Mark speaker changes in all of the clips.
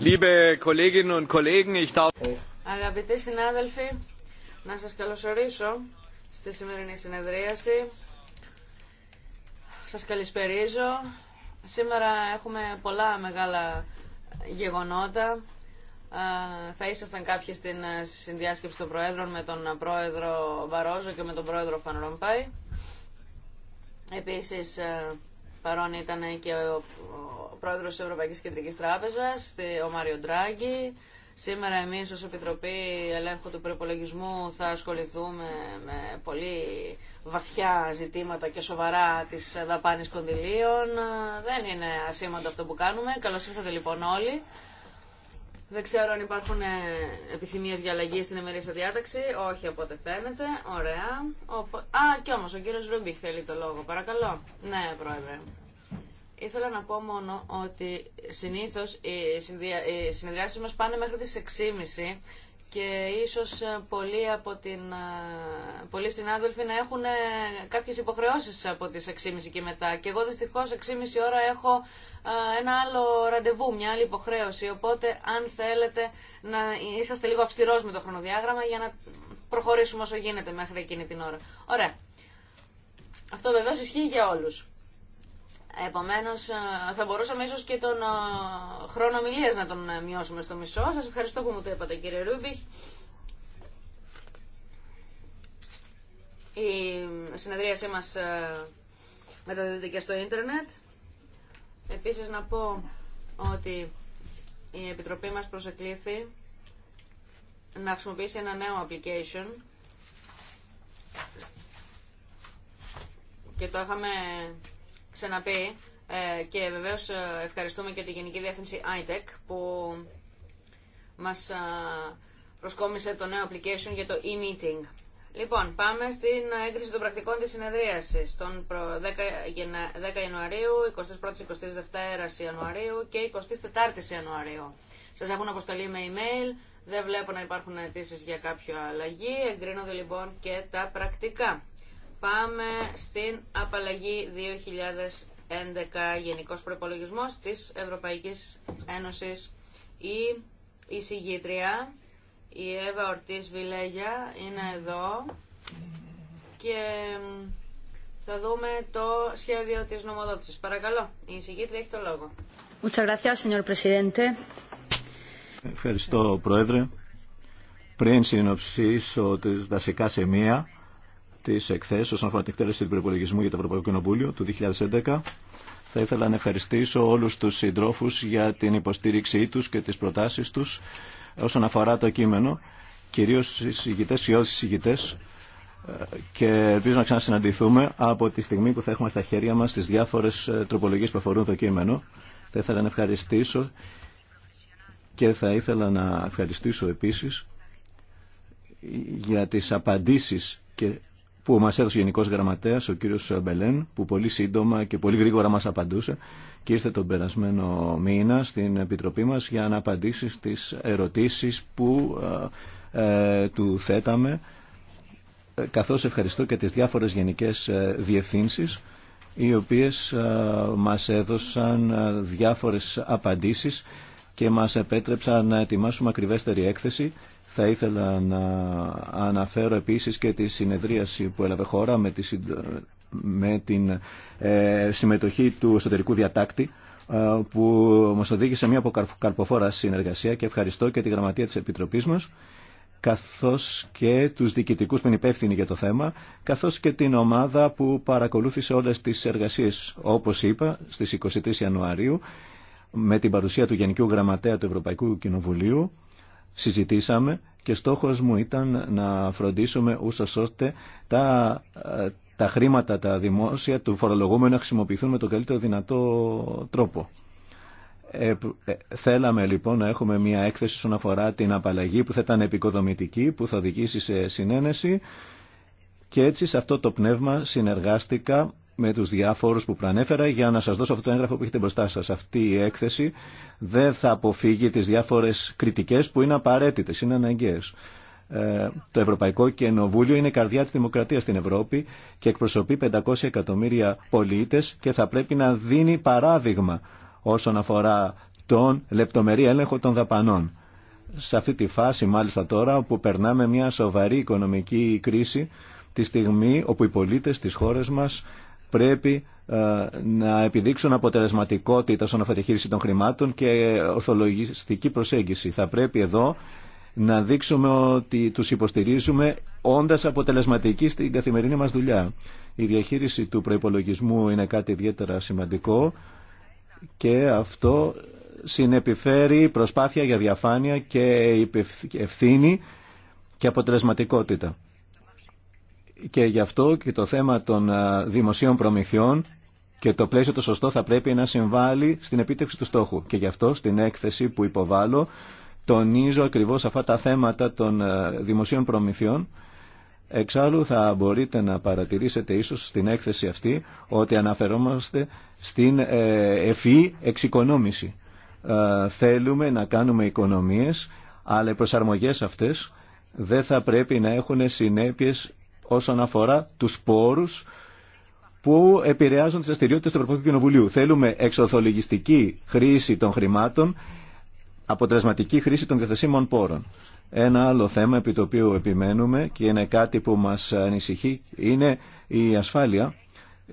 Speaker 1: Liebe Kolleginnen und Kollegen,
Speaker 2: ich darf...
Speaker 3: Αγαπητοί συνάδελφοι, να σας καλωσορίσω στη σημερινή συνεδρίαση. Σας καλησπερίζω. Σήμερα έχουμε πολλά μεγάλα γεγονότα. Θα ήσασταν κάποιοι στην συνδιάσκεψη των Προέδρων με τον Πρόεδρο Βαρόζο και με τον Πρόεδρο Φαν Ρομπάι. Επίσης, παρόν ήταν και ο, ο πρόεδρος της Ευρωπαϊκής Κεντρικής Τράπεζας, ο Μάριο Ντράγκη. Σήμερα εμείς ως Επιτροπή Ελέγχου του Προπολογισμού θα ασχοληθούμε με πολύ βαθιά ζητήματα και σοβαρά της δαπάνης κονδυλίων. Δεν είναι ασήμαντο αυτό που κάνουμε. Καλώς ήρθατε λοιπόν όλοι. Δεν ξέρω αν υπάρχουν ε, επιθυμίες για αλλαγή στην εμερήσια διάταξη. Όχι, από ό,τι φαίνεται. Ωραία. Οπο... Α, κι όμως ο κύριος Ρούμπιχ θέλει το λόγο. Παρακαλώ. Ναι, πρόεδρε. Ήθελα να πω μόνο ότι συνήθως οι, συνδυα... οι συνεδριάσεις μας πάνε μέχρι τις 6.30 και ίσως ε, πολλοί, από την, ε, πολλοί συνάδελφοι να έχουν ε, κάποιες υποχρεώσεις από τις 6.30 και μετά. Και εγώ δυστυχώς 6.30 ώρα έχω ένα άλλο ραντεβού, μια άλλη υποχρέωση. Οπότε αν θέλετε να είσαστε λίγο αυστηρός με το χρονοδιάγραμμα για να προχωρήσουμε όσο γίνεται μέχρι εκείνη την ώρα. Ωραία. Αυτό βεβαίως ισχύει για όλους. Επομένω, ε, θα μπορούσαμε ίσω και τον ε, χρόνο ομιλία να τον ε, μειώσουμε στο μισό. Σα ευχαριστώ που μου το είπατε κύριε Ρούμπι. Η συνεδρίασή μας μεταδίδεται και στο ίντερνετ. Επίσης να πω ότι η Επιτροπή μας προσεκλήθη να χρησιμοποιήσει ένα νέο application και το είχαμε ξαναπεί ε, και βεβαίως ε, ευχαριστούμε και τη Γενική Διεύθυνση ITEC που μας ε, προσκόμισε το νέο application για το e-meeting. Λοιπόν, πάμε στην έγκριση των πρακτικών της συνεδρίασης των 10 Ιανουαρίου, 21-27 Ιανουαρίου και 24 Ιανουαρίου. Σας έχουν αποσταλεί με email, δεν βλέπω να υπάρχουν αιτήσει για κάποια αλλαγή, εγκρίνονται λοιπόν και τα πρακτικά. Πάμε στην απαλλαγή 2011 Γενικός Προπολογισμός της Ευρωπαϊκής Ένωσης. Η εισηγήτρια, η Εύα Ορτής Βιλέγια, είναι εδώ και θα δούμε το σχέδιο της νομοδότησης. Παρακαλώ, η εισηγήτρια έχει το λόγο.
Speaker 1: Ευχαριστώ, Πρόεδρε. Πριν συνοψίσω τις δασικά σημεία, τη εκθέσεω όσον αφορά την εκτέλεση του προπολογισμού για το Ευρωπαϊκό Κοινοβούλιο του 2011. Θα ήθελα να ευχαριστήσω όλου του συντρόφου για την υποστήριξή του και τι προτάσει του όσον αφορά το κείμενο, κυρίω οι συγητέ οι όσοι συγητέ. Και ελπίζω να ξανασυναντηθούμε από τη στιγμή που θα έχουμε στα χέρια μα τι διάφορε τροπολογίε που αφορούν το κείμενο. Θα ήθελα να ευχαριστήσω και θα ήθελα να ευχαριστήσω επίσης για τις απαντήσεις και που μας έδωσε ο Γενικός Γραμματέας, ο κύριος Μπελέν, που πολύ σύντομα και πολύ γρήγορα μας απαντούσε και ήρθε τον περασμένο μήνα στην Επιτροπή μας για να απαντήσει στις ερωτήσει που ε, ε, του θέταμε, ε, καθώς ευχαριστώ και τις διάφορες γενικές διευθύνσεις, οι οποίες μας έδωσαν διάφορες απαντήσεις και μας επέτρεψαν να ετοιμάσουμε ακριβέστερη έκθεση θα ήθελα να αναφέρω επίσης και τη συνεδρίαση που έλαβε χώρα με, τη, με την ε, συμμετοχή του εσωτερικού διατάκτη ε, που μας οδήγησε μια αποκαρποφόρα συνεργασία και ευχαριστώ και τη γραμματεία της Επιτροπής μας καθώς και τους διοικητικούς που είναι υπεύθυνοι για το θέμα, καθώς και την ομάδα που παρακολούθησε όλες τις εργασίες, όπως είπα, στις 23 Ιανουαρίου, με την παρουσία του Γενικού Γραμματέα του Ευρωπαϊκού Κοινοβουλίου, συζητήσαμε και στόχος μου ήταν να φροντίσουμε ούσο ώστε τα, τα χρήματα, τα δημόσια του φορολογούμενου να χρησιμοποιηθούν με τον καλύτερο δυνατό τρόπο. Ε, ε, θέλαμε λοιπόν να έχουμε μια έκθεση όσον αφορά την απαλλαγή που θα ήταν επικοδομητική, που θα οδηγήσει σε συνένεση και έτσι σε αυτό το πνεύμα συνεργάστηκα με τους διάφορους που προανέφερα για να σας δώσω αυτό το έγγραφο που έχετε μπροστά σας. Αυτή η έκθεση δεν θα αποφύγει τις διάφορες κριτικές που είναι απαραίτητες, είναι αναγκαίες. Ε, το Ευρωπαϊκό Κοινοβούλιο είναι η καρδιά της δημοκρατίας στην Ευρώπη και εκπροσωπεί 500 εκατομμύρια πολίτες και θα πρέπει να δίνει παράδειγμα όσον αφορά τον λεπτομερή έλεγχο των δαπανών. Σε αυτή τη φάση μάλιστα τώρα όπου περνάμε μια σοβαρή οικονομική κρίση τη στιγμή όπου οι πολίτες της χώρας μας πρέπει ε, να επιδείξουν αποτελεσματικότητα στον αφορά των χρημάτων και ορθολογιστική προσέγγιση. Θα πρέπει εδώ να δείξουμε ότι τους υποστηρίζουμε όντας αποτελεσματικοί στην καθημερινή μας δουλειά. Η διαχείριση του προϋπολογισμού είναι κάτι ιδιαίτερα σημαντικό και αυτό συνεπιφέρει προσπάθεια για διαφάνεια και ευθύνη και αποτελεσματικότητα. Και γι' αυτό και το θέμα των δημοσίων προμηθειών και το πλαίσιο το σωστό θα πρέπει να συμβάλλει στην επίτευξη του στόχου. Και γι' αυτό στην έκθεση που υποβάλλω τονίζω ακριβώς αυτά τα θέματα των δημοσίων προμηθειών. Εξάλλου θα μπορείτε να παρατηρήσετε ίσως στην έκθεση αυτή ότι αναφερόμαστε στην ε, ευφυή εξοικονόμηση. Θέλουμε να κάνουμε οικονομίες, αλλά οι προσαρμογές αυτές δεν θα πρέπει να έχουν συνέπειες όσον αφορά τους πόρους που επηρεάζουν τις αστηριότητες του Ευρωπαϊκού Κοινοβουλίου. Θέλουμε εξορθολογιστική χρήση των χρημάτων, αποτελεσματική χρήση των διαθεσίμων πόρων. Ένα άλλο θέμα επί το οποίο επιμένουμε και είναι κάτι που μας ανησυχεί είναι η ασφάλεια.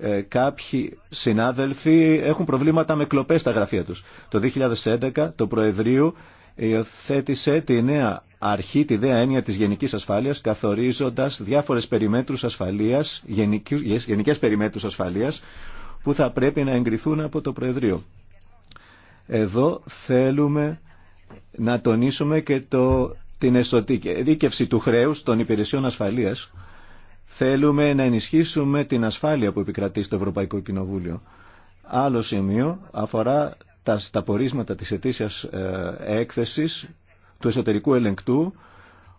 Speaker 1: Ε, κάποιοι συνάδελφοι έχουν προβλήματα με κλοπές στα γραφεία τους. Το 2011 το Προεδρείο υιοθέτησε τη νέα αρχή, τη νέα έννοια της γενικής ασφάλειας, καθορίζοντας διάφορες περιμέτρους ασφαλείας, γενικές, γενικές περιμέτρους ασφαλείας, που θα πρέπει να εγκριθούν από το Προεδρείο. Εδώ θέλουμε να τονίσουμε και το, την εσωτερική του χρέους των υπηρεσιών ασφαλείας. Θέλουμε να ενισχύσουμε την ασφάλεια που επικρατεί στο Ευρωπαϊκό Κοινοβούλιο. Άλλο σημείο αφορά τα, τα πορίσματα της ετήσιας ε, έκθεσης του εσωτερικού ελεγκτού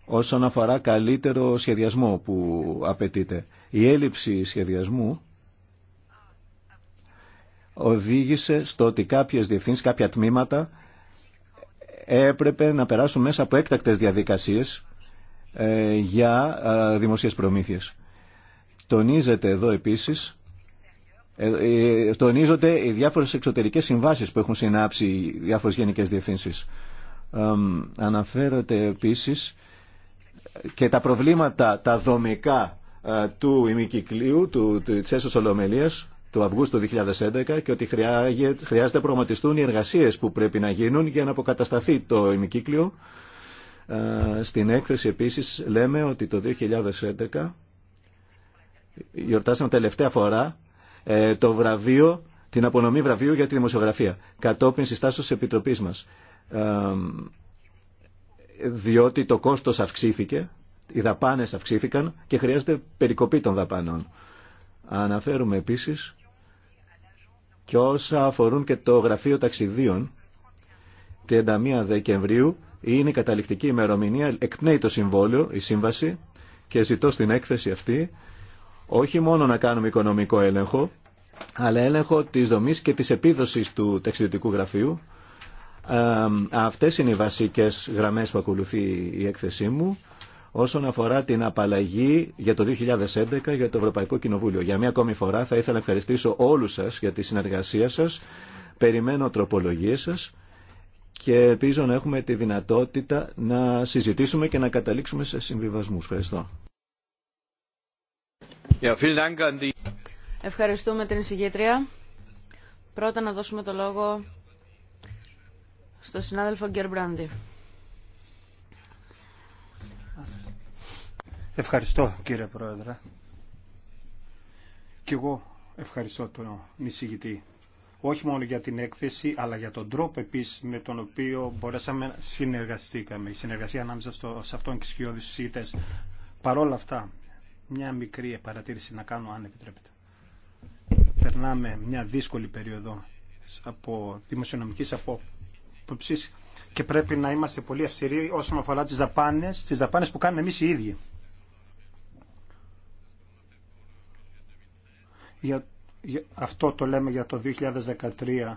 Speaker 1: όσον αφορά καλύτερο σχεδιασμό που απαιτείται. Η έλλειψη σχεδιασμού οδήγησε στο ότι κάποιες διευθύνσεις, κάποια τμήματα έπρεπε να περάσουν μέσα από έκτακτες διαδικασίες ε, για ε, δημοσίες προμήθειες. Τονίζεται εδώ επίσης ε, ε, τονίζονται οι διάφορες εξωτερικές συμβάσεις που έχουν συνάψει οι διάφορες γενικές διευθύνσεις. Αναφέρονται επίσης και τα προβλήματα τα δομικά ε, του ημικυκλίου, του, του, της έσωσης του Αυγούστου 2011 και ότι χρειάζεται να προγραμματιστούν οι εργασίες που πρέπει να γίνουν για να αποκατασταθεί το ημικύκλιο. Στην έκθεση επίσης λέμε ότι το 2011 γιορτάσαμε τελευταία φορά ε, το βραβείο, την απονομή βραβείου για τη δημοσιογραφία, κατόπιν συστάσεως της Επιτροπής μας. διότι το κόστος αυξήθηκε, οι δαπάνες αυξήθηκαν και χρειάζεται περικοπή των δαπάνων. Αναφέρουμε επίσης και όσα αφορούν και το Γραφείο Ταξιδίων, 31 Δεκεμβρίου είναι η καταληκτική ημερομηνία, εκπνέει το συμβόλαιο, η σύμβαση και ζητώ στην έκθεση αυτή όχι μόνο να κάνουμε οικονομικό έλεγχο, αλλά έλεγχο της δομής και της επίδοσης του ταξιδιωτικού γραφείου. Αυτές είναι οι βασικές γραμμές που ακολουθεί η έκθεσή μου όσον αφορά την απαλλαγή για το 2011 για το Ευρωπαϊκό Κοινοβούλιο. Για μία ακόμη φορά θα ήθελα να ευχαριστήσω όλους σας για τη συνεργασία σας. Περιμένω τροπολογίες σας και ελπίζω να έχουμε τη δυνατότητα να συζητήσουμε και να καταλήξουμε σε συμβιβασμούς. Ευχαριστώ.
Speaker 3: Ευχαριστούμε την εισηγήτρια. Πρώτα να δώσουμε το λόγο στον συνάδελφο Γκέρμπραντι.
Speaker 2: Ευχαριστώ κύριε Πρόεδρε. Και εγώ ευχαριστώ τον εισηγητή. Όχι μόνο για την έκθεση, αλλά για τον τρόπο επίσης με τον οποίο μπορέσαμε να συνεργαστήκαμε. Η συνεργασία ανάμεσα στο, σε αυτόν και στους εισηγητές. Παρ' αυτά, μια μικρή παρατήρηση να κάνω αν επιτρέπετε. Περνάμε μια δύσκολη περίοδο από δημοσιονομικής απόψης και πρέπει να είμαστε πολύ αυστηροί όσον αφορά τις δαπάνες, τις που κάνουμε εμείς οι ίδιοι. Για, αυτό το λέμε για το 2013,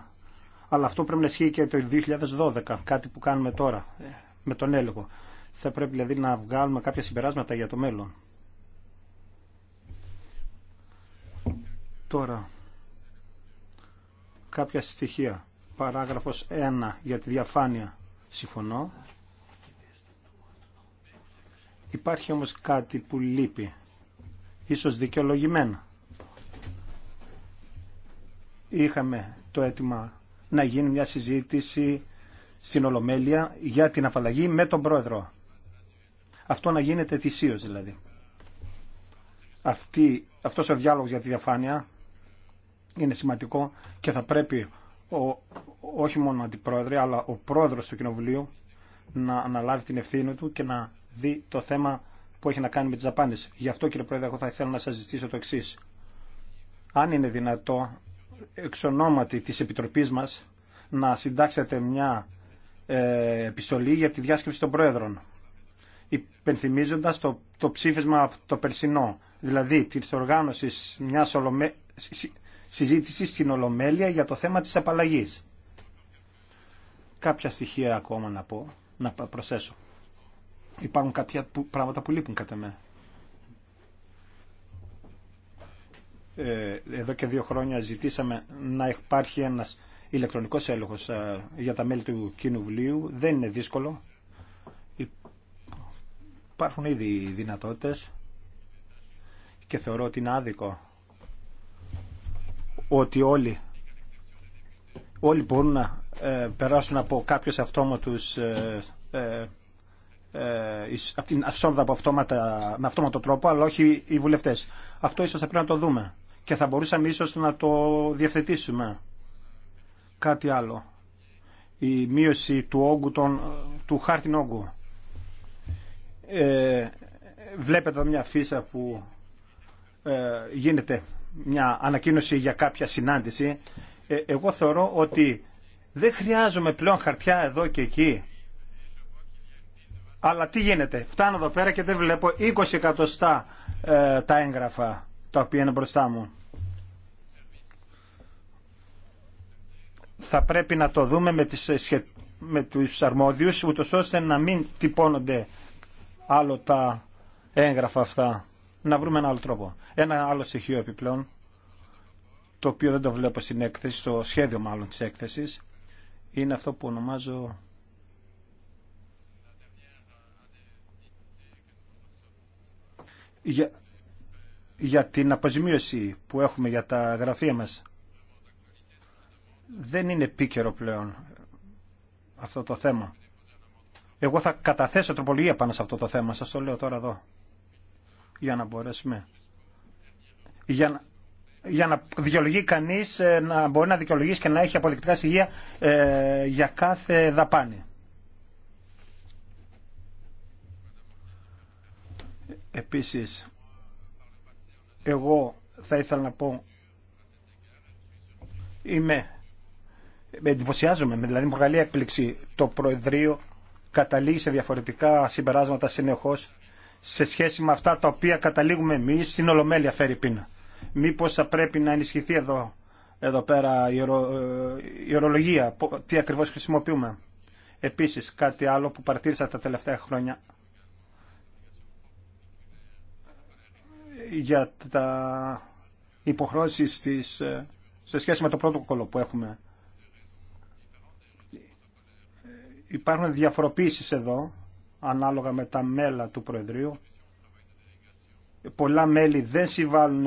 Speaker 2: αλλά αυτό πρέπει να ισχύει και το 2012, κάτι που κάνουμε τώρα ε, με τον έλεγχο. Θα πρέπει δηλαδή να βγάλουμε κάποια συμπεράσματα για το μέλλον. Τώρα, κάποια στοιχεία. Παράγραφος 1 για τη διαφάνεια. Συμφωνώ. Υπάρχει όμως κάτι που λείπει. Ίσως δικαιολογημένα. Είχαμε το αίτημα να γίνει μια συζήτηση στην Ολομέλεια για την απαλλαγή με τον Πρόεδρο. Αυτό να γίνεται θυσίως δηλαδή. Αυτή, αυτός ο διάλογος για τη διαφάνεια είναι σημαντικό και θα πρέπει ο, όχι μόνο αντιπρόεδρε αλλά ο πρόεδρος του Κοινοβουλίου να αναλάβει την ευθύνη του και να δει το θέμα που έχει να κάνει με τις απάντες. Γι' αυτό κύριε Πρόεδρε εγώ θα ήθελα να σας ζητήσω το εξή. Αν είναι δυνατό εξ ονόματι της Επιτροπής μας να συντάξετε μια ε, επιστολή για τη διάσκεψη των Πρόεδρων υπενθυμίζοντας το, το ψήφισμα το περσινό δηλαδή της οργάνωσης μιας ολομέ συζήτηση στην Ολομέλεια για το θέμα της απαλλαγής. Κάποια στοιχεία ακόμα να πω, να προσθέσω. Υπάρχουν κάποια πράγματα που λείπουν κατά μένα. Ε, εδώ και δύο χρόνια ζητήσαμε να υπάρχει ένας ηλεκτρονικός έλεγχος ε, για τα μέλη του Κοινοβουλίου. Δεν είναι δύσκολο. Υπάρχουν ήδη δυνατότητες και θεωρώ ότι είναι άδικο ότι όλοι, όλοι μπορούν να ε, περάσουν από κάποιους αυτόματους ε, ε, από την αυσόρδα αυτόματα, με αυτόματο τρόπο, αλλά όχι οι βουλευτές. Αυτό ίσως θα πρέπει να το δούμε και θα μπορούσαμε ίσως να το διευθετήσουμε. Κάτι άλλο. Η μείωση του όγκου του χάρτην όγκου. Ε, βλέπετε μια φύσα που ε, γίνεται μια ανακοίνωση για κάποια συνάντηση. Ε, εγώ θεωρώ ότι δεν χρειάζομαι πλέον χαρτιά εδώ και εκεί. Αλλά τι γίνεται, φτάνω εδώ πέρα και δεν βλέπω 20 εκατοστά ε, τα έγγραφα τα οποία είναι μπροστά μου. Θα πρέπει να το δούμε με, τις, ε, με τους αρμόδιους, ούτως ώστε να μην τυπώνονται άλλο τα έγγραφα αυτά να βρούμε ένα άλλο τρόπο. Ένα άλλο στοιχείο επιπλέον, το οποίο δεν το βλέπω στην έκθεση, στο σχέδιο μάλλον της έκθεσης, είναι αυτό που ονομάζω για, για την αποζημίωση που έχουμε για τα γραφεία μας. Δεν είναι επίκαιρο πλέον αυτό το θέμα. Εγώ θα καταθέσω τροπολογία πάνω σε αυτό το θέμα, σας το λέω τώρα εδώ για να μπορέσουμε. Για να, για να δικαιολογεί κανείς, ε, να μπορεί να δικαιολογήσει και να έχει αποδεικτικά στοιχεία ε, για κάθε δαπάνη. Επίσης, εγώ θα ήθελα να πω, είμαι, εντυπωσιάζομαι, δηλαδή μου προκαλεί έκπληξη το Προεδρείο καταλήγει σε διαφορετικά συμπεράσματα συνεχώς σε σχέση με αυτά τα οποία καταλήγουμε εμεί στην Ολομέλεια Φερρυπίνα. Μήπως θα πρέπει να ενισχυθεί εδώ, εδώ πέρα η, ορο, ε, ορολογία, τι ακριβώς χρησιμοποιούμε. Επίσης, κάτι άλλο που παρατήρησα τα τελευταία χρόνια για τα υποχρώσεις της, ε, σε σχέση με το πρωτόκολλο που έχουμε. Ε, υπάρχουν διαφοροποίησεις εδώ ανάλογα με τα μέλα του Προεδρείου. Πολλά μέλη δεν συμβάλλουν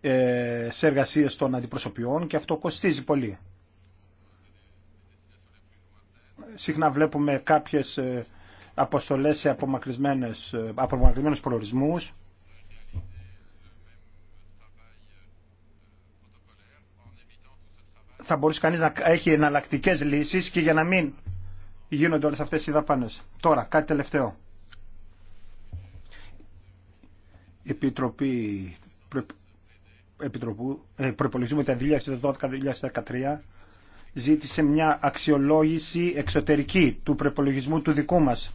Speaker 2: ε, σε εργασίες των αντιπροσωπιών και αυτό κοστίζει πολύ. Συχνά βλέπουμε κάποιες ε, αποστολές σε απομακρυσμένες, ε, απομακρυσμένους προορισμούς. Θα μπορούσε κανείς να έχει εναλλακτικές λύσεις και για να μην γίνονται όλες αυτές οι δαπάνες. Τώρα, κάτι τελευταίο. Η Επιτροπή Επιτροπού, ε, προπολογισμού τα 2012-2013 ζήτησε μια αξιολόγηση εξωτερική του προπολογισμού του δικού μας.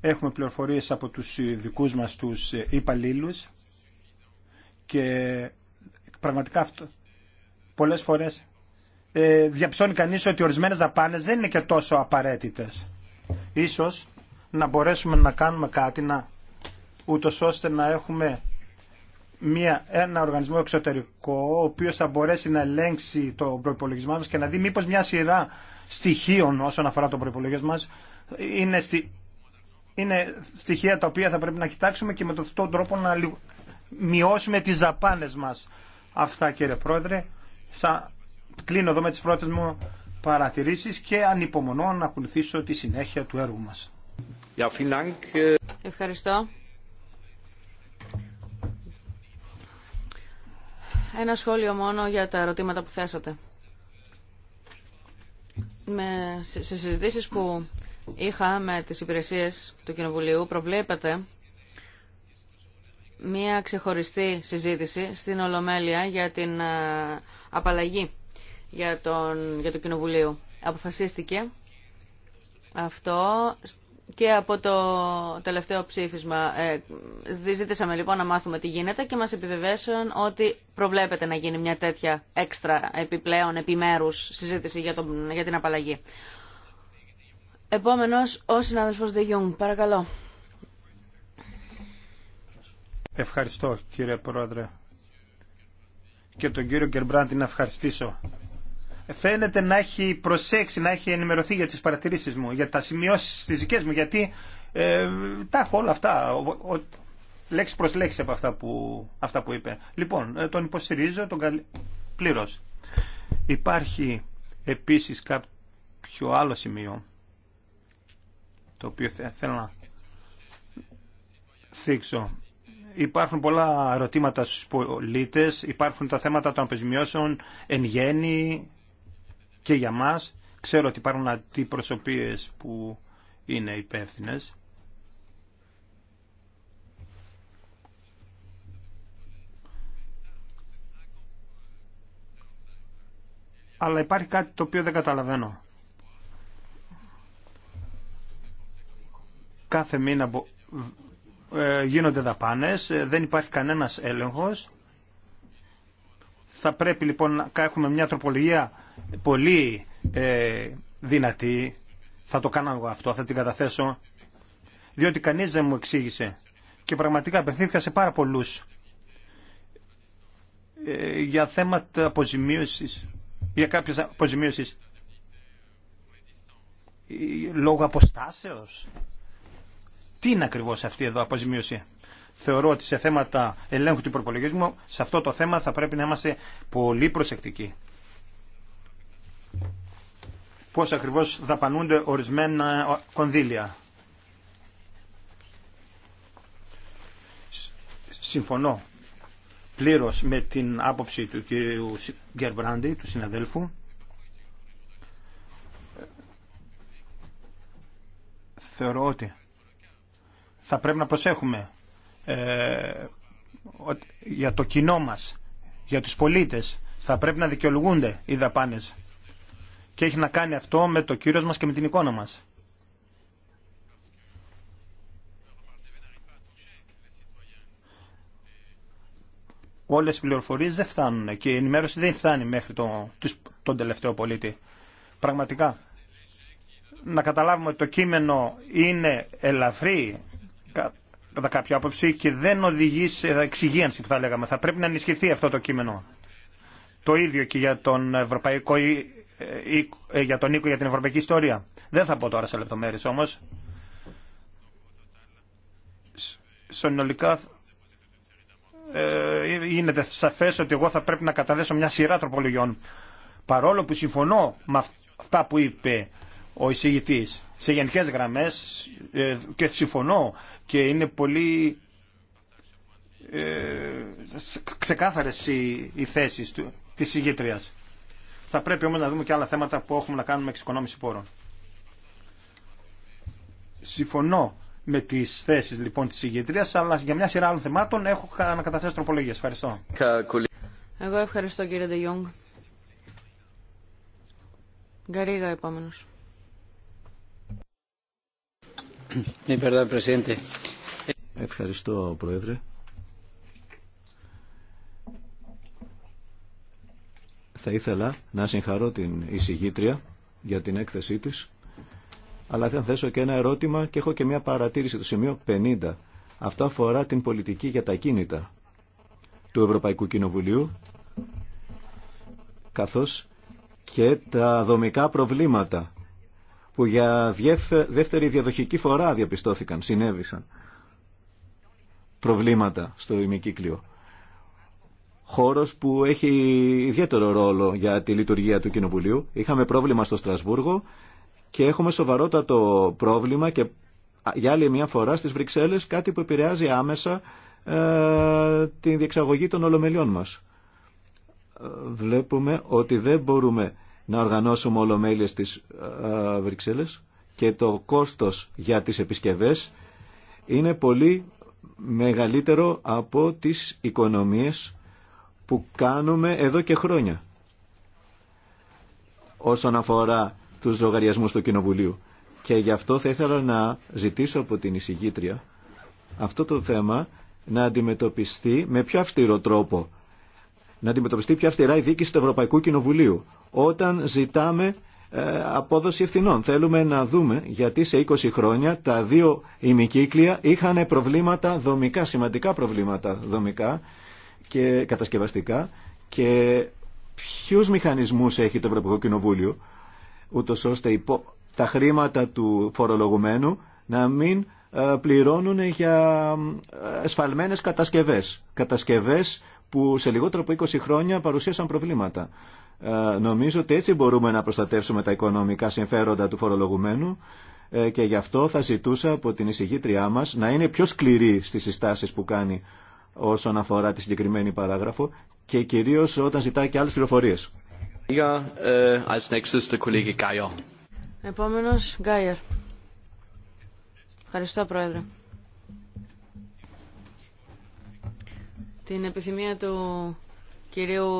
Speaker 2: Έχουμε πληροφορίες από τους δικούς μας τους υπαλλήλου και πραγματικά αυτό πολλές φορές ε, διαψώνει κανείς ότι ορισμένες δαπάνες δεν είναι και τόσο απαραίτητες. Ίσως να μπορέσουμε να κάνουμε κάτι να, ούτως ώστε να έχουμε μια, ένα οργανισμό εξωτερικό ο οποίος θα μπορέσει να ελέγξει το προπολογισμό μας και να δει μήπως μια σειρά στοιχείων όσον αφορά το προπολογισμό μας είναι, είναι στοιχεία τα οποία θα πρέπει να κοιτάξουμε και με τον τρόπο να μειώσουμε τις δαπάνες μας. Αυτά κύριε Πρόεδρε. Σαν κλείνω εδώ με τις πρώτες μου παρατηρήσεις και ανυπομονώ να ακολουθήσω τη συνέχεια του έργου μας.
Speaker 3: Ευχαριστώ. Ένα σχόλιο μόνο για τα ερωτήματα που θέσατε. Με, σε συζητήσεις που είχα με τις υπηρεσίες του Κοινοβουλίου προβλέπεται μία ξεχωριστή συζήτηση στην Ολομέλεια για την ε, απαλλαγή για, τον, για το Κοινοβουλίο. Αποφασίστηκε αυτό και από το τελευταίο ψήφισμα. Ε, ζήτησαμε λοιπόν να μάθουμε τι γίνεται και μας επιβεβαίωσαν ότι προβλέπεται να γίνει μια τέτοια έξτρα επιπλέον επιμέρους συζήτηση για, για την απαλλαγή. Επόμενος, ο συνάδελφος Δε Γιούγκ. Παρακαλώ.
Speaker 2: Ευχαριστώ κύριε Πρόεδρε. Και τον κύριο Γκερμπράντη να ευχαριστήσω φαίνεται να έχει προσέξει, να έχει ενημερωθεί για τις παρατηρήσεις μου, για τα σημειώσει τι δικέ μου, γιατί ε, τα έχω όλα αυτά, ο, λέξη προς λέξη από αυτά που, αυτά που είπε. Λοιπόν, ε, τον υποστηρίζω τον καλ... πλήρως. Υπάρχει επίσης κάποιο άλλο σημείο, το οποίο θέλω να θίξω. Υπάρχουν πολλά ερωτήματα στους πολίτες, υπάρχουν τα θέματα των αποζημιώσεων εν γέννη, και για μας. Ξέρω ότι υπάρχουν αντιπροσωπείες που είναι υπεύθυνε. Αλλά υπάρχει κάτι το οποίο δεν καταλαβαίνω. Κάθε μήνα ε, γίνονται δαπάνες, ε, δεν υπάρχει κανένας έλεγχος. Θα πρέπει λοιπόν να έχουμε μια τροπολογία πολύ ε, δυνατή. Θα το κάνω εγώ αυτό, θα την καταθέσω. Διότι κανείς δεν μου εξήγησε. Και πραγματικά απευθύνθηκα σε πάρα πολλούς ε, για θέματα αποζημίωσης, για κάποιες αποζημίωσεις ε, λόγω αποστάσεως. Τι είναι ακριβώς αυτή εδώ αποζημίωση. Θεωρώ ότι σε θέματα ελέγχου του προπολογισμού, σε αυτό το θέμα θα πρέπει να είμαστε πολύ προσεκτικοί πώς ακριβώς δαπανούνται ορισμένα κονδύλια. Συμφωνώ πλήρως με την άποψη του κύριου Γκερμπράντη, του συναδέλφου. Θεωρώ ότι θα πρέπει να προσέχουμε ε, για το κοινό μας, για τους πολίτες. Θα πρέπει να δικαιολογούνται οι δαπάνες και έχει να κάνει αυτό με το κύριο μας και με την εικόνα μας. Όλες οι πληροφορίες δεν φτάνουν και η ενημέρωση δεν φτάνει μέχρι το, τον τελευταίο πολίτη. Πραγματικά. Να καταλάβουμε ότι το κείμενο είναι ελαφρύ κατά κάποια άποψη και δεν οδηγεί σε εξυγίανση που θα λέγαμε. Θα πρέπει να ενισχυθεί αυτό το κείμενο. Το ίδιο και για τον Ευρωπαϊκό ε, ε, για τον Νίκο για την ευρωπαϊκή ιστορία. Δεν θα πω τώρα σε λεπτομέρειες όμως. Συνολικά ε, είναι σαφέ ότι εγώ θα πρέπει να καταδέσω μια σειρά τροπολογιών. Παρόλο που συμφωνώ με αυτά που είπε ο εισηγητή σε γενικέ γραμμές ε, και συμφωνώ και είναι πολύ ε, ξεκάθαρες οι, οι θέσεις του, της θα πρέπει όμως να δούμε και άλλα θέματα που έχουμε να κάνουμε με εξοικονόμηση πόρων. Συμφωνώ με τι θέσει λοιπόν τη ηγετρία, αλλά για μια σειρά άλλων θεμάτων έχω ανακαταθέσει τροπολογίε. Ευχαριστώ.
Speaker 3: Εγώ ευχαριστώ κύριε Ντεγιόγκ. Γκαρίγα, επόμενο.
Speaker 1: Ναι, ευχαριστώ, Πρόεδρε. Θα ήθελα να συγχαρώ την εισηγήτρια για την έκθεσή της, αλλά θα θέσω και ένα ερώτημα και έχω και μια παρατήρηση του σημείου 50. Αυτό αφορά την πολιτική για τα κίνητα του Ευρωπαϊκού Κοινοβουλίου, καθώς και τα δομικά προβλήματα που για δεύτερη διαδοχική φορά διαπιστώθηκαν, συνέβησαν προβλήματα στο ημικύκλιο χώρος που έχει ιδιαίτερο ρόλο για τη λειτουργία του Κοινοβουλίου. Είχαμε πρόβλημα στο Στρασβούργο και έχουμε σοβαρότατο πρόβλημα και για άλλη μια φορά στις Βρυξέλλες κάτι που επηρεάζει άμεσα ε, τη διεξαγωγή των ολομελιών μας. Βλέπουμε ότι δεν μπορούμε να οργανώσουμε ολομέλειες στις ε, Βρυξέλλες και το κόστος για τις επισκευές είναι πολύ μεγαλύτερο από τις οικονομίες που κάνουμε εδώ και χρόνια όσον αφορά τους λογαριασμούς του Κοινοβουλίου. Και γι' αυτό θα ήθελα να ζητήσω από την εισηγήτρια αυτό το θέμα να αντιμετωπιστεί με πιο αυστηρό τρόπο. Να αντιμετωπιστεί πιο αυστηρά η δίκηση του Ευρωπαϊκού Κοινοβουλίου. Όταν ζητάμε ε, απόδοση ευθυνών. Θέλουμε να δούμε γιατί σε 20 χρόνια τα δύο ημικύκλια είχαν προβλήματα δομικά, σημαντικά προβλήματα δομικά και κατασκευαστικά και ποιου μηχανισμούς έχει το Ευρωπαϊκό Κοινοβούλιο ούτως ώστε τα χρήματα του φορολογουμένου να μην ε, πληρώνουν για ε, εσφαλμένες κατασκευές. Κατασκευές που σε λιγότερο από 20 χρόνια παρουσίασαν προβλήματα. Ε, νομίζω ότι έτσι μπορούμε να προστατεύσουμε τα οικονομικά συμφέροντα του φορολογουμένου και γι' αυτό θα ζητούσα από την εισηγήτριά μας να είναι πιο σκληρή στις συστάσεις που κάνει όσον αφορά τη συγκεκριμένη παράγραφο και κυρίως όταν ζητάει και άλλες πληροφορίε. Ε,
Speaker 3: Επόμενος, Γκάιερ. Ευχαριστώ, Πρόεδρε. Την επιθυμία του κυρίου,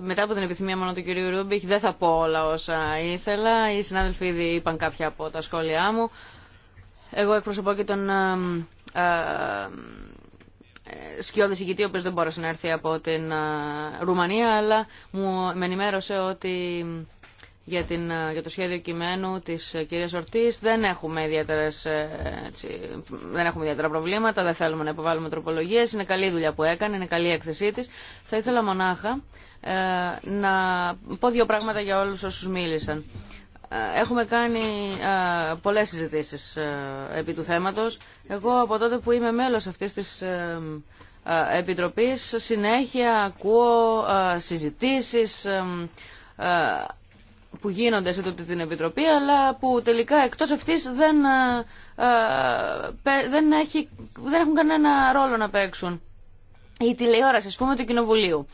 Speaker 3: μετά από την επιθυμία μόνο του κυρίου Ρούμπιχ, δεν θα πω όλα όσα ήθελα. Οι συνάδελφοι ήδη είπαν κάποια από τα σχόλιά μου. Εγώ εκπροσωπώ και τον ε, ε, ε, σκιώδη ηγητή, ο οποίο δεν μπόρεσε να έρθει από την ε, Ρουμανία, αλλά μου με ενημέρωσε ότι για, ε, το σχέδιο κειμένου της κυρία Ορτή δεν έχουμε, δεν έχουμε ιδιαίτερα προβλήματα, δεν θέλουμε να υποβάλουμε τροπολογίε. είναι καλή δουλειά που έκανε, είναι καλή η έκθεσή τη. Θα ήθελα μονάχα να πω δύο πράγματα για όλου όσου μίλησαν. Ε, έχουμε κάνει ε, πολλές συζητήσεις ε, επί του θέματος. Εγώ από τότε που είμαι μέλος αυτής της Επιτροπής συνέχεια ακούω συζητήσεις που γίνονται σε τότε την Επιτροπή αλλά που τελικά εκτός αυτής δεν, δεν, έχει, δεν έχουν κανένα ρόλο να παίξουν. Η τηλεόραση, α πούμε, του Κοινοβουλίου,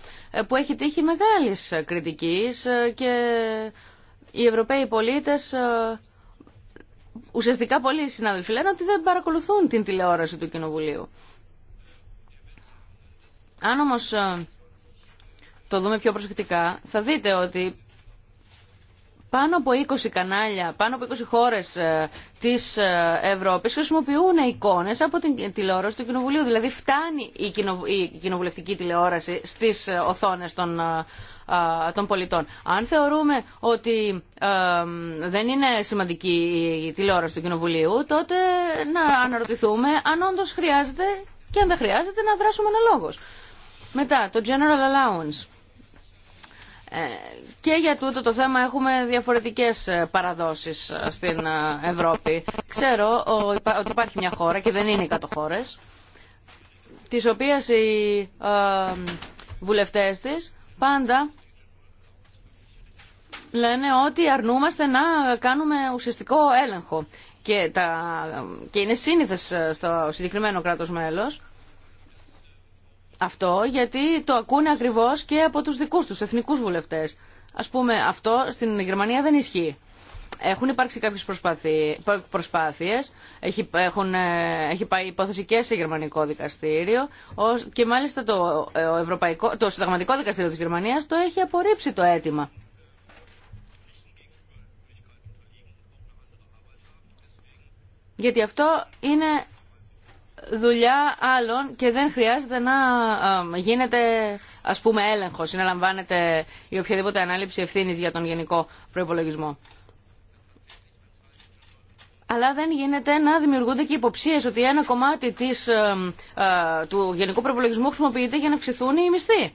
Speaker 3: που έχει τύχει μεγάλης κριτικής και οι Ευρωπαίοι πολίτες ε, ουσιαστικά πολλοί συνάδελφοι λένε ότι δεν παρακολουθούν την τηλεόραση του Κοινοβουλίου. Αν όμως ε, το δούμε πιο προσεκτικά, θα δείτε ότι πάνω από 20 κανάλια, πάνω από 20 χώρες ε, της Ευρώπης χρησιμοποιούν εικόνες από την τηλεόραση του Κοινοβουλίου. Δηλαδή φτάνει η κοινοβουλευτική τηλεόραση στις οθόνες των των πολιτών. Αν θεωρούμε ότι δεν είναι σημαντική η τηλεόραση του Κοινοβουλίου, τότε να αναρωτηθούμε αν όντω χρειάζεται και αν δεν χρειάζεται να δράσουμε αναλόγω. Μετά, το General Allowance. Ε, και για τούτο το θέμα έχουμε διαφορετικές ε, παραδόσεις ε, στην Ευρώπη. Ξέρω ότι υπάρχει μια χώρα και δεν είναι οι κάτω τις οποίες οι βουλευτές της πάντα λένε ότι αρνούμαστε να κάνουμε ουσιαστικό έλεγχο και, τα, και είναι σύνηθες στο συγκεκριμένο κράτος μέλος αυτό γιατί το ακούνε ακριβώς και από τους δικούς τους εθνικούς βουλευτές. Ας πούμε αυτό στην Γερμανία δεν ισχύει. Έχουν υπάρξει κάποιες προσπάθειες, έχει, έχουν, ε, έχει πάει υπόθεση και σε γερμανικό δικαστήριο και μάλιστα το, ε, ευρωπαϊκό, το συνταγματικό δικαστήριο της Γερμανίας το έχει απορρίψει το αίτημα. Γιατί αυτό είναι δουλειά άλλων και δεν χρειάζεται να ε, γίνεται ας πούμε έλεγχος ή να λαμβάνεται η οποιαδήποτε ανάληψη ευθύνης για τον γενικό προϋπολογισμό αλλά δεν γίνεται να δημιουργούνται και υποψίες ότι ένα κομμάτι της, ε, ε, του γενικού προπολογισμού χρησιμοποιείται για να αυξηθούν οι μισθοί.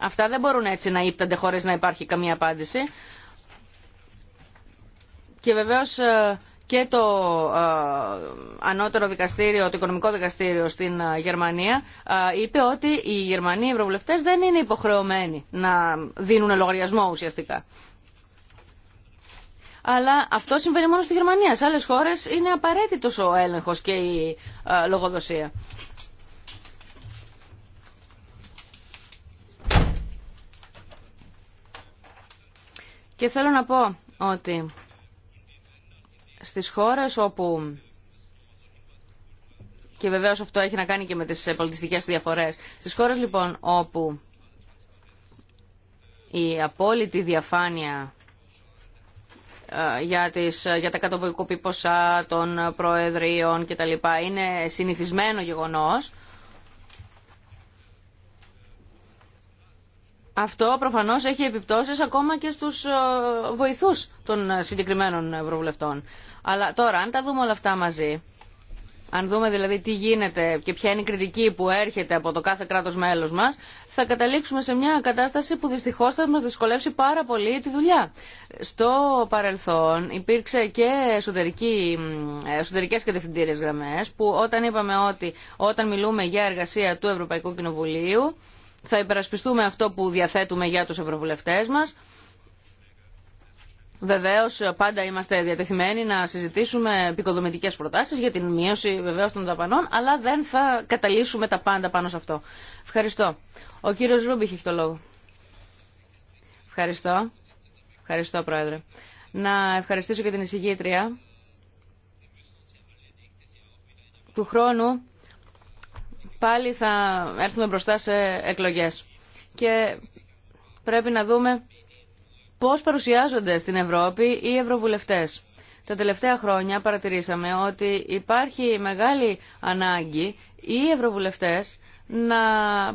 Speaker 3: Αυτά δεν μπορούν έτσι να ύπτανται χωρί να υπάρχει καμία απάντηση. Και βεβαίως ε, και το ανώτερο δικαστήριο, το οικονομικό δικαστήριο στην Γερμανία είπε ότι οι Γερμανοί ευρωβουλευτέ δεν είναι υποχρεωμένοι να δίνουν λογαριασμό ουσιαστικά αλλά αυτό συμβαίνει μόνο στη Γερμανία. Σε άλλε χώρε είναι απαραίτητος ο έλεγχος και η ε, λογοδοσία. Και θέλω να πω ότι στις χώρες όπου και βεβαίως αυτό έχει να κάνει και με τις πολιτιστικές διαφορές στις χώρες λοιπόν όπου η απόλυτη διαφάνεια ε, για, τις, ε, για τα καταβολικοπή ποσά των προεδρίων κτλ. Είναι συνηθισμένο γεγονός. Αυτό προφανώς έχει επιπτώσεις ακόμα και στους ε, βοηθούς των συγκεκριμένων ευρωβουλευτών. Αλλά τώρα, αν τα δούμε όλα αυτά μαζί, αν δούμε δηλαδή τι γίνεται και ποια είναι η κριτική που έρχεται από το κάθε κράτος μέλος μας, θα καταλήξουμε σε μια κατάσταση που δυστυχώς θα μας δυσκολεύσει πάρα πολύ τη δουλειά. Στο παρελθόν υπήρξε και εσωτερικέ εσωτερικές κατευθυντήριες γραμμές που όταν είπαμε ότι όταν μιλούμε για εργασία του Ευρωπαϊκού Κοινοβουλίου θα υπερασπιστούμε αυτό που διαθέτουμε για τους ευρωβουλευτές μας Βεβαίω πάντα είμαστε διατεθειμένοι να συζητήσουμε επικοδομητικέ προτάσεις για την μείωση βεβαίως των δαπανών, αλλά δεν θα καταλύσουμε τα πάντα πάνω σε αυτό. Ευχαριστώ. Ο κύριος Ρούμπιχ έχει το λόγο. Ευχαριστώ. Ευχαριστώ, Πρόεδρε. Να ευχαριστήσω και την εισηγήτρια του χρόνου πάλι θα έρθουμε μπροστά σε εκλογές. Και πρέπει να δούμε πώς παρουσιάζονται στην Ευρώπη οι ευρωβουλευτές. Τα τελευταία χρόνια παρατηρήσαμε ότι υπάρχει μεγάλη ανάγκη οι ευρωβουλευτές να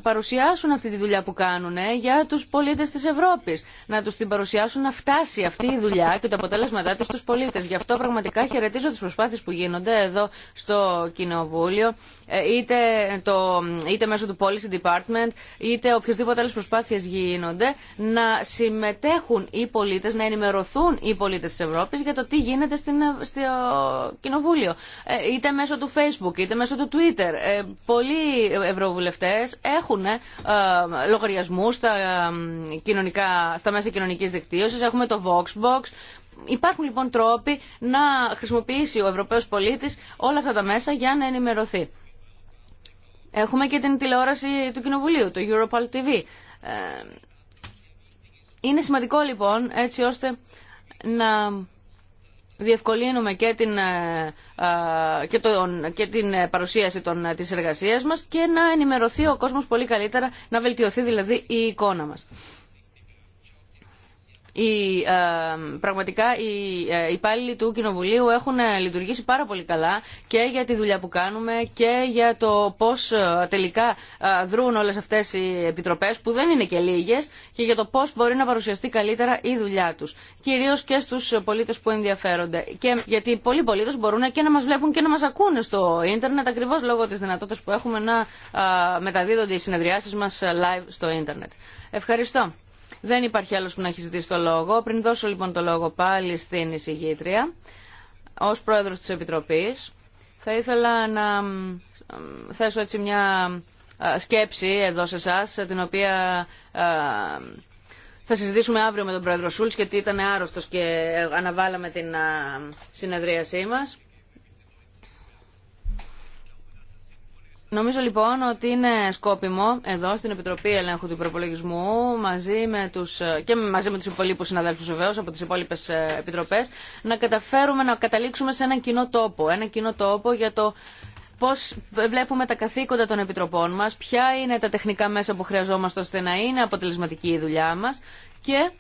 Speaker 3: παρουσιάσουν αυτή τη δουλειά που κάνουν ε, για τους πολίτες της Ευρώπης. Να τους την παρουσιάσουν να φτάσει αυτή η δουλειά και το αποτέλεσμα της στους πολίτες. Γι' αυτό πραγματικά χαιρετίζω τις προσπάθειες που γίνονται εδώ στο Κοινοβούλιο, ε, είτε, το, είτε μέσω του Policy Department, είτε οποιασδήποτε άλλες προσπάθειες γίνονται, να συμμετέχουν οι πολίτες, να ενημερωθούν οι πολίτες της Ευρώπης για το τι γίνεται στην, στο Κοινοβούλιο. Ε, είτε μέσω του Facebook, είτε μέσω του Twitter. Πολλοί ευρωβουλευτές έχουν ε, λογαριασμού στα, ε, στα μέσα κοινωνικής δικτύωσης, έχουμε το Voxbox. Υπάρχουν λοιπόν τρόποι να χρησιμοποιήσει ο Ευρωπαίος πολίτης όλα αυτά τα μέσα για να ενημερωθεί. Έχουμε και την τηλεόραση του Κοινοβουλίου, το Europal TV. Ε, είναι σημαντικό λοιπόν έτσι ώστε να διευκολύνουμε και την, ε, ε, και τον, και την παρουσίαση των, ε, της εργασίας μας και να ενημερωθεί ο κόσμος πολύ καλύτερα, να βελτιωθεί δηλαδή η εικόνα μας οι, ε, πραγματικά οι ε, υπάλληλοι του Κοινοβουλίου έχουν ε, λειτουργήσει πάρα πολύ καλά και για τη δουλειά που κάνουμε και για το πώς τελικά δρούν όλες αυτές οι επιτροπές που δεν είναι και λίγες και για το πώς μπορεί να παρουσιαστεί καλύτερα η δουλειά τους. Κυρίως και στους πολίτες που ενδιαφέρονται. Και γιατί πολλοί πολίτες μπορούν και να μας βλέπουν και να μας ακούνε στο ίντερνετ ακριβώς λόγω της δυνατότητας που έχουμε να μεταδίδονται οι συνεδριάσεις μας live στο ίντερνετ. Ευχαριστώ. Δεν υπάρχει άλλος που να έχει ζητήσει το λόγο. Πριν δώσω λοιπόν το λόγο πάλι στην εισηγήτρια, ως πρόεδρος της Επιτροπής, θα ήθελα να θέσω έτσι μια σκέψη εδώ σε εσά, την οποία θα συζητήσουμε αύριο με τον πρόεδρο Σούλτς, γιατί ήταν άρρωστος και ε, αναβάλαμε την συνεδρίασή μας. Νομίζω λοιπόν ότι είναι σκόπιμο εδώ στην Επιτροπή Ελέγχου του Προπολογισμού μαζί με τους, ε, και μαζί με τους υπολείπους συναδέλφους βεβαίω από τις υπόλοιπες ε, επιτροπές να καταφέρουμε να καταλήξουμε σε έναν κοινό τόπο, ένα κοινό τόπο για το πώς βλέπουμε τα καθήκοντα των επιτροπών μας, ποια είναι τα τεχνικά μέσα που χρειαζόμαστε ώστε να είναι αποτελεσματική η δουλειά μα και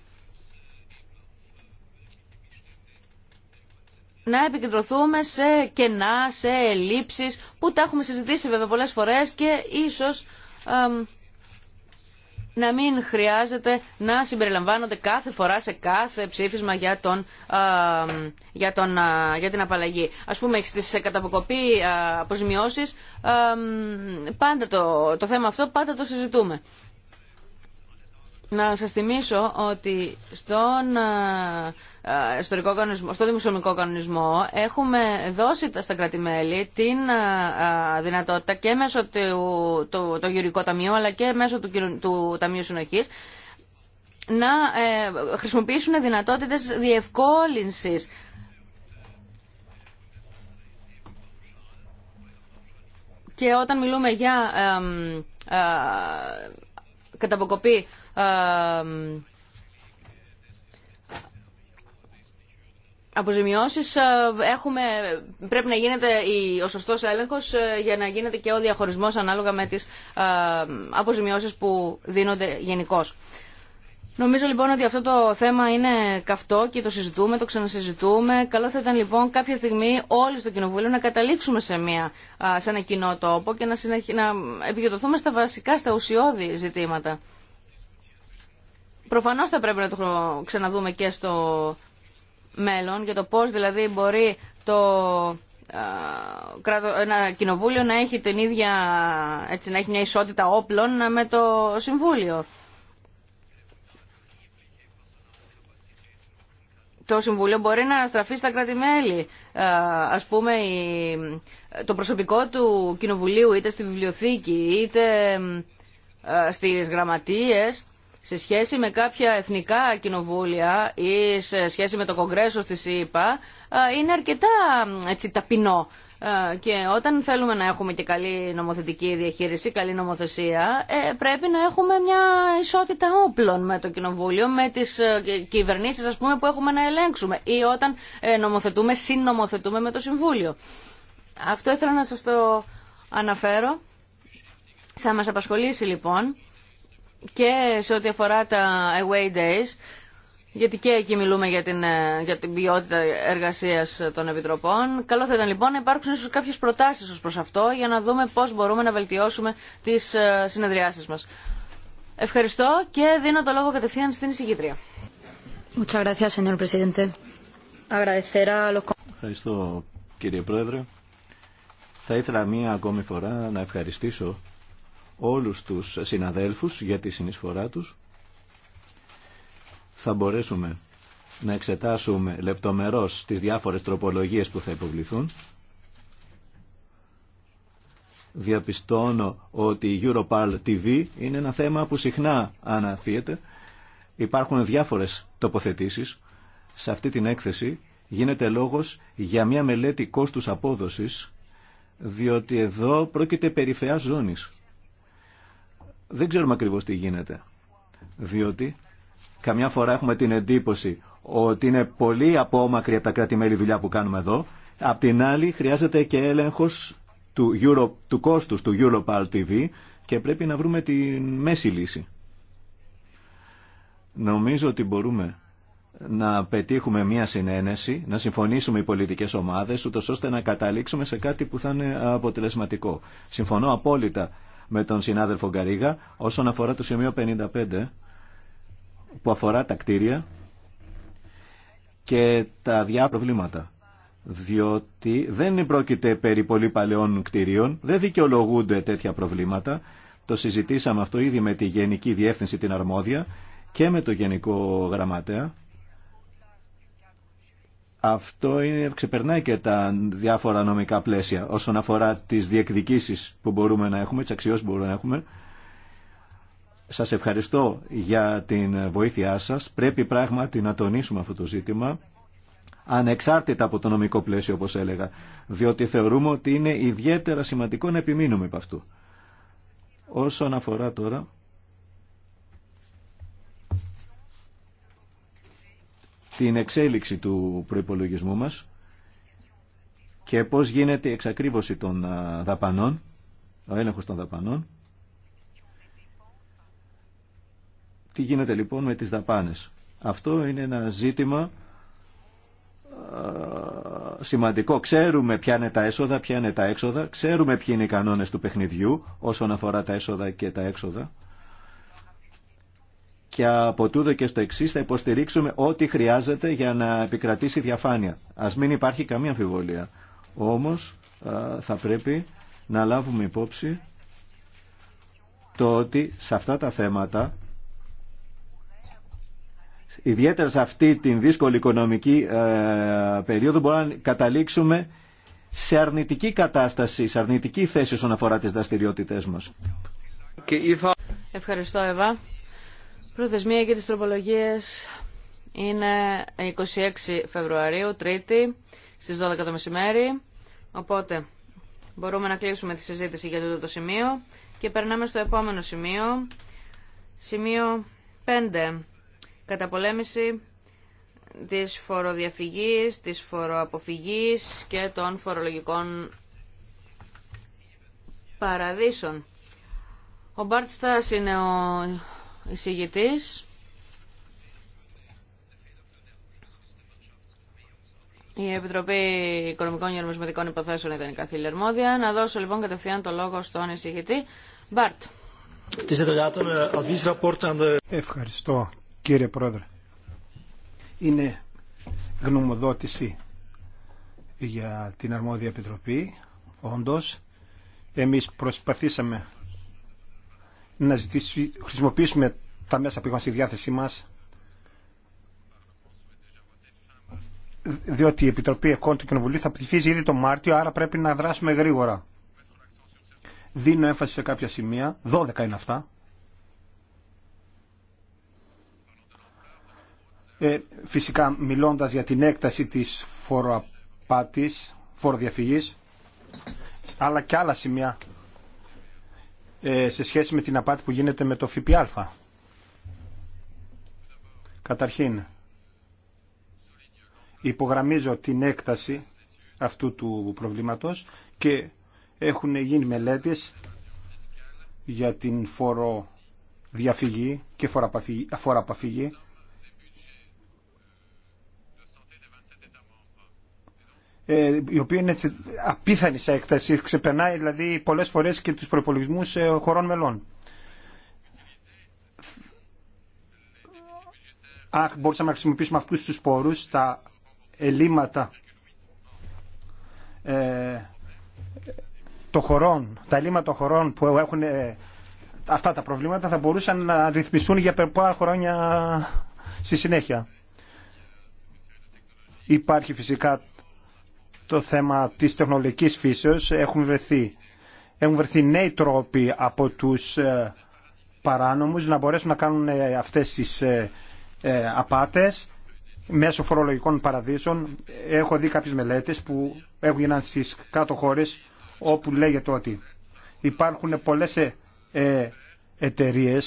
Speaker 3: να επικεντρωθούμε σε κενά, σε ελλείψεις που τα έχουμε συζητήσει βέβαια πολλές φορές και ίσως να μην χρειάζεται να συμπεριλαμβάνονται κάθε φορά σε κάθε ψήφισμα για, τον, για, τον, την απαλλαγή. Ας πούμε στις ε, καταποκοπή αποζημιώσεις πάντα το, το θέμα αυτό πάντα το συζητούμε. Να σας θυμίσω ότι στον ιστορικό ε, στο δημοσιονομικό κανονισμό έχουμε δώσει στα κρατημέλη την ε, ε, δυνατότητα και μέσω του, το, το αλλά και μέσω του, του Ταμείου Συνοχής να χρησιμοποιήσουν δυνατότητες διευκόλυνσης και όταν μιλούμε για καταποκοπή αποζημιώσεις ε, πρέπει να γίνεται ο σωστό έλεγχος ε, για να γίνεται και ο διαχωρισμό ανάλογα με τις ε, αποζημιώσεις που δίνονται γενικώ. Νομίζω λοιπόν ότι αυτό το θέμα είναι καυτό και το συζητούμε, το ξανασυζητούμε. Καλό θα ήταν λοιπόν κάποια στιγμή όλοι στο Κοινοβούλιο να καταλήξουμε σε, μια, σε ένα κοινό τόπο και να, επικοινωθούμε στα βασικά, στα ουσιώδη ζητήματα. Προφανώς θα πρέπει να το ξαναδούμε και στο μέλλον, για το πώ δηλαδή μπορεί το ένα κοινοβούλιο να έχει την ίδια, έτσι, να έχει μια ισότητα όπλων με το Συμβούλιο. Το Συμβούλιο μπορεί να στραφεί στα κράτη-μέλη. Ας πούμε, το προσωπικό του Κοινοβουλίου, είτε στη βιβλιοθήκη, είτε στις γραμματείες, σε σχέση με κάποια εθνικά κοινοβούλια ή σε σχέση με το Κογκρέσο στη ΣΥΠΑ είναι αρκετά έτσι, ταπεινό. Και όταν θέλουμε να έχουμε και καλή νομοθετική διαχείριση, καλή νομοθεσία, ε, πρέπει να έχουμε μια ισότητα όπλων με το Κοινοβούλιο, με τις ε, κυβερνήσεις ας πούμε, που έχουμε να ελέγξουμε ή όταν ε, νομοθετούμε, συνομοθετούμε με το Συμβούλιο. Αυτό ήθελα να σας το αναφέρω. Θα μας απασχολήσει λοιπόν και σε ό,τι αφορά τα away days, γιατί και εκεί μιλούμε για την, ε, για την ποιότητα εργασίας των επιτροπών. Καλό θα ήταν λοιπόν να υπάρξουν ίσως κάποιες προτάσεις ως προς αυτό για να δούμε πώς μπορούμε να βελτιώσουμε τις ε, συνεδριάσεις μας. Ευχαριστώ και δίνω το λόγο κατευθείαν στην εισηγήτρια.
Speaker 1: Ευχαριστώ κύριε Πρόεδρε. Θα ήθελα μία ακόμη φορά να ευχαριστήσω όλους τους συναδέλφους για τη συνεισφορά τους. Θα μπορέσουμε να εξετάσουμε λεπτομερώς τις διάφορες τροπολογίες που θα υποβληθούν. Διαπιστώνω ότι η Europal TV είναι ένα θέμα που συχνά αναφύεται. Υπάρχουν διάφορες τοποθετήσεις. Σε αυτή την έκθεση γίνεται λόγος για μια μελέτη κόστους απόδοσης, διότι εδώ πρόκειται περιφεάς ζώνης δεν ξέρουμε ακριβώς τι γίνεται. Διότι καμιά φορά έχουμε την εντύπωση ότι είναι πολύ απόμακρη από τα κράτη-μέλη δουλειά που κάνουμε εδώ. Απ' την άλλη χρειάζεται και έλεγχος του, Euro, του κόστους του Europal TV και πρέπει να βρούμε τη μέση λύση. Νομίζω ότι μπορούμε να πετύχουμε μια συνένεση, να συμφωνήσουμε οι πολιτικές ομάδες, ούτως ώστε να καταλήξουμε σε κάτι που θα είναι αποτελεσματικό. Συμφωνώ απόλυτα με τον συνάδελφο Γκαρίγα όσον αφορά το σημείο 55 που αφορά τα κτίρια και τα διά προβλήματα. Διότι δεν πρόκειται περί πολύ παλαιών κτίριων δεν δικαιολογούνται τέτοια προβλήματα. Το συζητήσαμε αυτό ήδη με τη Γενική Διεύθυνση την Αρμόδια και με το Γενικό Γραμματέα αυτό είναι, ξεπερνάει και τα διάφορα νομικά πλαίσια όσον αφορά τις διεκδικήσεις που μπορούμε να έχουμε, τις αξιώσεις που μπορούμε να έχουμε. Σας ευχαριστώ για την βοήθειά σας. Πρέπει πράγματι να τονίσουμε αυτό το ζήτημα ανεξάρτητα από το νομικό πλαίσιο όπως έλεγα, διότι θεωρούμε ότι είναι ιδιαίτερα σημαντικό να επιμείνουμε από αυτού. Όσον αφορά τώρα την εξέλιξη του προϋπολογισμού μας και πώς γίνεται η εξακρίβωση των δαπανών, ο έλεγχος των δαπανών. Τι γίνεται λοιπόν με τις δαπάνες. Αυτό είναι ένα ζήτημα σημαντικό. Ξέρουμε ποια είναι τα έσοδα, ποια είναι τα έξοδα, ξέρουμε ποιοι είναι οι κανόνες του παιχνιδιού όσον αφορά τα έσοδα και τα έξοδα και από τούδο και στο εξή θα υποστηρίξουμε ό,τι χρειάζεται για να επικρατήσει διαφάνεια. Α μην υπάρχει καμία αμφιβολία. Όμως θα πρέπει να λάβουμε υπόψη το ότι σε αυτά τα θέματα ιδιαίτερα σε αυτή την δύσκολη οικονομική ε, περίοδο μπορούμε να καταλήξουμε σε αρνητική κατάσταση, σε αρνητική θέση όσον αφορά τις δραστηριότητές μας.
Speaker 3: Ευχαριστώ Εύα. Προθεσμία για τις τροπολογίες είναι 26 Φεβρουαρίου, Τρίτη, στις 12 το μεσημέρι. Οπότε μπορούμε να κλείσουμε τη συζήτηση για το σημείο και περνάμε στο επόμενο σημείο. Σημείο 5. Καταπολέμηση της φοροδιαφυγής, της φοροαποφυγής και των φορολογικών παραδείσων. Ο Μπάρτστας είναι ο εισηγητής. Η Επιτροπή Οικονομικών και Νομισματικών Υποθέσεων ήταν η καθήλια αρμόδια. Να δώσω λοιπόν κατευθείαν το λόγο στον εισηγητή. Μπαρτ.
Speaker 2: Ευχαριστώ κύριε Πρόεδρε. Είναι γνωμοδότηση για την αρμόδια Επιτροπή. Όντως, εμείς προσπαθήσαμε να χρησιμοποιήσουμε τα μέσα που είχαν στη διάθεσή μας διότι η Επιτροπή Εκών του Κοινοβουλίου θα ψηφίζει ήδη το Μάρτιο, άρα πρέπει να δράσουμε γρήγορα. Δίνω έμφαση σε κάποια σημεία, 12 είναι αυτά. Ε, φυσικά μιλώντας για την έκταση της φοροαπάτης, φοροδιαφυγής, αλλά και άλλα σημεία ε, σε σχέση με την απάτη που γίνεται με το ΦΠΑ. Καταρχήν, υπογραμμίζω την έκταση αυτού του προβλήματος και έχουν γίνει μελέτες για την φοροδιαφυγή και φοροαπαφυγή Ε, η οποία είναι απίθανη σε έκταση, ξεπερνάει δηλαδή πολλές φορές και τους προπολογισμού ε, χωρών μελών. Αν μπορούσαμε να χρησιμοποιήσουμε αυτούς τους πόρους, τα ελλείμματα ε, των χωρών, τα ελλείμματα χωρών που έχουν ε, αυτά τα προβλήματα θα μπορούσαν να ρυθμιστούν για πολλά χρόνια στη συνέχεια. Υπάρχει φυσικά το θέμα της τεχνολογικής φύσεως έχουν βρεθεί. Έχουν βρεθεί νέοι τρόποι από τους ε, παράνομους να μπορέσουν να κάνουν ε, αυτές τις ε, απάτες μέσω φορολογικών παραδείσων. Έχω δει κάποιες μελέτες που έχουν γίνει στις κάτω χώρες όπου λέγεται ότι υπάρχουν πολλές εταιρείε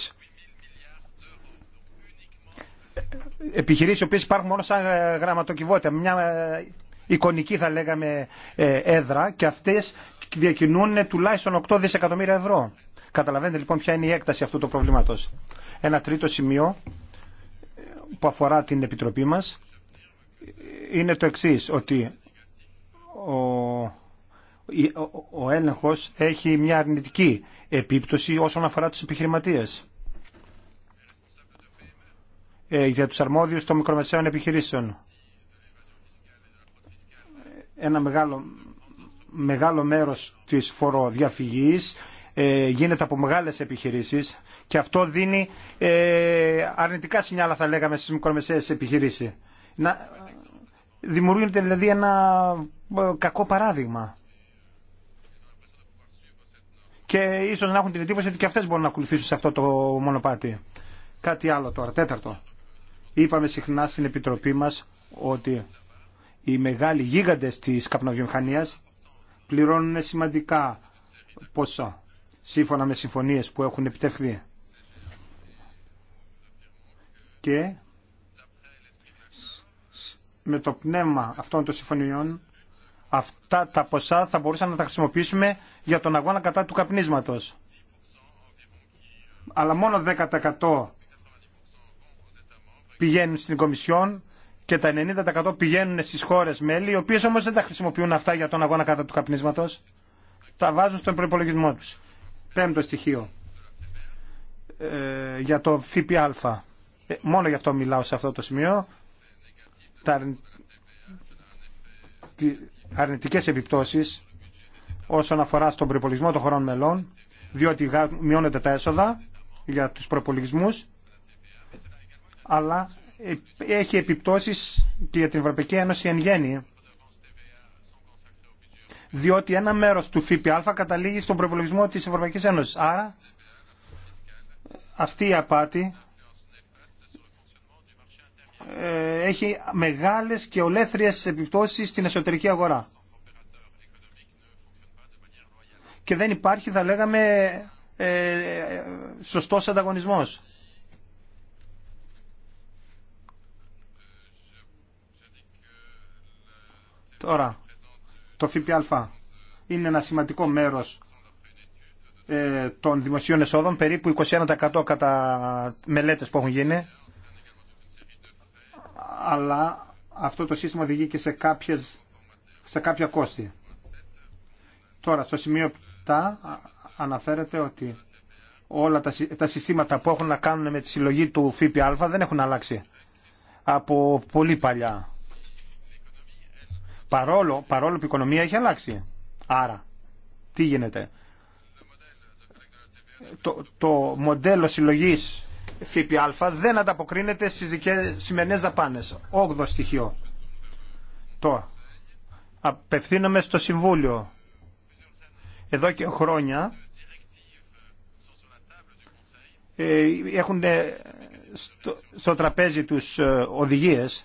Speaker 2: επιχειρήσεις που υπάρχουν μόνο σαν γραμματοκιβώτια, μια εικονική θα λέγαμε ε, έδρα και αυτές διακινούν τουλάχιστον 8 δισεκατομμύρια ευρώ. Καταλαβαίνετε λοιπόν ποια είναι η έκταση αυτού του προβλήματος. Ένα τρίτο σημείο που αφορά την Επιτροπή μας είναι το εξής, ότι ο, ο, έλεγχος έχει μια αρνητική επίπτωση όσον αφορά τους επιχειρηματίες ε, για τους αρμόδιους των μικρομεσαίων επιχειρήσεων ένα μεγάλο, μεγάλο μέρος της φοροδιαφυγής ε, γίνεται από μεγάλες επιχειρήσεις και αυτό δίνει ε, αρνητικά σινιάλα θα λέγαμε στις μικρομεσαίες επιχειρήσεις. Να, δημιουργείται δηλαδή ένα ε, κακό παράδειγμα. Και ίσως να έχουν την εντύπωση ότι και αυτές μπορούν να ακολουθήσουν σε αυτό το μονοπάτι. Κάτι άλλο τώρα, τέταρτο. Είπαμε συχνά στην Επιτροπή μας ότι οι μεγάλοι γίγαντες της καπνοβιομηχανίας πληρώνουν σημαντικά ποσά σύμφωνα με συμφωνίες που έχουν επιτευχθεί. Και με το πνεύμα αυτών των συμφωνιών αυτά τα ποσά θα μπορούσαν να τα χρησιμοποιήσουμε για τον αγώνα κατά του καπνίσματος. Αλλά μόνο 10% πηγαίνουν στην Κομισιόν και τα 90% πηγαίνουν στις χώρες μέλη, οι οποίες όμως δεν τα χρησιμοποιούν αυτά για τον αγώνα κατά του καπνίσματος. Τα βάζουν στον προπολογισμό τους. Πέμπτο στοιχείο. Ε, για το ΦΠΑ. Ε, μόνο γι' αυτό μιλάω σε αυτό το σημείο. Τα αρνητικές επιπτώσεις όσον αφορά στον προπολογισμό των χωρών μελών, διότι μειώνεται τα έσοδα για τους προπολογισμού, αλλά έχει επιπτώσεις για την Ευρωπαϊκή Ένωση εν γέννη. Διότι ένα μέρος του ΦΠΑ καταλήγει στον προπολογισμό της Ευρωπαϊκής Ένωσης. Άρα αυτή η απάτη ε, έχει μεγάλες και ολέθριες επιπτώσεις στην εσωτερική αγορά. Και δεν υπάρχει, θα λέγαμε, ε, ε, σωστός ανταγωνισμός. Τώρα, το ΦΠΑ είναι ένα σημαντικό μέρος ε, των δημοσίων εσόδων, περίπου 21% κατά μελέτες που έχουν γίνει. Αλλά αυτό το σύστημα οδηγεί και σε, κάποιες, σε κάποια κόστη. Τώρα, στο σημείο 7 αναφέρεται ότι όλα τα, τα συστήματα που έχουν να κάνουν με τη συλλογή του ΦΠΑ δεν έχουν αλλάξει από πολύ παλιά. Παρόλο, παρόλο που η οικονομία έχει αλλάξει. Άρα, τι γίνεται. Το, το μοντέλο συλλογής ΦΠΑ δεν ανταποκρίνεται στις δικές σημερινές δαπάνες. Όγδο στοιχείο. Το απευθύνομαι στο Συμβούλιο. Εδώ και χρόνια ε, έχουν ε, στο, στο τραπέζι τους ε, οδηγίες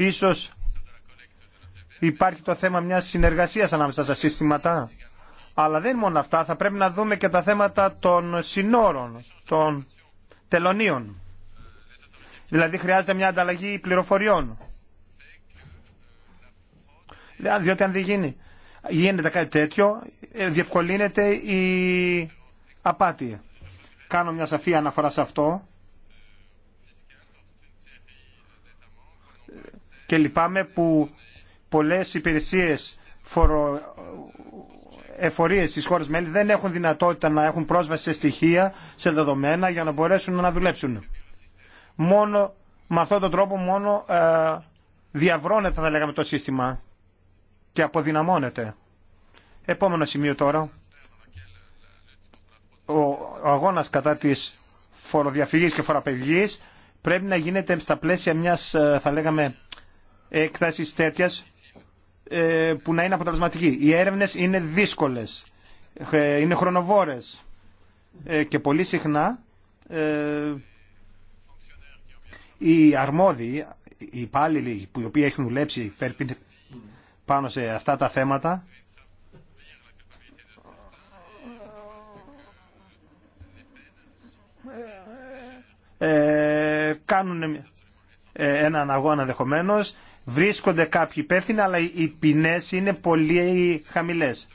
Speaker 2: Ίσως υπάρχει το θέμα μιας συνεργασίας ανάμεσα στα σύστηματα. Αλλά δεν μόνο αυτά, θα πρέπει να δούμε και τα θέματα των συνόρων, των τελωνίων. Δηλαδή χρειάζεται μια ανταλλαγή πληροφοριών. Διότι αν δεν γίνει, γίνεται κάτι τέτοιο, ε, διευκολύνεται η απάτη. Κάνω μια σαφή αναφορά σε αυτό και λυπάμαι που πολλές υπηρεσίες φορο... εφορίες στις χώρες μέλη δεν έχουν δυνατότητα να έχουν πρόσβαση σε στοιχεία, σε δεδομένα για να μπορέσουν να δουλέψουν. Μόνο με αυτόν τον τρόπο μόνο ε, διαβρώνεται θα λέγαμε το σύστημα και αποδυναμώνεται. Επόμενο σημείο τώρα. Ο, ο αγώνας κατά της φοροδιαφυγής και φοραπευγής πρέπει να γίνεται στα πλαίσια μιας ε, θα λέγαμε έκτασης τέτοια που να είναι αποτελεσματική. Οι έρευνες είναι δύσκολες, είναι χρονοβόρες και πολύ συχνά οι αρμόδιοι, οι υπάλληλοι που οι οποίοι έχουν δουλέψει πάνω σε αυτά τα θέματα κάνουν έναν αγώνα δεχομένως βρίσκονται κάποιοι υπεύθυνοι, αλλά οι ποινές είναι πολύ χαμηλές.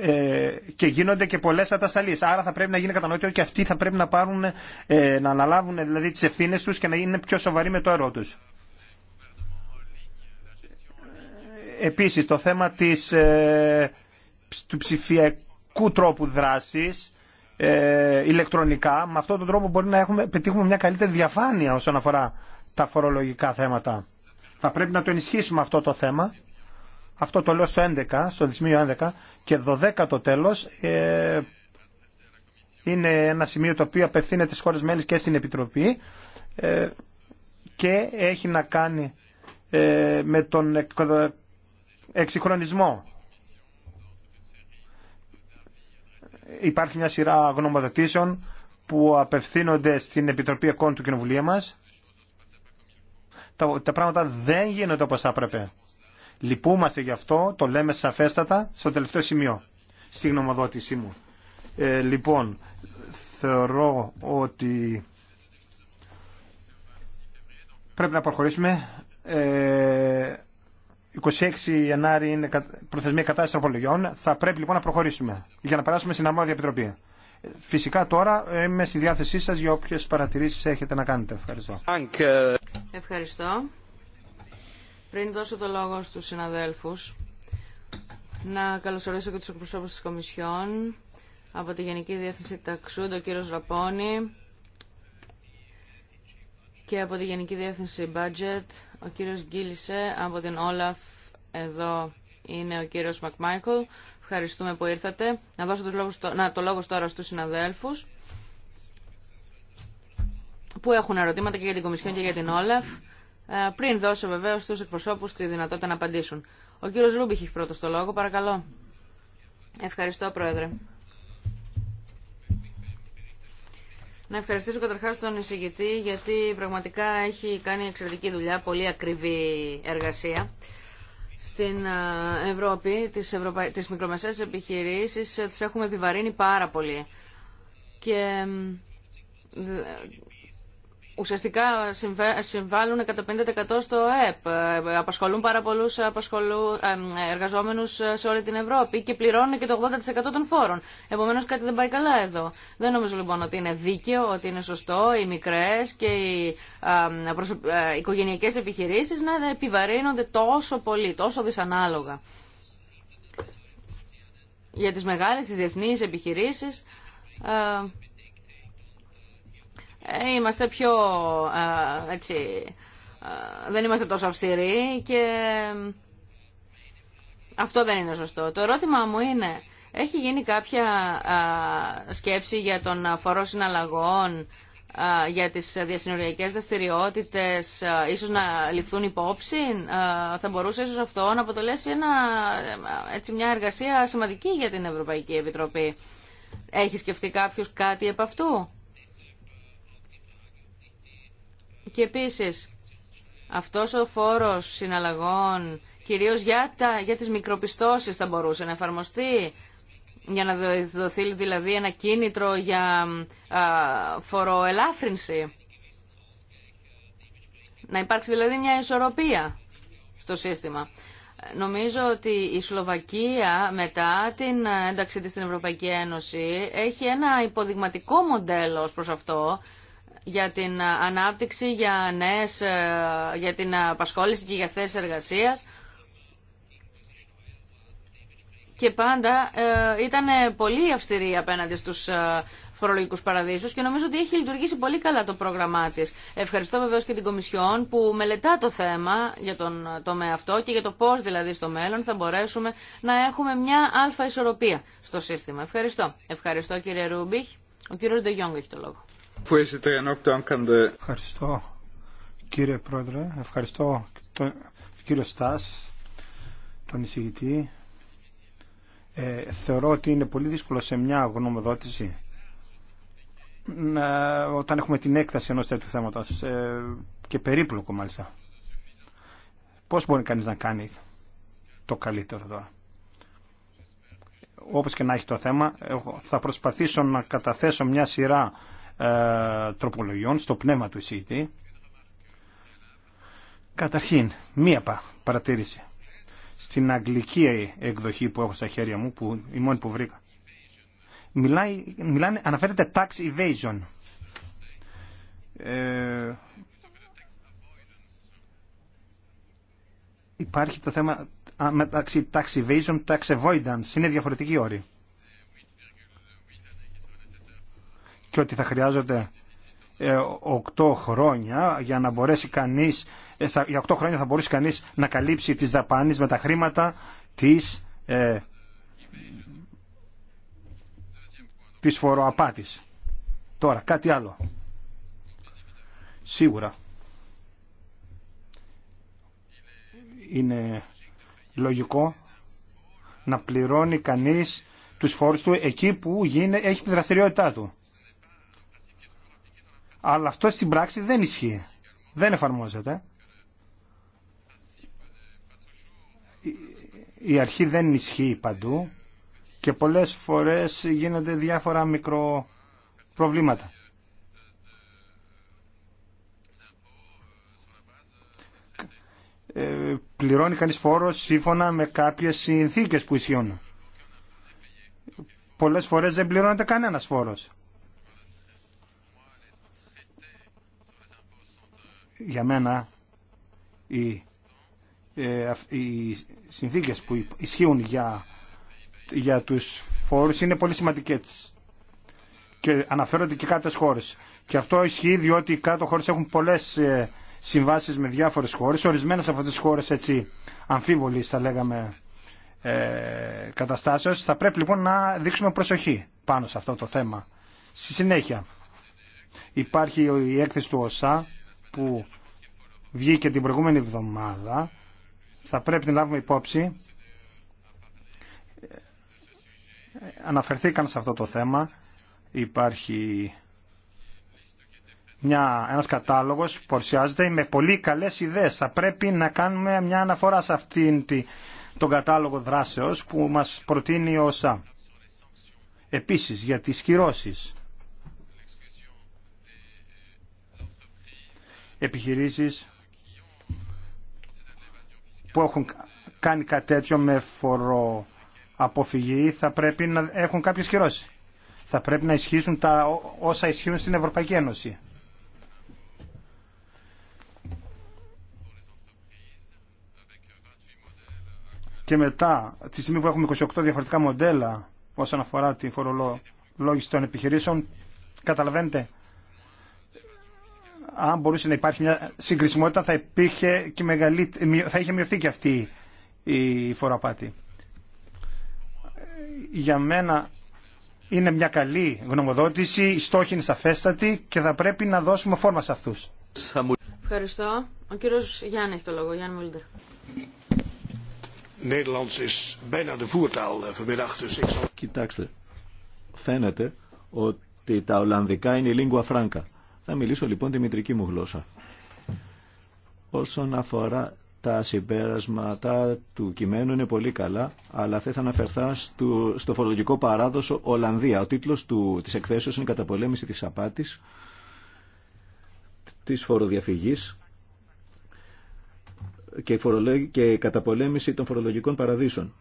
Speaker 2: Ε, και γίνονται και πολλές ατασαλίες. Άρα θα πρέπει να γίνει κατανοητό και αυτοί θα πρέπει να, πάρουν, ε, να αναλάβουν δηλαδή, τις ευθύνες τους και να είναι πιο σοβαροί με το έργο τους. Επίσης το θέμα της, ε, του ψηφιακού τρόπου δράσης ε, ηλεκτρονικά. Με αυτόν τον τρόπο μπορεί να έχουμε, πετύχουμε μια καλύτερη διαφάνεια όσον αφορά τα φορολογικά θέματα. Θα πρέπει να το ενισχύσουμε αυτό το θέμα. Αυτό το λέω στο 11, στο δυσμείο 11 και 12 το τέλος ε, είναι ένα σημείο το οποίο απευθύνεται στις χώρες μέλης και στην Επιτροπή ε, και έχει να κάνει ε, με τον ε, εξυγχρονισμό υπάρχει μια σειρά γνωμοδοτήσεων που απευθύνονται στην Επιτροπή Εκών του Κοινοβουλίου μας. Τα, τα πράγματα δεν γίνονται όπως έπρεπε. Λυπούμαστε γι' αυτό, το λέμε σαφέστατα στο τελευταίο σημείο, στη γνωμοδότησή μου. Ε, λοιπόν, θεωρώ ότι πρέπει να προχωρήσουμε. Ε, 26 Γενάρη είναι προθεσμία κατάσταση απολογιών. Θα πρέπει λοιπόν να προχωρήσουμε για να περάσουμε στην αρμόδια επιτροπή. Φυσικά τώρα είμαι στη διάθεσή σας για όποιες παρατηρήσεις έχετε να κάνετε. Ευχαριστώ.
Speaker 3: Ευχαριστώ. Πριν δώσω το λόγο στους συναδέλφους, να καλωσορίσω και τους εκπροσώπους της Κομισιόν από τη Γενική Διεύθυνση Ταξούντο, ο κύριος Ραπώνη, και από τη Γενική Διεύθυνση Budget, ο κύριος Γκίλισε, από την Όλαφ, εδώ είναι ο κύριος ΜακΜάικλ. Ευχαριστούμε που ήρθατε. Να δώσω τους λόγους, να, το λόγο τώρα στους συναδέλφους που έχουν ερωτήματα και για την Κομισιόν και για την Όλαφ, ε, πριν δώσω βεβαίω στους εκπροσώπους τη δυνατότητα να απαντήσουν. Ο κύριος Ρούμπιχ έχει πρώτο το λόγο, παρακαλώ. Ευχαριστώ, Πρόεδρε. Να ευχαριστήσω καταρχάς τον εισηγητή γιατί πραγματικά έχει κάνει εξαιρετική δουλειά, πολύ ακριβή εργασία στην ε, Ευρώπη, τις, ευρωπα... επιχειρήσει, μικρομεσαίες επιχειρήσεις ε, έχουμε επιβαρύνει πάρα πολύ. Και ουσιαστικά συμβάλλουν κατά 50% στο ΕΠ. Απασχολούν πάρα πολλού εργαζόμενου σε όλη την Ευρώπη και πληρώνουν και το 80% των φόρων. Επομένω κάτι δεν πάει καλά εδώ. Δεν νομίζω λοιπόν ότι είναι δίκαιο, ότι είναι σωστό οι μικρέ και οι ε, οικογενειακέ επιχειρήσει να επιβαρύνονται τόσο πολύ, τόσο δυσανάλογα. Για τις μεγάλες, τις διεθνείς επιχειρήσεις, ε, ε, είμαστε πιο ε, έτσι, ε, δεν είμαστε τόσο αυστηροί και αυτό δεν είναι σωστό. Το ερώτημα μου είναι, έχει γίνει κάποια σκέψη για τον φορό συναλλαγών, για τις διασυνοριακές δραστηριότητε, ίσως να ληφθούν υπόψη, θα μπορούσε ίσως αυτό να αποτελέσει ένα, έτσι, μια εργασία σημαντική για την Ευρωπαϊκή Επιτροπή. Έχει σκεφτεί κάποιος κάτι επ' αυτού. Και επίσης, αυτός ο φόρος συναλλαγών, κυρίως για, τα, για τις μικροπιστώσεις θα μπορούσε να εφαρμοστεί, για να δοθεί δηλαδή ένα κίνητρο για α, φοροελάφρυνση. Να υπάρξει δηλαδή μια ισορροπία στο σύστημα. Νομίζω ότι η Σλοβακία μετά την ένταξή της στην Ευρωπαϊκή Ένωση έχει ένα υποδειγματικό μοντέλο ως προς αυτό για την ε, ανάπτυξη, για, νέες, ε, για την ε, απασχόληση και για θέσεις εργασίας. Και πάντα ήταν πολύ αυστηρή απέναντι στους φορολογικού παραδείσους και νομίζω ότι έχει λειτουργήσει πολύ καλά το πρόγραμμά τη. Ευχαριστώ βεβαίω και την Κομισιόν που μελετά το θέμα για τον τομέα αυτό και για το πώ δηλαδή στο μέλλον θα μπορέσουμε να έχουμε μια αλφα ισορροπία στο σύστημα. Ευχαριστώ. Ευχαριστώ κύριε Ρούμπιχ. Ο κύριο Ντεγιόγκ έχει το λόγο.
Speaker 2: Ευχαριστώ κύριε Πρόεδρε, ευχαριστώ τον κύριο Στάς, τον εισηγητή. Ε, θεωρώ ότι είναι πολύ δύσκολο σε μια γνωμοδότηση να, όταν έχουμε την έκταση ενός τέτοιου θέματος ε, και περίπλοκο μάλιστα. Πώς μπορεί κανείς να κάνει το καλύτερο τώρα. Όπως και να έχει το θέμα, θα προσπαθήσω να καταθέσω μια σειρά ε, τροπολογιών στο πνεύμα του εισηγητή. Καταρχήν, μία παρατήρηση. Στην αγγλική εκδοχή που έχω στα χέρια μου, που, η μόνη που βρήκα, μιλάει, μιλάνε, αναφέρεται tax evasion. Ε, υπάρχει το θέμα μεταξύ tax evasion tax avoidance. Είναι διαφορετική όρη. και ότι θα χρειάζονται 8 ε, χρόνια για να μπορέσει κανείς, ε, για 8 χρόνια θα μπορέσει κανείς να καλύψει τις δαπάνες με τα χρήματα της, ε, της φοροαπάτης. Τώρα, κάτι άλλο. Σίγουρα. Είναι λογικό να πληρώνει κανείς τους φόρους του εκεί που γίνει, έχει τη δραστηριότητά του. Αλλά αυτό στην πράξη δεν ισχύει. Δεν εφαρμόζεται. Η αρχή δεν ισχύει παντού και πολλές φορές γίνονται διάφορα προβλήματα. Ε, πληρώνει κανείς φόρο σύμφωνα με κάποιες συνθήκες που ισχύουν. Πολλές φορές δεν πληρώνεται κανένας φόρος. για μένα οι, ε, οι συνθήκες που ισχύουν για, για τους φόρους είναι πολύ σημαντικές και αναφέρονται και κάτω χώρες. Και αυτό ισχύει διότι οι κάτω χώρες έχουν πολλές ε, συμβάσεις με διάφορες χώρες. Ορισμένες από αυτές τις χώρες έτσι αμφίβολες θα λέγαμε ε, καταστάσεως. Θα πρέπει λοιπόν να δείξουμε προσοχή πάνω σε αυτό το θέμα. Στη συνέχεια υπάρχει η έκθεση του ΟΣΑ που βγήκε την προηγούμενη εβδομάδα θα πρέπει να λάβουμε υπόψη ε, αναφερθήκαν σε αυτό το θέμα υπάρχει μια, ένας κατάλογος που παρουσιάζεται με πολύ καλές ιδέες θα πρέπει να κάνουμε μια αναφορά σε αυτήν τον κατάλογο δράσεως που μας προτείνει ο ΣΑ επίσης για τις κυρώσεις επιχειρήσεις που έχουν κάνει κάτι τέτοιο με φοροαποφυγή θα πρέπει να έχουν κάποιες χειρώσεις. Θα πρέπει να ισχύσουν τα όσα ισχύουν στην Ευρωπαϊκή Ένωση. Και μετά, τη στιγμή που έχουμε 28 διαφορετικά μοντέλα όσον αφορά τη φορολόγηση των επιχειρήσεων, καταλαβαίνετε αν μπορούσε να υπάρχει μια συγκρισιμότητα θα, υπήρχε και θα είχε μειωθεί και αυτή η φοροαπάτη. Για μένα είναι μια καλή γνωμοδότηση, η στόχη είναι σαφέστατη και θα πρέπει να δώσουμε φόρμα σε αυτούς.
Speaker 3: Ευχαριστώ. Ο κύριος Γιάννη έχει το λόγο. Γιάννη
Speaker 2: eh,
Speaker 1: Κοιτάξτε, φαίνεται ότι τα Ολλανδικά είναι η lingua franca. Θα μιλήσω λοιπόν τη μητρική μου γλώσσα. Όσον αφορά τα συμπέρασματα του κειμένου είναι πολύ καλά, αλλά θα να αναφερθώ στο, στο φορολογικό παράδοσο Ολλανδία. Ο τίτλος του, της εκθέσεως είναι «Καταπολέμηση της απάτης, της φοροδιαφυγής και, και καταπολέμηση των φορολογικών παραδείσων».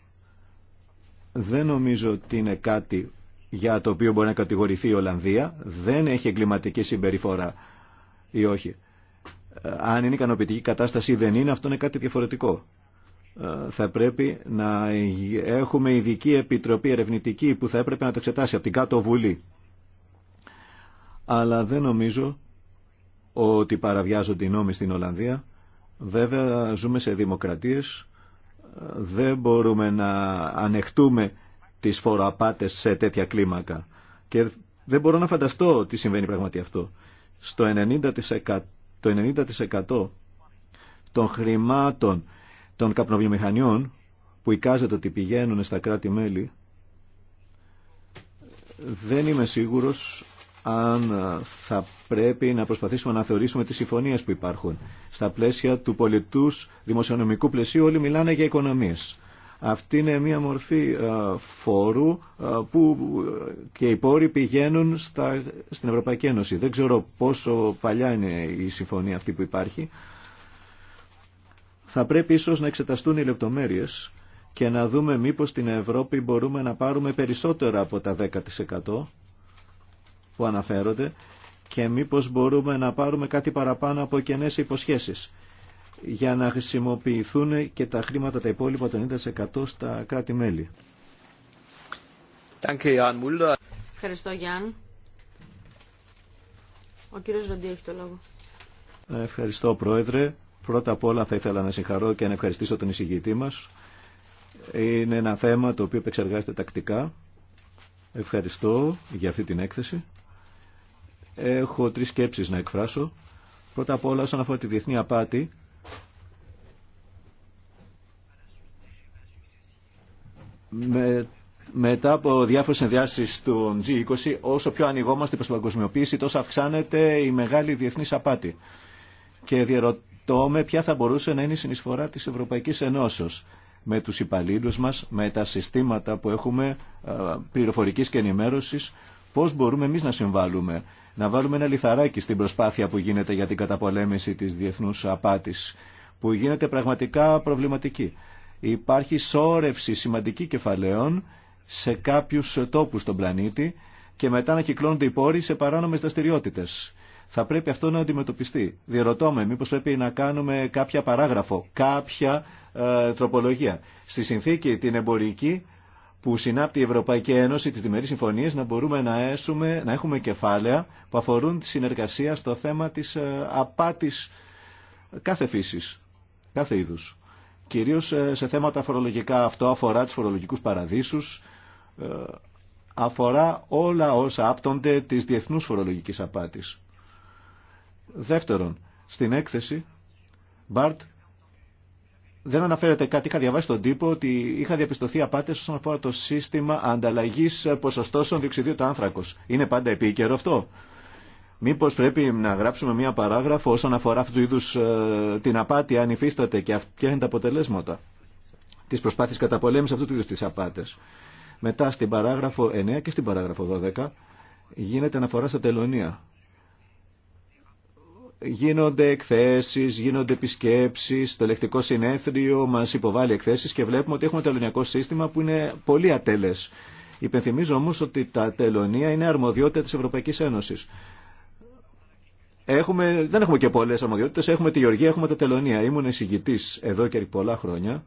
Speaker 1: Δεν νομίζω ότι είναι κάτι για το οποίο μπορεί να κατηγορηθεί η Ολλανδία δεν έχει εγκληματική συμπεριφορά ή όχι. Ε, αν είναι ικανοποιητική κατάσταση ή δεν είναι, αυτό είναι κάτι διαφορετικό. Ε, θα πρέπει να έχουμε ειδική επιτροπή ερευνητική που θα έπρεπε να το εξετάσει από την κάτω βουλή. Αλλά δεν νομίζω ότι παραβιάζονται οι νόμοι στην Ολλανδία. Βέβαια ζούμε σε δημοκρατίες, ε, δεν μπορούμε να ανεχτούμε τις φοροαπάτες σε τέτοια κλίμακα. Και δεν μπορώ να φανταστώ τι συμβαίνει πραγματικά αυτό. Στο 90%, το 90% των χρημάτων των καπνοβιομηχανιών που εικάζεται ότι πηγαίνουν στα κράτη-μέλη δεν είμαι σίγουρος αν θα πρέπει να προσπαθήσουμε να θεωρήσουμε τις συμφωνίες που υπάρχουν. Στα πλαίσια του πολιτούς δημοσιονομικού πλαισίου όλοι μιλάνε για οικονομίες. Αυτή είναι μια μορφή ε, φόρου ε, που ε, και οι πόροι πηγαίνουν στα, στην Ευρωπαϊκή Ένωση. Δεν ξέρω πόσο παλιά είναι η συμφωνία αυτή που υπάρχει. Θα πρέπει ίσως να εξεταστούν οι λεπτομέρειες και να δούμε μήπως στην Ευρώπη μπορούμε να πάρουμε περισσότερα από τα 10% που αναφέρονται και μήπως μπορούμε να πάρουμε κάτι παραπάνω από κενές υποσχέσεις για να χρησιμοποιηθούν και τα χρήματα τα υπόλοιπα των 90% στα κράτη-μέλη.
Speaker 3: Ευχαριστώ Γιάννη. Ο κύριος Ροντή έχει το λόγο.
Speaker 1: Ευχαριστώ Πρόεδρε. Πρώτα απ' όλα θα ήθελα να συγχαρώ και να ευχαριστήσω τον εισηγητή μας. Είναι ένα θέμα το οποίο επεξεργάζεται τακτικά. Ευχαριστώ για αυτή την έκθεση. Έχω τρεις σκέψεις να εκφράσω. Πρώτα απ' όλα όσον αφορά τη διεθνή απάτη, μετά από διάφορε ενδιάσει του G20, όσο πιο ανοιγόμαστε προ την παγκοσμιοποίηση, τόσο αυξάνεται η μεγάλη διεθνή απάτη. Και διαρωτώ με ποια θα μπορούσε να είναι η συνεισφορά τη Ευρωπαϊκή Ενώσεω με του υπαλλήλου μα, με τα συστήματα που έχουμε πληροφορική και ενημέρωση, πώ μπορούμε εμεί να συμβάλλουμε, να βάλουμε ένα λιθαράκι στην προσπάθεια που γίνεται για την καταπολέμηση της διεθνούς απάτης, που γίνεται πραγματικά προβληματική. Υπάρχει σόρευση σημαντική κεφαλαίων σε κάποιους τόπους στον πλανήτη και μετά να κυκλώνονται οι πόροι σε παράνομες δραστηριότητε. Θα πρέπει αυτό να αντιμετωπιστεί. Διερωτώ με, μήπως πρέπει να κάνουμε κάποια παράγραφο, κάποια ε, τροπολογία. Στη συνθήκη την εμπορική που συνάπτει η Ευρωπαϊκή Ένωση τις διμερείς συμφωνίες να μπορούμε να, έσουμε, να έχουμε κεφάλαια που αφορούν τη συνεργασία στο θέμα της ε, απάτης κάθε φύσης, κάθε είδους κυρίως ε, σε θέματα φορολογικά. Αυτό αφορά τους φορολογικούς παραδείσους, ε, αφορά όλα όσα άπτονται της διεθνούς φορολογικής απάτης. Δεύτερον, στην έκθεση, Μπάρτ, δεν αναφέρεται κάτι, είχα διαβάσει τον τύπο ότι είχα διαπιστωθεί απάτες όσον αφορά το σύστημα ανταλλαγής ποσοστώσεων διοξιδίου του άνθρακος. Είναι πάντα επίκαιρο αυτό. Μήπω πρέπει να γράψουμε μία παράγραφο όσον αφορά αυτού του είδου ε, την απάτη, αν υφίσταται και ποια είναι τα αποτελέσματα τη προσπάθειας καταπολέμησης αυτού του είδου τη απάτες. Μετά στην παράγραφο 9 και στην παράγραφο 12 γίνεται αναφορά στα τελωνία. Γίνονται εκθέσει, γίνονται επισκέψει, το ελεκτικό συνέθριο μα υποβάλλει εκθέσεις και βλέπουμε ότι έχουμε τελωνιακό σύστημα που είναι πολύ ατέλες. Υπενθυμίζω όμω ότι τα τελωνία είναι αρμοδιότητα τη Ευρωπαϊκή Ένωση. Έχουμε, δεν έχουμε και πολλέ αρμοδιότητε. Έχουμε τη Γεωργία, έχουμε τα Τελωνία. Ήμουν εισηγητή εδώ και πολλά χρόνια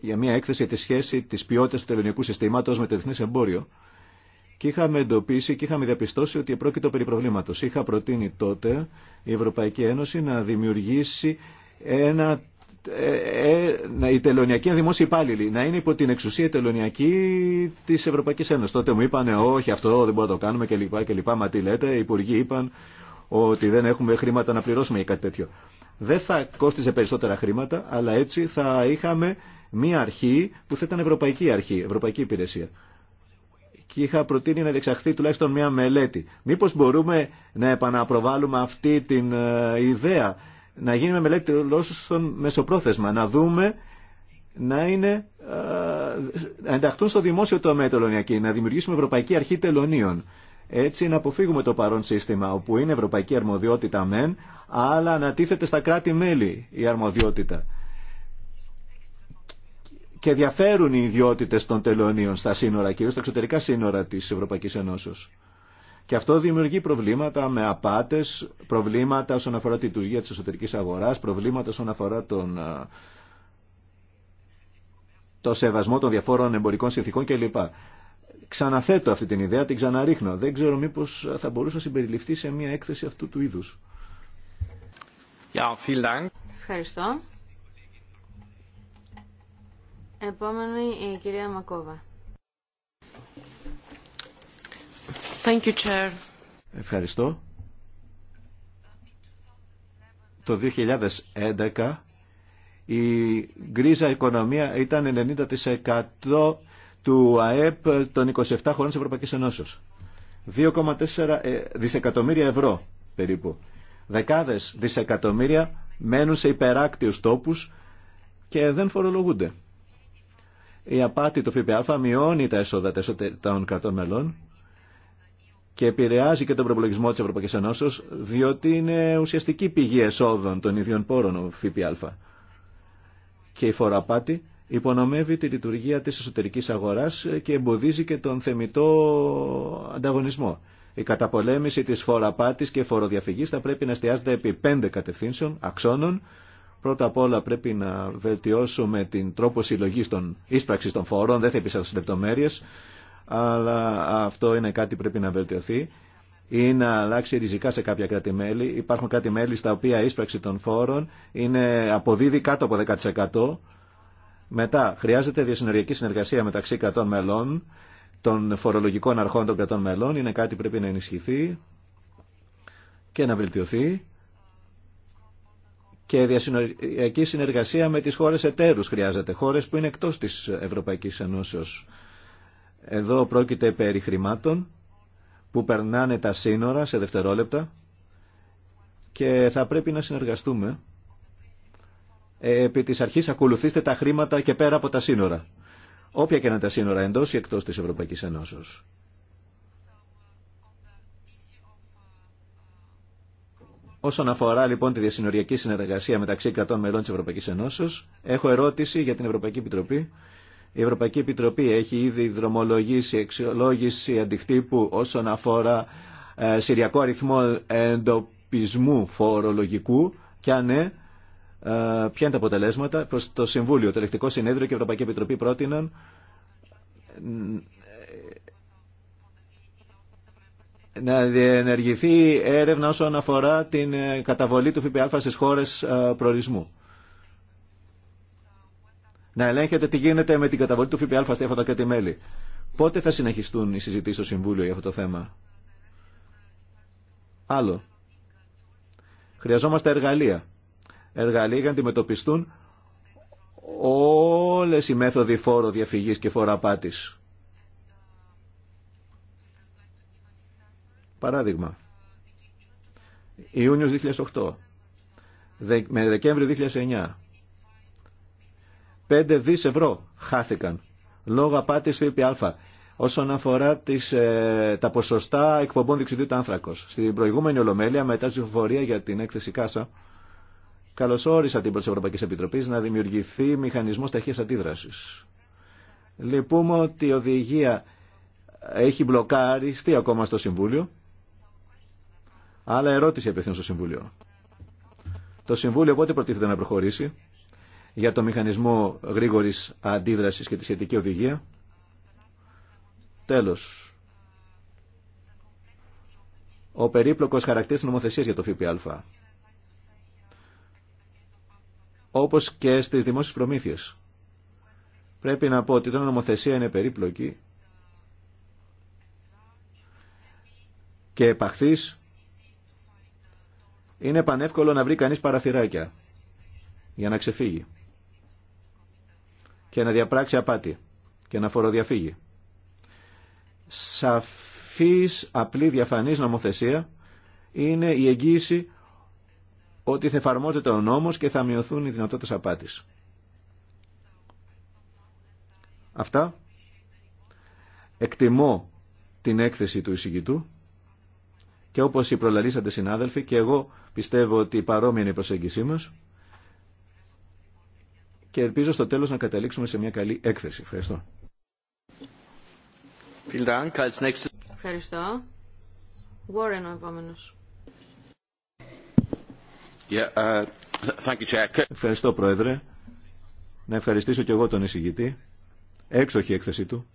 Speaker 1: για μια έκθεση για τη σχέση τη ποιότητα του τελωνιακού συστήματο με το διεθνέ εμπόριο. Και είχαμε εντοπίσει και είχαμε διαπιστώσει ότι επρόκειτο περί προβλήματο. Είχα προτείνει τότε η Ευρωπαϊκή Ένωση να δημιουργήσει ένα οι ε, ε, τελωνιακοί δημόσιοι υπάλληλοι να είναι υπό την εξουσία τελωνιακή τη Ευρωπαϊκή Ένωση. Τότε μου είπαν όχι αυτό δεν μπορούμε να το κάνουμε κλπ. και Μα τι λέτε, οι υπουργοί είπαν ότι δεν έχουμε χρήματα να πληρώσουμε για κάτι τέτοιο. Δεν θα κόστιζε περισσότερα χρήματα, αλλά έτσι θα είχαμε μία αρχή που θα ήταν ευρωπαϊκή αρχή, ευρωπαϊκή υπηρεσία. Και είχα προτείνει να διεξαχθεί τουλάχιστον μία μελέτη. Μήπω μπορούμε να επαναπροβάλλουμε αυτή την ε, ιδέα να γίνει με μελέτη στον μεσοπρόθεσμα, να δούμε να, είναι, ε, να ενταχθούν στο δημόσιο τομέα τελωνιακή, να δημιουργήσουμε Ευρωπαϊκή Αρχή Τελωνίων. Έτσι να αποφύγουμε το παρόν σύστημα, όπου είναι ευρωπαϊκή αρμοδιότητα μεν, αλλά ανατίθεται στα κράτη-μέλη η αρμοδιότητα. Και διαφέρουν οι ιδιότητες των τελωνίων στα σύνορα, κυρίως στα εξωτερικά σύνορα της Ευρωπαϊκής Ενώσεως. Και αυτό δημιουργεί προβλήματα με απάτες, προβλήματα όσον αφορά τη λειτουργία της εσωτερικής αγοράς, προβλήματα όσον αφορά τον, ε, το σεβασμό των διαφόρων εμπορικών συνθήκων κλπ. Ξαναθέτω αυτή την ιδέα, την ξαναρίχνω. Δεν ξέρω μήπως θα μπορούσε να συμπεριληφθεί σε μια έκθεση αυτού
Speaker 4: του είδους.
Speaker 3: Ευχαριστώ. Επόμενη η κυρία Μακόβα.
Speaker 1: Ευχαριστώ. Το 2011 η γκρίζα οικονομία ήταν 90% του ΑΕΠ των 27 χωρών της Ευρωπαϊκής Ενώσεως. 2,4 ε, δισεκατομμύρια ευρώ περίπου. Δεκάδες δισεκατομμύρια μένουν σε υπεράκτιους τόπους και δεν φορολογούνται. Η απάτη του ΦΠΑ μειώνει τα έσοδα των κρατών μελών και επηρεάζει και τον προπολογισμό τη Ευρωπαϊκή διότι είναι ουσιαστική πηγή εσόδων των ίδιων πόρων ο ΦΠΑ. Και η φοραπάτη υπονομεύει τη λειτουργία της εσωτερικής αγοράς και εμποδίζει και τον θεμητό ανταγωνισμό. Η καταπολέμηση της φοραπάτης και φοροδιαφυγής θα πρέπει να εστιάζεται επί πέντε κατευθύνσεων, αξώνων. Πρώτα απ' όλα πρέπει να βελτιώσουμε την τρόπο συλλογής των ίσπραξης των φορών, δεν θα επισέλθω στις λεπτομέρειες αλλά αυτό είναι κάτι που πρέπει να βελτιωθεί ή να αλλάξει ριζικά σε κάποια κράτη-μέλη. Υπάρχουν κράτη-μέλη στα οποία η ίσπραξη των φόρων είναι αποδίδει κάτω από 10%. Μετά, χρειάζεται διασυνοριακή συνεργασία μεταξύ κρατών μελών, των φορολογικών αρχών των κρατών μελών. Είναι κάτι που πρέπει να ενισχυθεί και να βελτιωθεί. Και διασυνοριακή συνεργασία με τις χώρες εταίρους χρειάζεται, χώρες που είναι εκτός της Ευρωπαϊκής Ενώσεως. Εδώ πρόκειται περί χρημάτων που περνάνε τα σύνορα σε δευτερόλεπτα και θα πρέπει να συνεργαστούμε. Επί της αρχής ακολουθήστε τα χρήματα και πέρα από τα σύνορα. Όποια και να τα σύνορα εντός ή εκτός της Ευρωπαϊκής Ενώσεως. Όσον αφορά λοιπόν τη διασυνοριακή συνεργασία μεταξύ κρατών μελών της Ευρωπαϊκής Ενώσεως, έχω ερώτηση για την Ευρωπαϊκή Επιτροπή η Ευρωπαϊκή Επιτροπή έχει ήδη δρομολογήσει εξολόγηση αντιχτύπου όσον αφορά ε, συριακό αριθμό εντοπισμού φορολογικού και αν ναι, ε, ποια είναι τα αποτελέσματα προς το Συμβούλιο. Το Ελεκτικό Συνέδριο και η Ευρωπαϊκή Επιτροπή πρότειναν ε, να διενεργηθεί έρευνα όσον αφορά την καταβολή του ΦΠΑ στις χώρες προορισμού να ελέγχετε τι γίνεται με την καταβολή του ΦΠΑ στα και κάτι μέλη. Πότε θα συνεχιστούν οι συζητήσει στο Συμβούλιο για αυτό το θέμα. Άλλο. Χρειαζόμαστε εργαλεία. Εργαλεία για να αντιμετωπιστούν όλες οι μέθοδοι φόρο διαφυγής και απάτης. Παράδειγμα. Ιούνιος 2008. Με Δεκέμβριο 2009 5 δις ευρώ χάθηκαν λόγω απάτης ΦΠΑ όσον αφορά τις, ε, τα ποσοστά εκπομπών διοξειδίου του άνθρακος. Στην προηγούμενη Ολομέλεια, μετά τη ψηφοφορία για την έκθεση Κάσα, καλωσόρισα την πρώτη Ευρωπαϊκή Επιτροπή να δημιουργηθεί μηχανισμό ταχεία αντίδραση. Λυπούμε ότι η οδηγία έχει μπλοκάριστεί ακόμα στο Συμβούλιο. Άλλα ερώτηση απευθύνω στο Συμβούλιο. Το Συμβούλιο πότε προτίθεται να προχωρήσει για το μηχανισμό γρήγορης αντίδρασης και τη σχετική οδηγία. Τέλος, ο περίπλοκος χαρακτήρας νομοθεσίας για το ΦΠΑ, όπως και στις δημόσιες προμήθειες. Πρέπει να πω ότι η νομοθεσία είναι περίπλοκη και επαχθής είναι πανεύκολο να βρει κανείς παραθυράκια για να ξεφύγει και να διαπράξει απάτη και να φοροδιαφύγει. Σαφής, απλή, διαφανής νομοθεσία είναι η εγγύηση ότι θα εφαρμόζεται ο νόμος και θα μειωθούν οι δυνατότητες απάτης. Αυτά. Εκτιμώ την έκθεση του εισηγητού και όπως οι προλαλήσατε συνάδελφοι και εγώ πιστεύω ότι παρόμοια είναι η προσέγγισή μας και ελπίζω στο τέλος να καταλήξουμε σε μια καλή έκθεση. Ευχαριστώ.
Speaker 3: Ευχαριστώ. ο επόμενος.
Speaker 1: Uh, Ευχαριστώ Πρόεδρε. Να ευχαριστήσω και εγώ τον εισηγητή. Έξοχη έκθεση του.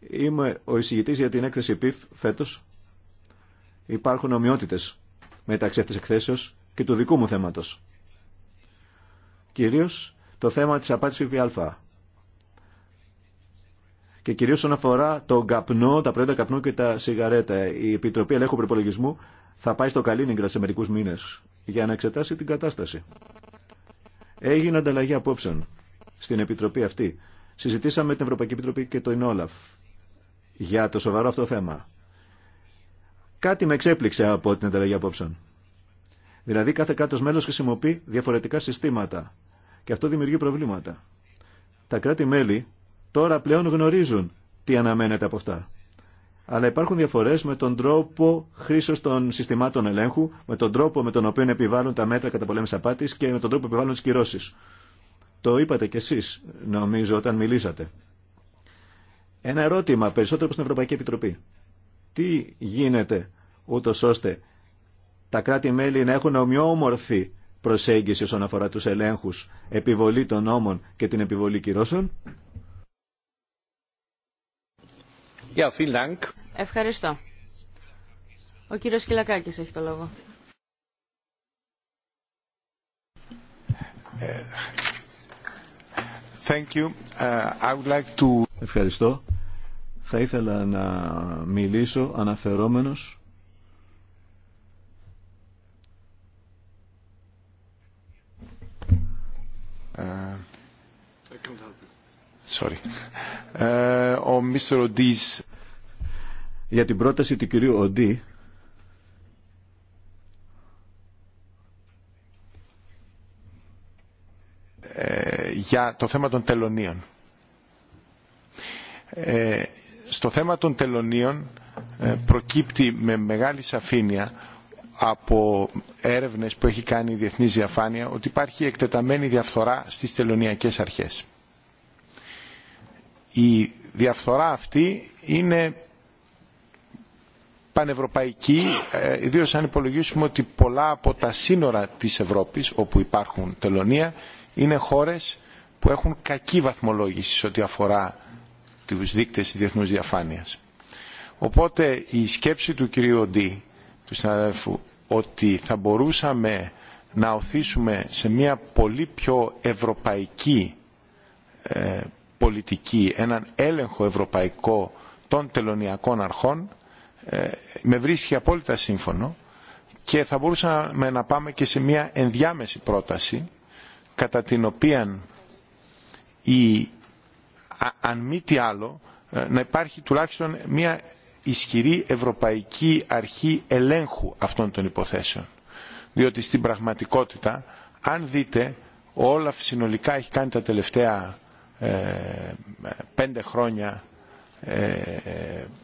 Speaker 1: Είμαι ο εισηγητής για την έκθεση ΠΙΦ φέτος. Υπάρχουν ομοιότητες μεταξύ αυτής εκθέσεως και του δικού μου θέματος. Κυρίως το θέμα της απάτης ΦΠΑ. Και κυρίως όσον αφορά το καπνό, τα προϊόντα καπνού και τα σιγαρέτα. Η Επιτροπή Ελέγχου Προπολογισμού θα πάει στο Καλίνιγκρα σε μερικούς μήνες για να εξετάσει την κατάσταση. Έγινε ανταλλαγή απόψεων στην Επιτροπή αυτή. Συζητήσαμε με την Ευρωπαϊκή Επιτροπή και το Ινόλαφ για το σοβαρό αυτό θέμα. Κάτι με εξέπληξε από την ανταλλαγή απόψεων. Δηλαδή κάθε κράτος μέλο χρησιμοποιεί διαφορετικά συστήματα και αυτό δημιουργεί προβλήματα. Τα κράτη-μέλη τώρα πλέον γνωρίζουν τι αναμένεται από αυτά. Αλλά υπάρχουν διαφορέ με τον τρόπο χρήση των συστημάτων ελέγχου, με τον τρόπο με τον οποίο επιβάλλουν τα μέτρα κατά πολέμηση απάτη και με τον τρόπο που επιβάλλουν τι κυρώσει. Το είπατε κι εσεί, νομίζω, όταν μιλήσατε. Ένα ερώτημα περισσότερο προ την Ευρωπαϊκή Επιτροπή. Τι γίνεται ούτω ώστε τα κράτη-μέλη να έχουν ομοιόμορφη προσέγγιση όσον αφορά τους ελέγχους, επιβολή των νόμων και την επιβολή κυρώσεων.
Speaker 3: Ευχαριστώ. Ο κύριος Κυλακάκης έχει το λόγο.
Speaker 4: Ε, thank you. Ε, I would like to... Ευχαριστώ. Θα
Speaker 1: ήθελα να μιλήσω αναφερόμενος
Speaker 4: Ε, sorry. Ε, ο Mr. Για την πρόταση του κυρίου Οντί, ε, για το θέμα των τελωνίων. Στο θέμα των τελωνίων προκύπτει με μεγάλη σαφήνεια από έρευνες που έχει κάνει η Διεθνής Διαφάνεια ότι υπάρχει εκτεταμένη διαφθορά στις τελωνιακές αρχές. Η διαφθορά αυτή είναι πανευρωπαϊκή, ε, ιδίω αν υπολογίσουμε ότι πολλά από τα σύνορα της Ευρώπης όπου υπάρχουν τελωνία είναι χώρες που έχουν κακή βαθμολόγηση σε ό,τι αφορά τους δείκτες της διεθνούς διαφάνειας. Οπότε η σκέψη του κυρίου Οντί, του συναδέλφου, ότι θα μπορούσαμε να οθήσουμε σε μια πολύ πιο ευρωπαϊκή ε, πολιτική, έναν έλεγχο ευρωπαϊκό των τελωνιακών αρχών, ε, με βρίσκει απόλυτα σύμφωνο και θα μπορούσαμε να πάμε και σε μια ενδιάμεση πρόταση κατά την οποία η, αν μη τι άλλο ε, να υπάρχει τουλάχιστον μια ισχυρή ευρωπαϊκή αρχή ελέγχου αυτών των υποθέσεων. Διότι στην πραγματικότητα, αν δείτε, ο Όλαφ συνολικά έχει κάνει τα τελευταία ε, πέντε χρόνια ε,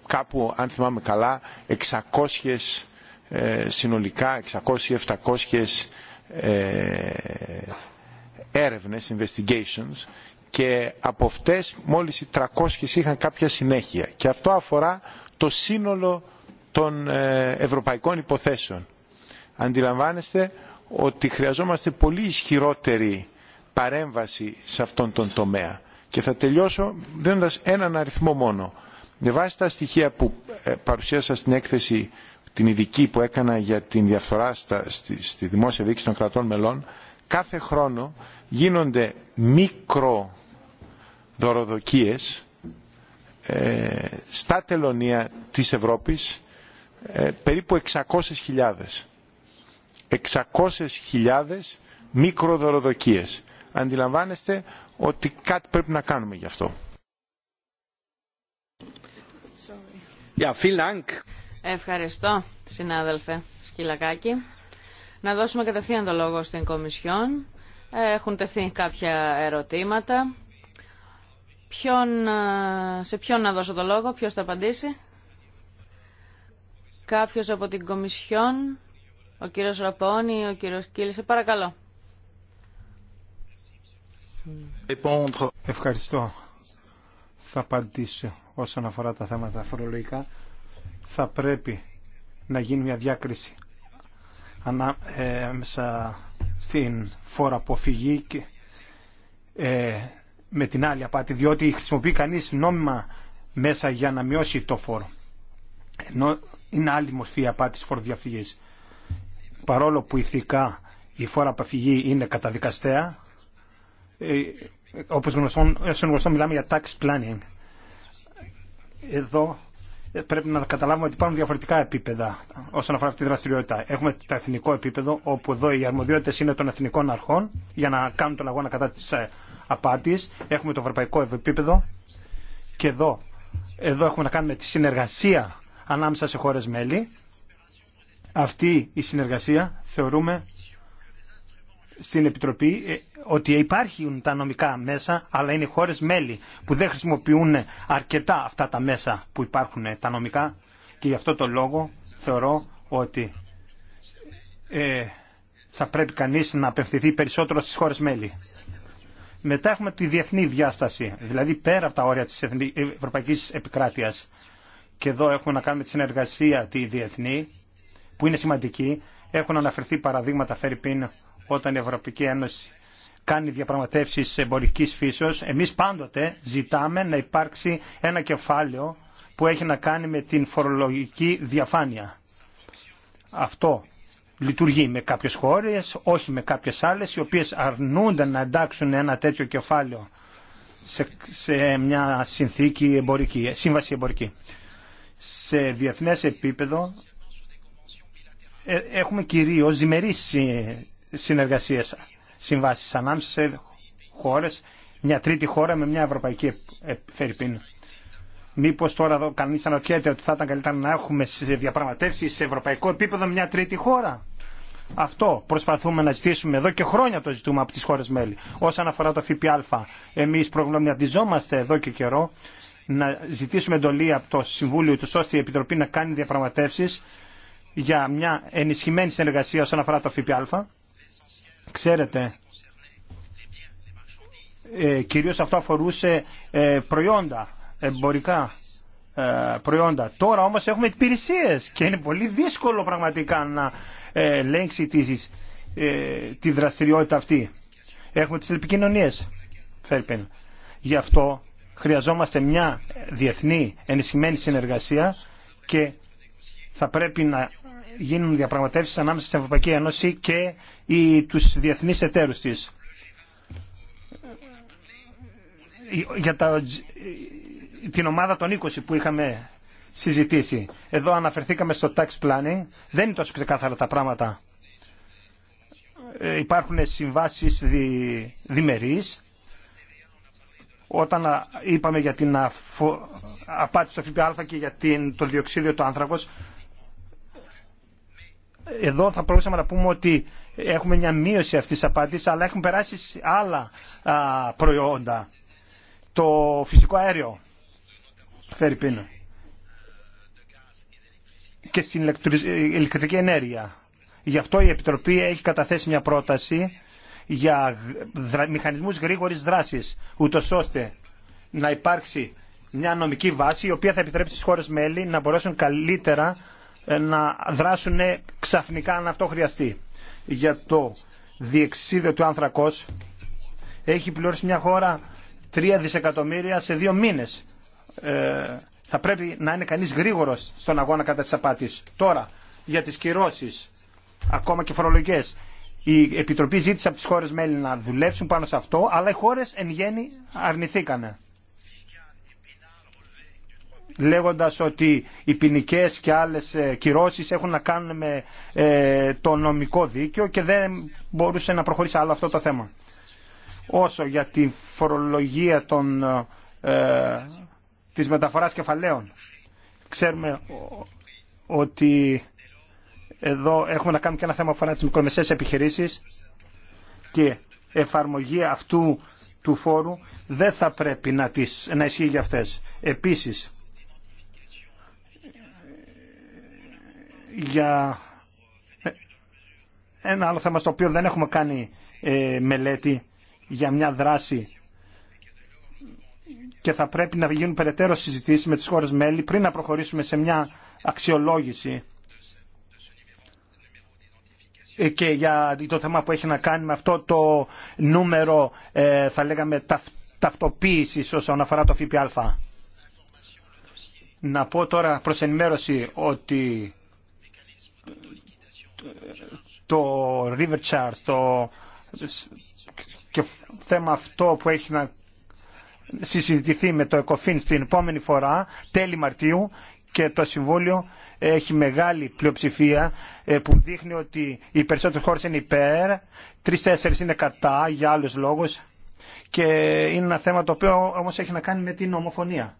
Speaker 4: κάπου, αν θυμάμαι καλά, 600 ε, συνολικά, 600-700 έρευνες, investigations και από αυτές μόλις οι 300 είχαν κάποια συνέχεια. Και αυτό αφορά το σύνολο των ε, ευρωπαϊκών υποθέσεων. Αντιλαμβάνεστε ότι χρειαζόμαστε πολύ ισχυρότερη παρέμβαση σε αυτόν τον τομέα. Και θα τελειώσω δίνοντας έναν αριθμό μόνο. Με βάση τα στοιχεία που ε, παρουσίασα στην έκθεση την ειδική που έκανα για την διαφθορά στη, δημόσια διοίκηση των κρατών μελών, κάθε χρόνο γίνονται μικροδωροδοκίες ε, στα τελωνία της Ευρώπης ε, περίπου 600.000. 600.000 μικροδωροδοκίες. Αντιλαμβάνεστε ότι κάτι πρέπει να κάνουμε γι' αυτό.
Speaker 3: Ευχαριστώ, συνάδελφε Σκυλακάκη. Να δώσουμε κατευθείαν το λόγο στην Κομισιόν. Έχουν τεθεί κάποια ερωτήματα ποιον, ε, σε ποιον να δώσω το λόγο, ποιος θα απαντήσει. Κάποιος από την Κομισιόν, ο κύριος Ραπώνη, ο κύριος Κίλησε, παρακαλώ.
Speaker 2: Ευχαριστώ. Θα απαντήσω όσον αφορά τα θέματα φορολογικά. Θα πρέπει να γίνει μια διάκριση Μέσα στην φόρα και ε, με την άλλη απάτη, διότι χρησιμοποιεί κανείς νόμιμα μέσα για να μειώσει το φόρο. Ενώ είναι άλλη μορφή απάτη φοροδιαφυγή. Παρόλο που ηθικά η φόρα απαφυγή είναι καταδικαστέα, όπω ε, όπως γνωστόν, ε, γνωστό μιλάμε για tax planning. Εδώ ε, πρέπει να καταλάβουμε ότι υπάρχουν διαφορετικά επίπεδα όσον αφορά αυτή τη δραστηριότητα. Έχουμε το εθνικό επίπεδο, όπου εδώ οι αρμοδιότητε είναι των εθνικών αρχών για να κάνουν τον αγώνα κατά τη Έχουμε το ευρωπαϊκό επίπεδο και εδώ, εδώ έχουμε να κάνουμε τη συνεργασία ανάμεσα σε χώρες μέλη. Αυτή η συνεργασία θεωρούμε στην Επιτροπή ε, ότι υπάρχουν τα νομικά μέσα, αλλά είναι χώρες μέλη που δεν χρησιμοποιούν αρκετά αυτά τα μέσα που υπάρχουν ε, τα νομικά και γι' αυτό το λόγο θεωρώ ότι ε, θα πρέπει κανείς να απευθυνθεί περισσότερο στις χώρες μέλη. Μετά έχουμε τη διεθνή διάσταση, δηλαδή πέρα από τα όρια της ευρωπαϊκής επικράτειας. Και εδώ έχουμε να κάνουμε τη συνεργασία τη διεθνή, που είναι σημαντική. Έχουν αναφερθεί παραδείγματα, Φερρυπίν, όταν η Ευρωπαϊκή Ένωση κάνει διαπραγματεύσεις εμπορικής φύσεως, εμείς πάντοτε ζητάμε να υπάρξει ένα κεφάλαιο που έχει να κάνει με την φορολογική διαφάνεια. Αυτό λειτουργεί με κάποιες χώρες, όχι με κάποιες άλλες, οι οποίες αρνούνται να εντάξουν ένα τέτοιο κεφάλαιο σε, σε μια συνθήκη εμπορική, σύμβαση εμπορική. Σε διεθνές επίπεδο ε, έχουμε κυρίως διμερεί συνεργασίες, συμβάσεις ανάμεσα σε χώρες, μια τρίτη χώρα με μια ευρωπαϊκή φερρυπίνη. Μήπως τώρα εδώ κανείς αναρωτιέται ότι θα ήταν καλύτερα να έχουμε σε διαπραγματεύσεις σε ευρωπαϊκό επίπεδο μια τρίτη χώρα. Αυτό προσπαθούμε να ζητήσουμε εδώ και χρόνια το ζητούμε από τι χώρε μέλη. Όσον αφορά το ΦΠΑ, εμείς προβληματιζόμαστε εδώ και καιρό να ζητήσουμε εντολή από το Συμβούλιο του ώστε η Επιτροπή να κάνει διαπραγματεύσει για μια ενισχυμένη συνεργασία όσον αφορά το ΦΠΑ. Ξέρετε, ε, κυρίως αυτό αφορούσε ε, προϊόντα εμπορικά ε, προϊόντα. Τώρα όμως έχουμε υπηρεσίε. και είναι πολύ δύσκολο πραγματικά να ελέγξει τη, ε, δραστηριότητα αυτή. Έχουμε τις επικοινωνίε. Φέλπιν. Γι' αυτό χρειαζόμαστε μια διεθνή ενισχυμένη συνεργασία και θα πρέπει να γίνουν διαπραγματεύσεις ανάμεσα στην Ευρωπαϊκή Ένωση και οι, τους διεθνείς εταίρους της. Ε, τα την ομάδα των 20 που είχαμε συζητήσει. Εδώ αναφερθήκαμε στο tax planning. Δεν είναι τόσο ξεκάθαρα τα πράγματα. Ε, υπάρχουν συμβάσεις δι, διμερείς. Όταν είπαμε για την αφο, απάτη στο ΦΠΑ και για την, το διοξίδιο του άνθρακος, εδώ θα μπορούσαμε να πούμε ότι έχουμε μια μείωση αυτής της απάτης, αλλά έχουν περάσει άλλα προϊόντα. Το φυσικό αέριο πίνο Και στην ηλεκτρική ενέργεια. Γι' αυτό η Επιτροπή έχει καταθέσει μια πρόταση για μηχανισμούς γρήγορης δράσης, ούτως ώστε να υπάρξει μια νομική βάση η οποία θα επιτρέψει στις χώρες μέλη να μπορέσουν καλύτερα ε, να δράσουν ξαφνικά αν αυτό χρειαστεί. Για το διεξίδιο του άνθρακός έχει πληρώσει μια χώρα 3 δισεκατομμύρια σε δύο μήνες ε, θα πρέπει να είναι κανείς γρήγορος στον αγώνα κατά της απάτης. Τώρα, για τις κυρώσεις, ακόμα και φορολογικές, η Επιτροπή ζήτησε από τις χώρες μέλη να δουλέψουν πάνω σε αυτό, αλλά οι χώρες εν γέννη αρνηθήκανε. Λέγοντας ότι οι ποινικέ και άλλες ε, κυρώσεις έχουν να κάνουν με ε, το νομικό δίκαιο και δεν μπορούσε να προχωρήσει άλλο αυτό το θέμα. Όσο για την φορολογία των της μεταφοράς κεφαλαίων. Ξέρουμε ότι εδώ έχουμε να κάνουμε και ένα θέμα αφορά τις μικρομεσαίες επιχειρήσεις και εφαρμογή αυτού του φόρου δεν θα πρέπει να, τις, να ισχύει για αυτές. Επίσης, για ένα άλλο θέμα στο οποίο δεν έχουμε κάνει ε, μελέτη για μια δράση και θα πρέπει να γίνουν περαιτέρω συζητήσει με τι χώρες μέλη πριν να προχωρήσουμε σε μια αξιολόγηση ε, και για το θέμα που έχει να κάνει με αυτό το νούμερο ε, θα λέγαμε ταυτοποίηση όσον αφορά το ΦΠΑ. Να πω τώρα προς ενημέρωση ότι το River Chart, το και θέμα αυτό που έχει να συζητηθεί με το ΕΚΟΦΗΝ στην επόμενη φορά, τέλη Μαρτίου, και το Συμβούλιο έχει μεγάλη πλειοψηφία ε, που δείχνει ότι οι περισσότερε χώρες είναι υπέρ, τρει-τέσσερι είναι κατά για άλλου λόγου και είναι ένα θέμα το οποίο όμω έχει να κάνει με την ομοφωνία.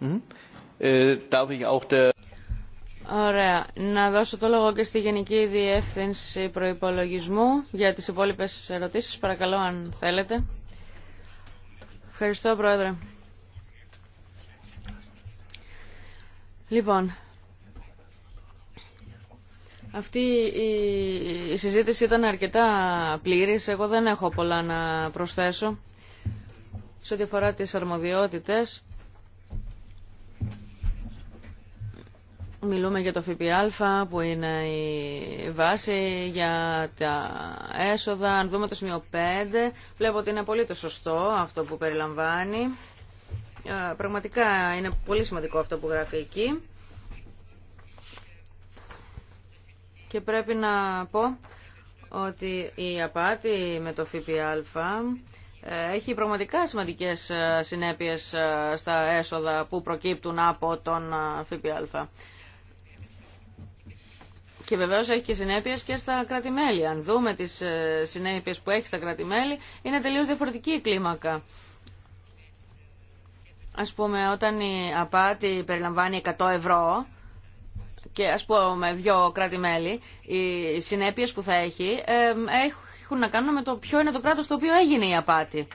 Speaker 1: Mm.
Speaker 3: Ωραία. Να δώσω το λόγο και στη Γενική Διεύθυνση Προϋπολογισμού για τις υπόλοιπες ερωτήσεις. Παρακαλώ αν θέλετε. Ευχαριστώ, Πρόεδρε. Λοιπόν, αυτή η συζήτηση ήταν αρκετά πλήρης. Εγώ δεν έχω πολλά να προσθέσω σε ό,τι αφορά τις αρμοδιότητες. Μιλούμε για το ΦΠΑ που είναι η βάση για τα έσοδα. Αν δούμε το σημείο 5, βλέπω ότι είναι πολύ το σωστό αυτό που περιλαμβάνει. Ε, πραγματικά είναι πολύ σημαντικό αυτό που γράφει εκεί. Και πρέπει να πω ότι η απάτη με το ΦΠΑ ε, έχει πραγματικά σημαντικές ε, συνέπειες στα έσοδα που προκύπτουν από τον ΦΠΑ. Και βεβαίω έχει και συνέπειε και στα κράτη-μέλη. Αν δούμε τι ε, συνέπειε που έχει στα κράτη-μέλη, είναι τελείω διαφορετική η κλίμακα. Α πούμε, όταν η απάτη περιλαμβάνει 100 ευρώ και ας πούμε δύο κράτη-μέλη, οι συνέπειες που θα έχει ε, έχουν να κάνουν με το ποιο είναι το κράτος στο οποίο έγινε η απάτη.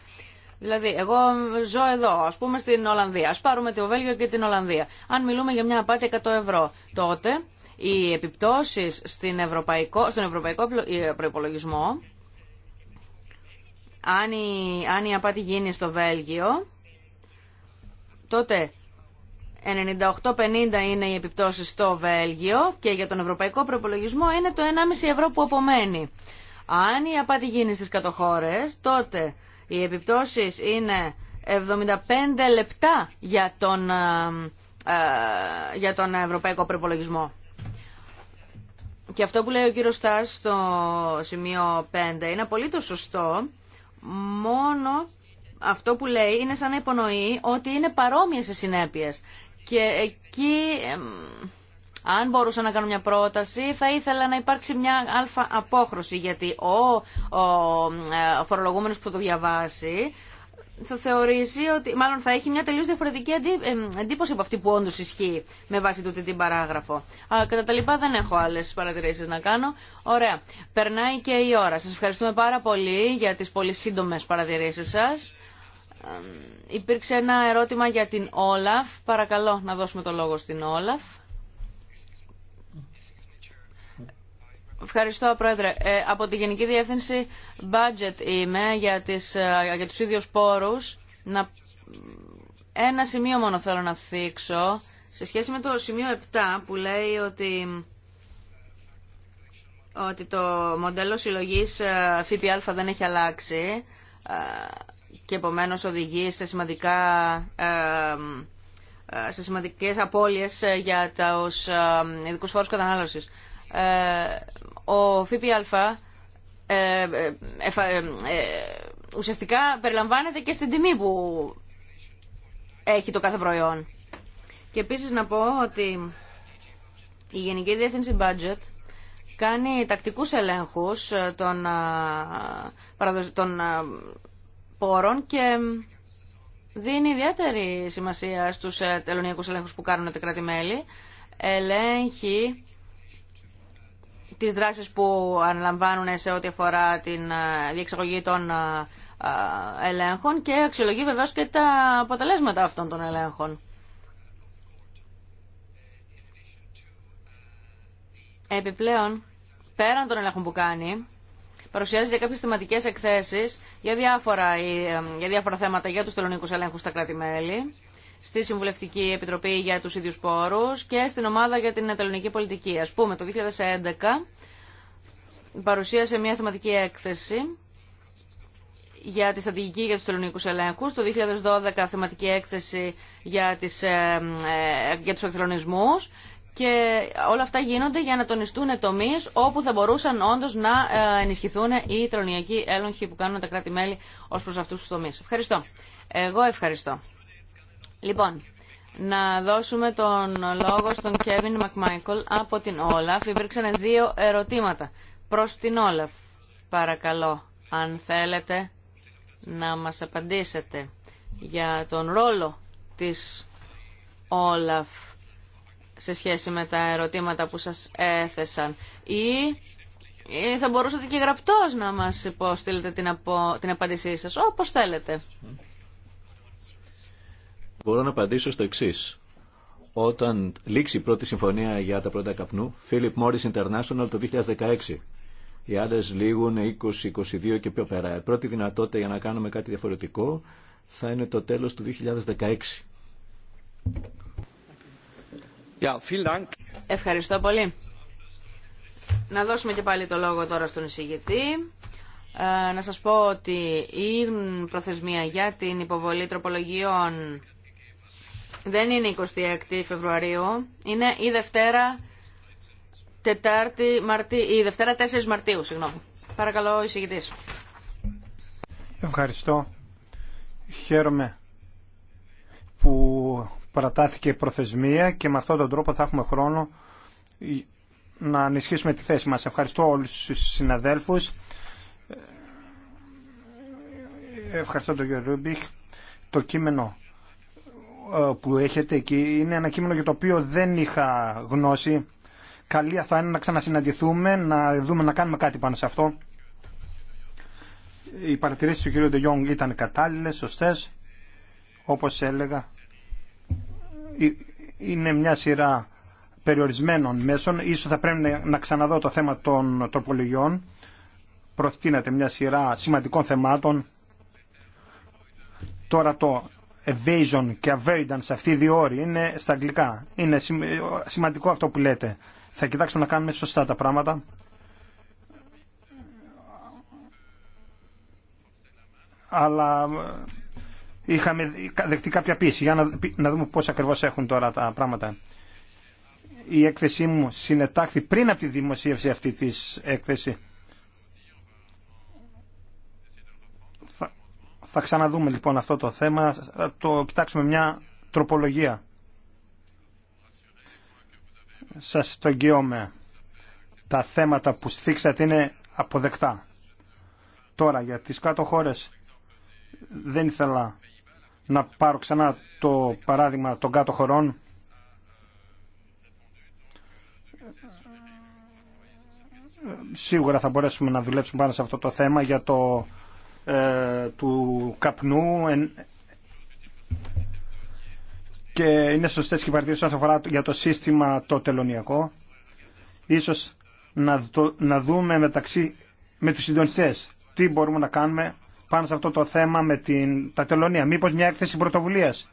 Speaker 3: Δηλαδή, εγώ ζω εδώ, α πούμε στην Ολλανδία. Α πάρουμε το Βέλγιο και την Ολλανδία. Αν μιλούμε για μια απάτη 100 ευρώ, τότε οι επιπτώσεις στην ευρωπαϊκό, στον ευρωπαϊκό ε, προϋπολογισμό, αν η, αν απάτη γίνει στο Βέλγιο, τότε 98-50 είναι οι επιπτώσεις στο Βέλγιο και για τον ευρωπαϊκό προπολογισμό είναι το 1,5 ευρώ που απομένει. Αν η απάτη γίνει στις κατοχώρες, τότε οι επιπτώσεις είναι 75 λεπτά για τον, ε, ε, για τον ευρωπαϊκό προπολογισμό. Και αυτό που λέει ο κύριος Στάς στο σημείο 5 είναι απολύτως σωστό, μόνο αυτό που λέει είναι σαν να υπονοεί ότι είναι παρόμοιες σε συνέπειες. Και εκεί, αν μπορούσα να κάνω μια πρόταση, θα ήθελα να υπάρξει μια αλφα απόχρωση, γιατί ο, ο, ο φορολογούμενος που θα το διαβάσει θα θεωρήσει ότι, μάλλον θα έχει μια τελείως διαφορετική εντύπωση από αυτή που όντως ισχύει με βάση τούτη την παράγραφο. Α, κατά τα λοιπά δεν έχω άλλες παρατηρήσεις να κάνω. Ωραία. Περνάει και η ώρα. Σας ευχαριστούμε πάρα πολύ για τις πολύ σύντομε παρατηρήσεις σας. υπήρξε ένα ερώτημα για την Όλαφ. Παρακαλώ να δώσουμε το λόγο στην Όλαφ. Ευχαριστώ, Πρόεδρε. Ε, από τη Γενική Διεύθυνση Budget είμαι για, τις, ε, για τους ίδιους πόρους. Να... Ένα σημείο μόνο θέλω να θίξω. Σε σχέση με το σημείο 7 που λέει ότι, ότι το μοντέλο συλλογής ε, ΦΠΑ δεν έχει αλλάξει και επομένως οδηγεί σε σημαντικά σε σημαντικές απώλειες για τους ειδικούς φόρους κατανάλωσης ο ΦΠΑ ε, ε, ε, ε, ουσιαστικά περιλαμβάνεται και στην τιμή που έχει το κάθε προϊόν. Και επίσης να πω ότι η Γενική Διεύθυνση Budget κάνει τακτικούς ελέγχους των, ε, των ε, πόρων και δίνει ιδιαίτερη σημασία στους τελωνιακούς ελέγχους που κάνουν τα κράτη-μέλη. Ελέγχει τι δράσεις που αναλαμβάνουν σε ό,τι αφορά την ε, διεξαγωγή των ε, ε, ελέγχων και αξιολογεί βεβαίω και τα αποτελέσματα αυτών των ελέγχων. Επιπλέον, πέραν των ελέγχων που κάνει, παρουσιάζει κάποιε θεματικέ εκθέσει για, διάφορα, για διάφορα θέματα για του τελωνικού ελέγχου στα κράτη-μέλη στη Συμβουλευτική Επιτροπή για τους ίδιους πόρους και στην ομάδα για την Αταλονική Πολιτική. Ας πούμε, το 2011 παρουσίασε μια θεματική έκθεση για τη στρατηγική για τους τελωνικούς ελέγχους, το 2012 θεματική έκθεση για, τις, ε, ε, για τους εκτελονισμούς και όλα αυτά γίνονται για να τονιστούν τομεί όπου θα μπορούσαν όντω να ε, ενισχυθούν οι τελωνιακοί έλεγχοι που κάνουν τα κράτη-μέλη ω προ αυτού του τομεί. Ευχαριστώ. Εγώ ευχαριστώ. Λοιπόν, να δώσουμε τον λόγο στον Κέβιν Μακμάικολ από την Όλαφ. Υπήρξαν δύο ερωτήματα προς την Όλαφ. Παρακαλώ, αν θέλετε να μας απαντήσετε για τον ρόλο της Όλαφ σε σχέση με τα ερωτήματα που σας έθεσαν ή θα μπορούσατε και γραπτός να μας υποστείλετε την, την απάντησή σας, όπως θέλετε.
Speaker 1: Μπορώ να απαντήσω στο εξή. Όταν λήξει η πρώτη συμφωνία για τα πρώτα καπνού, Philip Morris International το 2016. Οι άλλε λήγουν 20-22 και πιο πέρα. Η πρώτη δυνατότητα για να κάνουμε κάτι διαφορετικό θα είναι το τέλος του 2016.
Speaker 3: Ευχαριστώ πολύ. Να δώσουμε και πάλι το λόγο τώρα στον εισηγητή. Ε, να σας πω ότι η προθεσμία για την υποβολή τροπολογιών δεν είναι 26 Φεβρουαρίου, είναι η Δευτέρα, Τετάρτη η Δευτέρα 4 Μαρτίου. Συγγνώμη. Παρακαλώ, εισηγητή.
Speaker 2: Ευχαριστώ. Χαίρομαι που παρατάθηκε η προθεσμία και με αυτόν τον τρόπο θα έχουμε χρόνο να ανισχύσουμε τη θέση μας. Ευχαριστώ όλους τους συναδέλφους. Ε, ευχαριστώ τον κύριο Ρούμπιχ. Το κείμενο ε, που έχετε εκεί είναι ένα κείμενο για το οποίο δεν είχα γνώση. Καλή θα είναι να ξανασυναντηθούμε, να δούμε να κάνουμε κάτι πάνω σε αυτό. Οι παρατηρήσεις του κ. Ντεγιόγκ ήταν κατάλληλες, σωστές. Όπως έλεγα, ε, είναι μια σειρά περιορισμένων μέσων. Ίσως θα πρέπει να ξαναδώ το θέμα των τροπολογιών. Προστείνεται μια σειρά σημαντικών θεμάτων. Τώρα το evasion και avoidance, αυτοί οι δύο όροι, είναι στα αγγλικά. Είναι σημαντικό αυτό που λέτε. Θα κοιτάξουμε να κάνουμε σωστά τα πράγματα. Αλλά ε, είχαμε δεχτεί κάποια πίεση. Για να δούμε πώς ακριβώς έχουν τώρα τα πράγματα. Η έκθεσή μου συνετάχθη πριν από τη δημοσίευση αυτή της έκθεσης. Θα ξαναδούμε λοιπόν αυτό το θέμα, θα το κοιτάξουμε μια τροπολογία. Σας το εγγυώμαι. Τα θέματα που σφίξατε είναι αποδεκτά. Τώρα για τις κάτω χώρες δεν ήθελα να πάρω ξανά το παράδειγμα των κάτω χωρών. Σίγουρα θα μπορέσουμε να δουλέψουμε πάνω σε αυτό το θέμα για το ε, του καπνού και είναι σωστέ και παρατηρήσεις όσον αφορά για το σύστημα το τελωνιακό. Ίσως να, να δούμε μεταξύ, με τους συντονιστές τι μπορούμε να κάνουμε πάνω σε αυτό το θέμα με την, τα τελωνία. Μήπως μια έκθεση πρωτοβουλίας.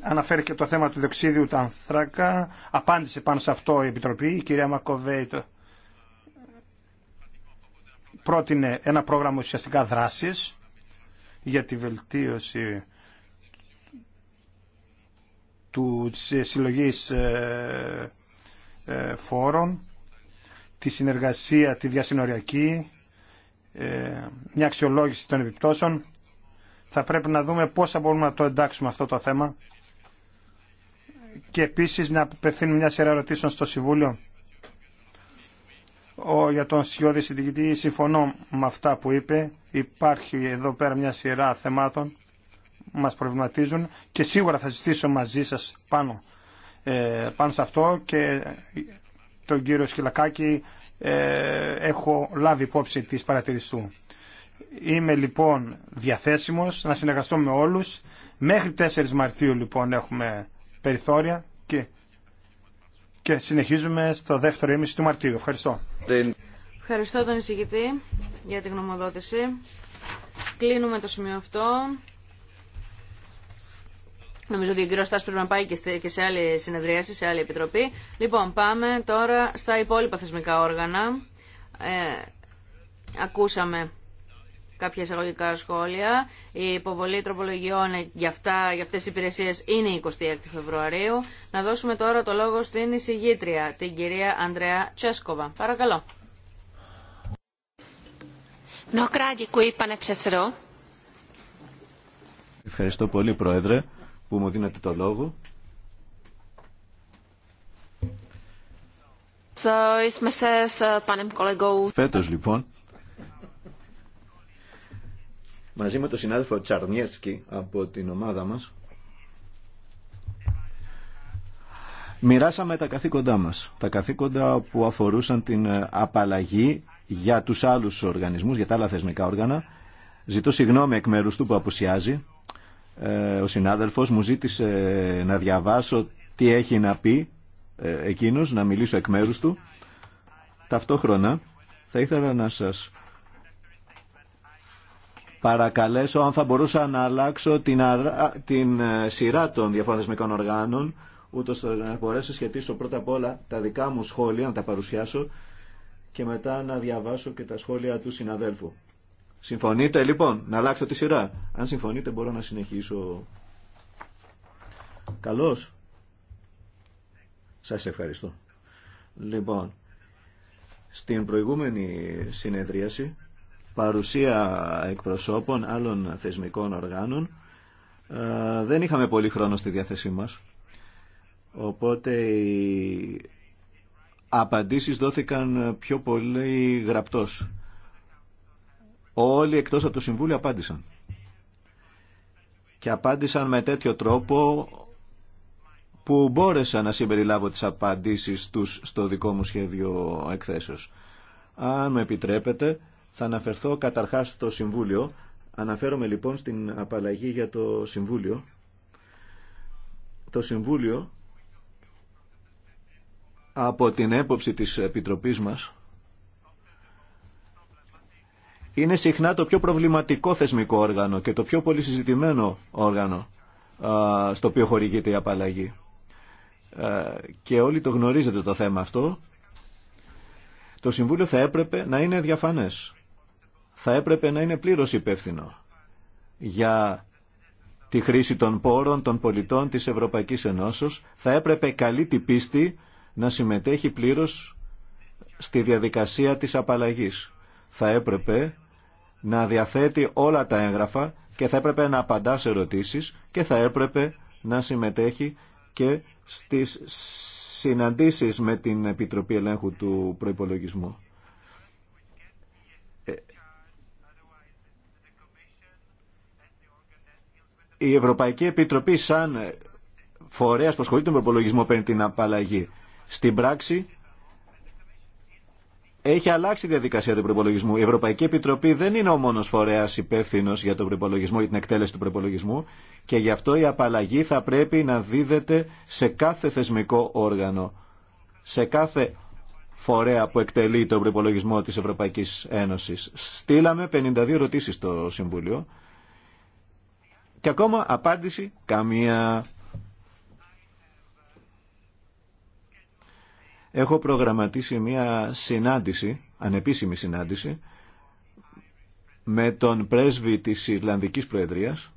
Speaker 2: Αναφέρει και το θέμα του διοξίδιου τα ανθράκα. Απάντησε πάνω σε αυτό η Επιτροπή, η κυρία Μακοβέη, πρότεινε ένα πρόγραμμα ουσιαστικά δράσης για τη βελτίωση του συλλογής ε, ε, φόρων, τη συνεργασία, τη διασυνοριακή, ε, μια αξιολόγηση των επιπτώσεων. Θα πρέπει να δούμε πώς θα μπορούμε να το εντάξουμε αυτό το θέμα και επίσης να απευθύνουμε μια σειρά ερωτήσεων στο Συμβούλιο ο, για τον Σιώδη Συντηγητή συμφωνώ με αυτά που είπε. Υπάρχει εδώ πέρα μια σειρά θεμάτων που μας προβληματίζουν και σίγουρα θα συζητήσω μαζί σας πάνω, ε, πάνω σε αυτό και τον κύριο Σκυλακάκη ε, έχω λάβει υπόψη της παρατηρησού. Είμαι λοιπόν διαθέσιμος να συνεργαστώ με όλους. Μέχρι 4 Μαρτίου λοιπόν έχουμε περιθώρια και, και συνεχίζουμε στο δεύτερο ήμιση του Μαρτίου. Ευχαριστώ.
Speaker 3: Ευχαριστώ τον εισηγητή για την γνωμοδότηση. Κλείνουμε το σημείο αυτό. Νομίζω ότι ο κύριο Στάσπρη πρέπει να πάει και σε άλλη συνεδρίαση, σε άλλη επιτροπή. Λοιπόν, πάμε τώρα στα υπόλοιπα θεσμικά όργανα. Ε, ακούσαμε κάποια εισαγωγικά σχόλια. Η υποβολή τροπολογιών για, αυτά, για αυτές τις υπηρεσίες είναι η 26 Φεβρουαρίου. Να δώσουμε τώρα το λόγο στην εισηγήτρια, την κυρία Ανδρέα Τσέσκοβα. Παρακαλώ.
Speaker 1: Ευχαριστώ πολύ, Πρόεδρε, που μου δίνετε το λόγο. Φέτος, λοιπόν, μαζί με τον συνάδελφο Τσαρνιέσκι από την ομάδα μας μοιράσαμε τα καθήκοντά μας. Τα καθήκοντα που αφορούσαν την απαλλαγή για τους άλλους οργανισμούς, για τα άλλα θεσμικά όργανα. Ζητώ συγγνώμη εκ μέρους του που απουσιάζει. Ε, ο συνάδελφος μου ζήτησε να διαβάσω τι έχει να πει ε, εκείνος, να μιλήσω εκ μέρους του. Ταυτόχρονα θα ήθελα να σας παρακαλέσω αν θα μπορούσα να αλλάξω την, ε, σειρά των διαφορετικών οργάνων, ούτως να μπορέσω να σχετίσω πρώτα απ' όλα τα δικά μου σχόλια, να τα παρουσιάσω και μετά να διαβάσω και τα σχόλια του συναδέλφου. Συμφωνείτε λοιπόν να αλλάξω τη σειρά. Αν συμφωνείτε μπορώ να συνεχίσω. Καλώς. Σας ευχαριστώ. Λοιπόν, στην προηγούμενη συνεδρίαση παρουσία εκπροσώπων άλλων θεσμικών οργάνων. Ε, δεν είχαμε πολύ χρόνο στη διάθεσή μας, οπότε οι απαντήσεις δόθηκαν πιο πολύ γραπτός. Όλοι εκτός από το Συμβούλιο απάντησαν. Και απάντησαν με τέτοιο τρόπο που μπόρεσα να συμπεριλάβω τις απαντήσεις τους στο δικό μου σχέδιο εκθέσεως. Αν με επιτρέπετε, θα αναφερθώ καταρχάς στο Συμβούλιο. Αναφέρομαι λοιπόν στην απαλλαγή για το Συμβούλιο. Το Συμβούλιο από την έποψη της Επιτροπής μας είναι συχνά το πιο προβληματικό θεσμικό όργανο και το πιο πολύ συζητημένο όργανο στο οποίο χορηγείται η απαλλαγή. Και όλοι το γνωρίζετε το θέμα αυτό. Το Συμβούλιο θα έπρεπε να είναι διαφανές θα έπρεπε να είναι πλήρως υπεύθυνο για τη χρήση των πόρων των πολιτών της Ευρωπαϊκής Ενώσεως, θα έπρεπε καλή την πίστη να συμμετέχει πλήρως στη διαδικασία της απαλλαγής. Θα έπρεπε να διαθέτει όλα τα έγγραφα και θα έπρεπε να απαντά σε ερωτήσεις και θα έπρεπε να συμμετέχει και στις συναντήσεις με την Επιτροπή Ελέγχου του Προϋπολογισμού. η Ευρωπαϊκή Επιτροπή σαν φορέας που ασχολείται με τον προπολογισμό παίρνει την απαλλαγή. Στην πράξη έχει αλλάξει η διαδικασία του προπολογισμού. Η Ευρωπαϊκή Επιτροπή δεν είναι ο μόνος φορέας υπεύθυνο για τον προπολογισμό ή την εκτέλεση του προπολογισμού και γι' αυτό η απαλλαγή θα πρέπει να δίδεται σε κάθε θεσμικό όργανο, σε κάθε φορέα που εκτελεί τον προπολογισμό της Ευρωπαϊκής Ένωσης. Στείλαμε 52 ερωτήσεις στο Συμβούλιο και ακόμα απάντηση καμία. Έχω προγραμματίσει μια συνάντηση, ανεπίσημη συνάντηση, με τον πρέσβη της Ιρλανδικής Προεδρίας.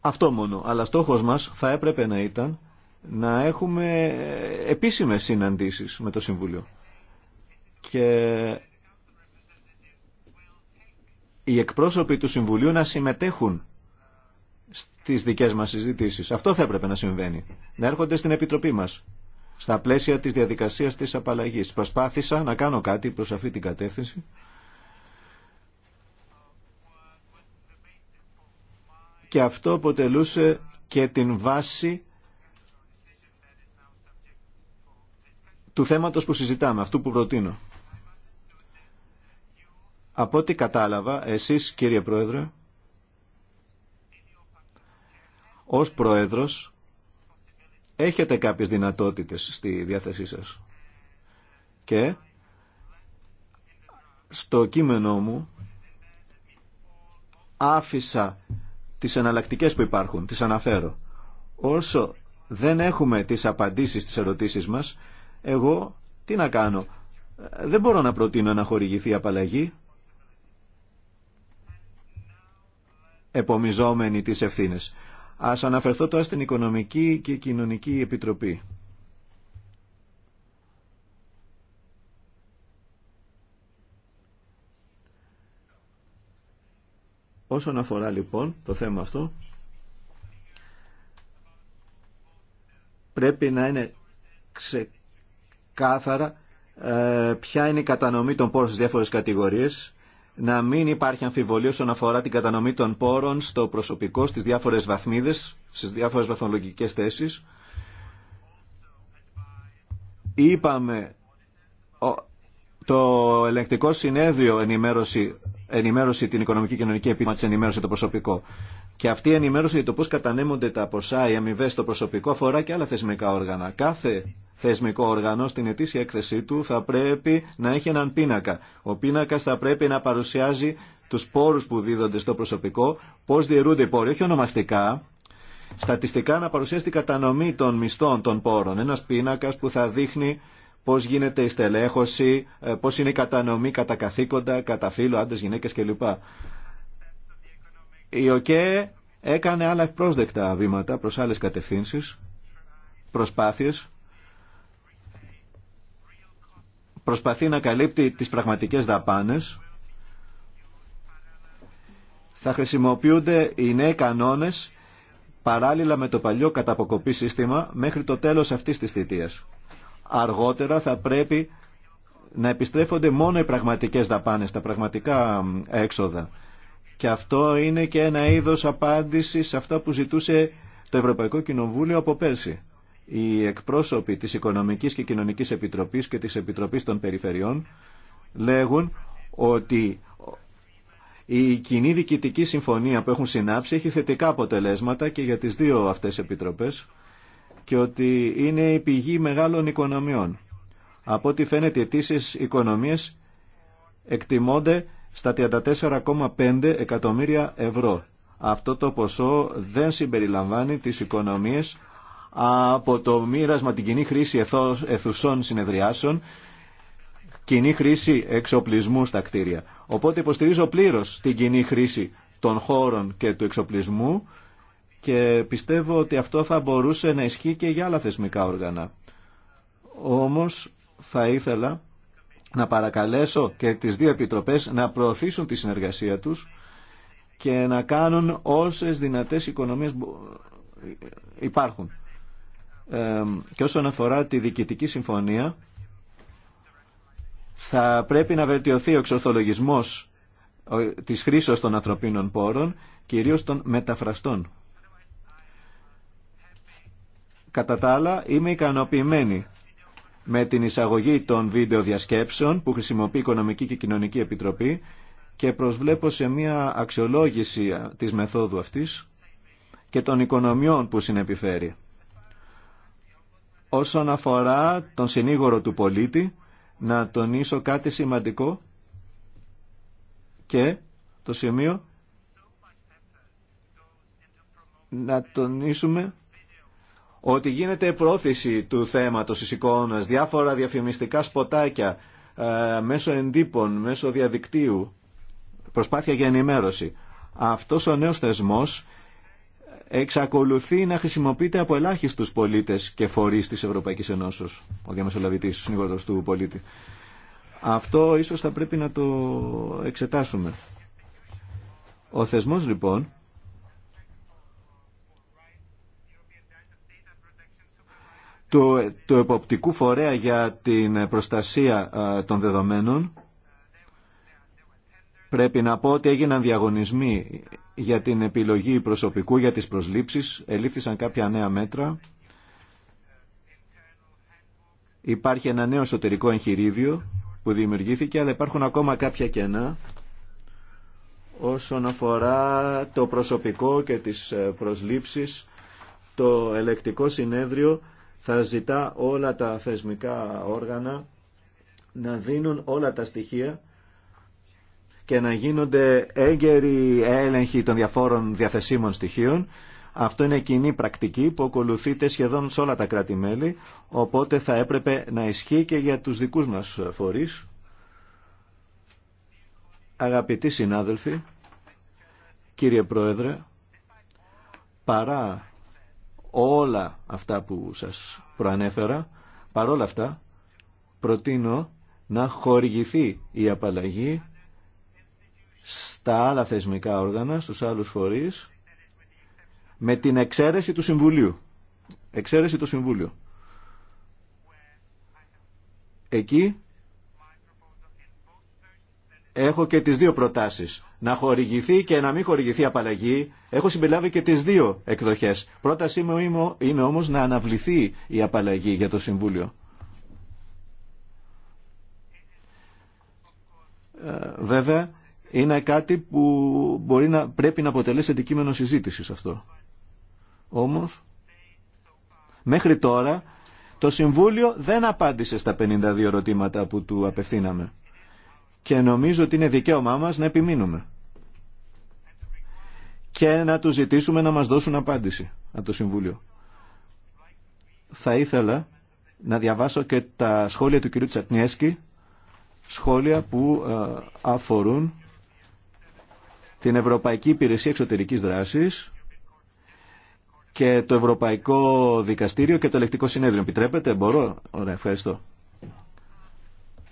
Speaker 1: Αυτό μόνο. Αλλά στόχος μας θα έπρεπε να ήταν να έχουμε επίσημες συναντήσεις με το Συμβούλιο. Και οι εκπρόσωποι του Συμβουλίου να συμμετέχουν στις δικέ μα συζητήσει. Αυτό θα έπρεπε να συμβαίνει. Να έρχονται στην Επιτροπή μας. Στα πλαίσια της διαδικασίας της απαλλαγή. Προσπάθησα να κάνω κάτι προς αυτή την κατεύθυνση. Και αυτό αποτελούσε και την βάση του θέματος που συζητάμε, αυτού που προτείνω. Από ό,τι κατάλαβα, εσείς κύριε Πρόεδρε, ως Πρόεδρος, έχετε κάποιες δυνατότητες στη διάθεσή σας. Και στο κείμενό μου άφησα τις εναλλακτικές που υπάρχουν, τις αναφέρω. Όσο δεν έχουμε τις απαντήσεις στις ερωτήσεις μας, εγώ τι να κάνω. Δεν μπορώ να προτείνω να χορηγηθεί απαλλαγή. επομιζόμενοι τις ευθύνες. Ας αναφερθώ τώρα στην Οικονομική και Κοινωνική Επιτροπή. Όσον αφορά λοιπόν το θέμα αυτό, πρέπει να είναι ξεκάθαρα ε, ποια είναι η κατανομή των πόρων στις διάφορες κατηγορίες να μην υπάρχει αμφιβολία όσον αφορά την κατανομή των πόρων στο προσωπικό, στις διάφορες βαθμίδες, στις διάφορες βαθμολογικές θέσεις. Είπαμε, το ελεγκτικό συνέδριο ενημέρωση, ενημέρωση την οικονομική και κοινωνική επίμα ενημέρωση το προσωπικό. Και αυτή η ενημέρωση για το πώς κατανέμονται τα ποσά, οι αμοιβέ στο προσωπικό αφορά και άλλα θεσμικά όργανα. Κάθε θεσμικό όργανο στην ετήσια έκθεσή του θα πρέπει να έχει έναν πίνακα. Ο πίνακα θα πρέπει να παρουσιάζει τους πόρου που δίδονται στο προσωπικό, πώ διαιρούνται οι πόροι, όχι ονομαστικά. Στατιστικά να παρουσιάσει την κατανομή των μισθών των πόρων. Ένα πίνακα που θα δείχνει πώ γίνεται η στελέχωση, ε, πώ είναι η κατανομή κατά καθήκοντα, κατά φύλλο, άντρε, γυναίκε κλπ. Η ΟΚΕ έκανε άλλα ευπρόσδεκτα βήματα προς άλλες κατευθύνσεις, προσπάθειες προσπαθεί να καλύπτει τις πραγματικές δαπάνες. Θα χρησιμοποιούνται οι νέοι κανόνες παράλληλα με το παλιό καταποκοπή σύστημα μέχρι το τέλος αυτής της θητείας. Αργότερα θα πρέπει να επιστρέφονται μόνο οι πραγματικές δαπάνες, τα πραγματικά έξοδα. Και αυτό είναι και ένα είδος απάντησης σε αυτά που ζητούσε το Ευρωπαϊκό Κοινοβούλιο από πέρσι οι εκπρόσωποι της Οικονομικής και Κοινωνικής Επιτροπής και της Επιτροπής των Περιφερειών λέγουν ότι η κοινή διοικητική συμφωνία που έχουν συνάψει έχει θετικά αποτελέσματα και για τις δύο αυτές επιτροπές και ότι είναι η πηγή μεγάλων οικονομιών. Από ό,τι φαίνεται οι αιτήσει οικονομίες εκτιμώνται στα 34,5 εκατομμύρια ευρώ. Αυτό το ποσό δεν συμπεριλαμβάνει τις οικονομίες από το μοίρασμα την κοινή χρήση αιθουσών συνεδριάσεων, κοινή χρήση εξοπλισμού στα κτίρια. Οπότε υποστηρίζω πλήρω την κοινή χρήση των χώρων και του εξοπλισμού και πιστεύω ότι αυτό θα μπορούσε να ισχύει και για άλλα θεσμικά όργανα. Όμως θα ήθελα να παρακαλέσω και τις δύο επιτροπές να προωθήσουν τη συνεργασία τους και να κάνουν όσες δυνατές οικονομίες υπάρχουν και όσον αφορά τη διοικητική συμφωνία θα πρέπει να βελτιωθεί ο εξορθολογισμός της χρήσης των ανθρωπίνων πόρων κυρίως των μεταφραστών. Κατά τα άλλα είμαι ικανοποιημένη με την εισαγωγή των βίντεο διασκέψεων που χρησιμοποιεί η Οικονομική και Κοινωνική Επιτροπή και προσβλέπω σε μια αξιολόγηση της μεθόδου αυτής και των οικονομιών που συνεπιφέρει. Όσον αφορά τον συνήγορο του πολίτη, να τονίσω κάτι σημαντικό και το σημείο να τονίσουμε ότι γίνεται πρόθεση του θέματος της εικόνας, διάφορα διαφημιστικά σποτάκια ε, μέσω εντύπων, μέσω διαδικτύου, προσπάθεια για ενημέρωση. Αυτός ο νέος θεσμός εξακολουθεί να χρησιμοποιείται από ελάχιστους πολίτες και φορείς της Ευρωπαϊκής Ενώσεως, ο διαμεσολαβητή, ο συνήγορο του πολίτη. Αυτό ίσως θα πρέπει να το εξετάσουμε. Ο θεσμός λοιπόν του, του εποπτικού φορέα για την προστασία των δεδομένων Πρέπει να πω ότι έγιναν διαγωνισμοί για την επιλογή προσωπικού για τις προσλήψεις, ελήφθησαν κάποια νέα μέτρα. Υπάρχει ένα νέο εσωτερικό εγχειρίδιο που δημιουργήθηκε, αλλά υπάρχουν ακόμα κάποια κενά όσον αφορά το προσωπικό και τις ε, προσλήψεις. Το ελεκτικό συνέδριο θα ζητά όλα τα θεσμικά όργανα να δίνουν όλα τα στοιχεία και να γίνονται έγκαιροι έλεγχοι των διαφόρων διαθεσίμων στοιχείων. Αυτό είναι κοινή πρακτική που ακολουθείται σχεδόν σε όλα τα κράτη-μέλη, οπότε θα έπρεπε να ισχύει και για τους δικούς μας φορείς. Αγαπητοί συνάδελφοι, κύριε Πρόεδρε, παρά όλα αυτά που σας προανέφερα, παρόλα αυτά προτείνω να χορηγηθεί η απαλλαγή στα άλλα θεσμικά όργανα, στους άλλους φορείς, με την εξαίρεση του Συμβουλίου. Εξαίρεση του Συμβούλιο. Εκεί έχω και τις δύο προτάσεις. Να χορηγηθεί και να μην χορηγηθεί απαλλαγή. Έχω συμπεριλάβει και τις δύο εκδοχές. Πρότασή μου είναι όμως να αναβληθεί η απαλλαγή για το Συμβούλιο. Ε, βέβαια, είναι κάτι που μπορεί να, πρέπει να αποτελέσει αντικείμενο συζήτησης αυτό. Όμως, μέχρι τώρα το Συμβούλιο δεν απάντησε στα 52 ερωτήματα που του απευθύναμε. Και νομίζω ότι είναι δικαίωμά μας να επιμείνουμε. Και να του ζητήσουμε να μας δώσουν απάντηση από το Συμβούλιο. Θα ήθελα να διαβάσω και τα σχόλια του κυρίου Τσατνιέσκη, σχόλια που ε, αφορούν την Ευρωπαϊκή Υπηρεσία Εξωτερικής Δράσης και το Ευρωπαϊκό Δικαστήριο και το Ελεκτικό Συνέδριο. Επιτρέπετε, μπορώ. Ωραία, ευχαριστώ.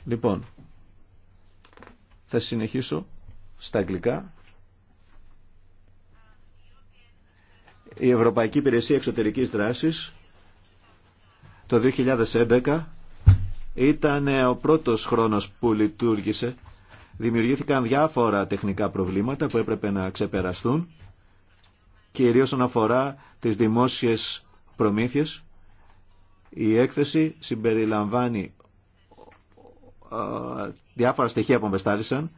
Speaker 1: Λοιπόν, θα συνεχίσω στα αγγλικά. Η Ευρωπαϊκή Υπηρεσία Εξωτερικής Δράσης το 2011 ήταν ο πρώτος χρόνος που λειτουργήσε Δημιουργήθηκαν διάφορα τεχνικά προβλήματα που έπρεπε να ξεπεραστούν, κυρίως όσον αφορά τις δημόσιες προμήθειες. Η έκθεση συμπεριλαμβάνει διάφορα στοιχεία που μεστάλησαν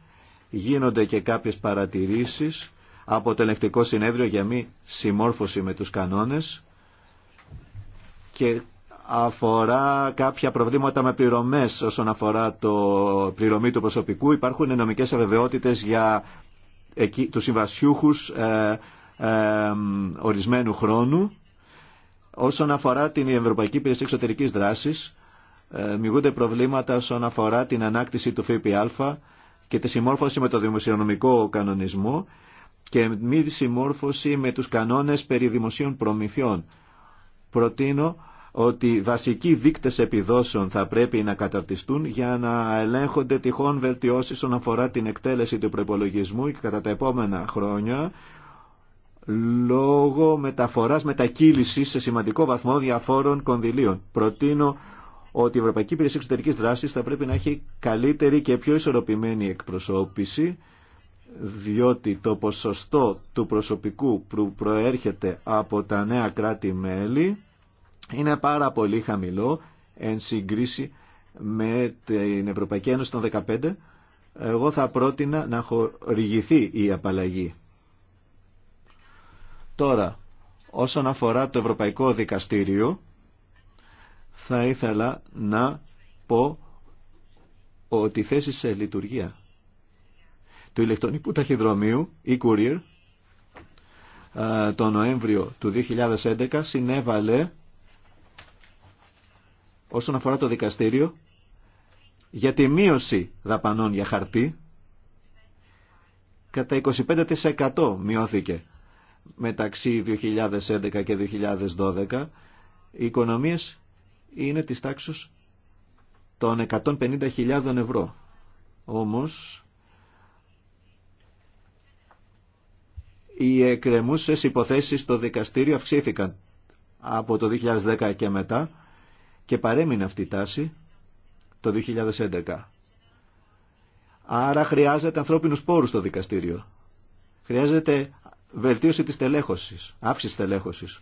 Speaker 1: γίνονται και κάποιες παρατηρήσεις από το ελεκτικό συνέδριο για μη συμμόρφωση με τους κανόνες και αφορά κάποια προβλήματα με πληρωμέ όσον αφορά το πληρωμή του προσωπικού. Υπάρχουν νομικέ αβεβαιότητε για του τους συμβασιούχους ε, ε, ορισμένου χρόνου. Όσον αφορά την Ευρωπαϊκή Υπηρεσία Εξωτερική δράση, ε, προβλήματα όσον αφορά την ανάκτηση του ΦΠΑ και τη συμμόρφωση με το δημοσιονομικό κανονισμό και μη συμμόρφωση με τους κανόνες περί δημοσίων προμηθειών. Προτείνω ότι βασικοί δείκτες επιδόσεων θα πρέπει να καταρτιστούν για να ελέγχονται τυχόν βελτιώσεις όσον αφορά την εκτέλεση του προπολογισμού και κατά τα επόμενα χρόνια λόγω μεταφοράς μετακύλησης σε σημαντικό βαθμό διαφόρων κονδυλίων. Προτείνω ότι η Ευρωπαϊκή Υπηρεσία Εξωτερικής Δράσης θα πρέπει να έχει καλύτερη και πιο ισορροπημένη εκπροσώπηση διότι το ποσοστό του προσωπικού που προέρχεται από τα νέα κράτη-μέλη είναι πάρα πολύ χαμηλό εν συγκρίση με την Ευρωπαϊκή Ένωση των 15. Εγώ θα πρότεινα να χορηγηθεί η απαλλαγή. Τώρα, όσον αφορά το Ευρωπαϊκό Δικαστήριο, θα ήθελα να πω ότι η σε λειτουργία του ηλεκτρονικού ταχυδρομείου e-courier τον Νοέμβριο του 2011 συνέβαλε όσον αφορά το δικαστήριο για τη μείωση δαπανών για χαρτί κατά 25% μειώθηκε μεταξύ 2011 και 2012 οι οικονομίες είναι της τάξης των 150.000 ευρώ. Όμως οι εκκρεμούσες υποθέσεις στο δικαστήριο αυξήθηκαν από το 2010 και μετά και παρέμεινε αυτή η τάση το 2011. Άρα χρειάζεται ανθρώπινους πόρους στο δικαστήριο. Χρειάζεται βελτίωση της τελέχωσης, αύξηση τελέχωσης.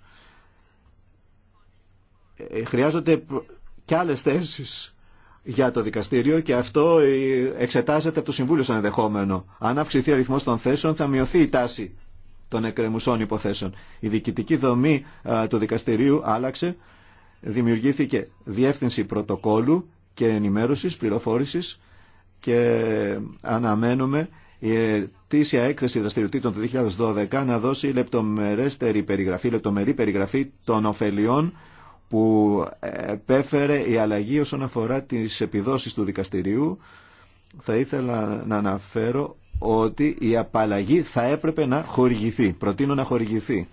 Speaker 1: Ε, χρειάζονται και άλλες θέσεις για το δικαστήριο και αυτό ε, εξετάζεται από το Συμβούλιο σαν ενδεχόμενο. Αν αυξηθεί ο αριθμός των θέσεων θα μειωθεί η τάση των εκκρεμουσών υποθέσεων. Η διοικητική δομή του δικαστηρίου άλλαξε δημιουργήθηκε διεύθυνση πρωτοκόλλου και ενημέρωσης, πληροφόρησης και αναμένουμε η αιτήσια έκθεση δραστηριοτήτων του 2012 να δώσει λεπτομερέστερη περιγραφή, λεπτομερή περιγραφή των ωφελιών που επέφερε η αλλαγή όσον αφορά τις επιδόσεις του δικαστηρίου. Θα ήθελα να αναφέρω ότι η απαλλαγή θα έπρεπε να χορηγηθεί. Προτείνω να χορηγηθεί.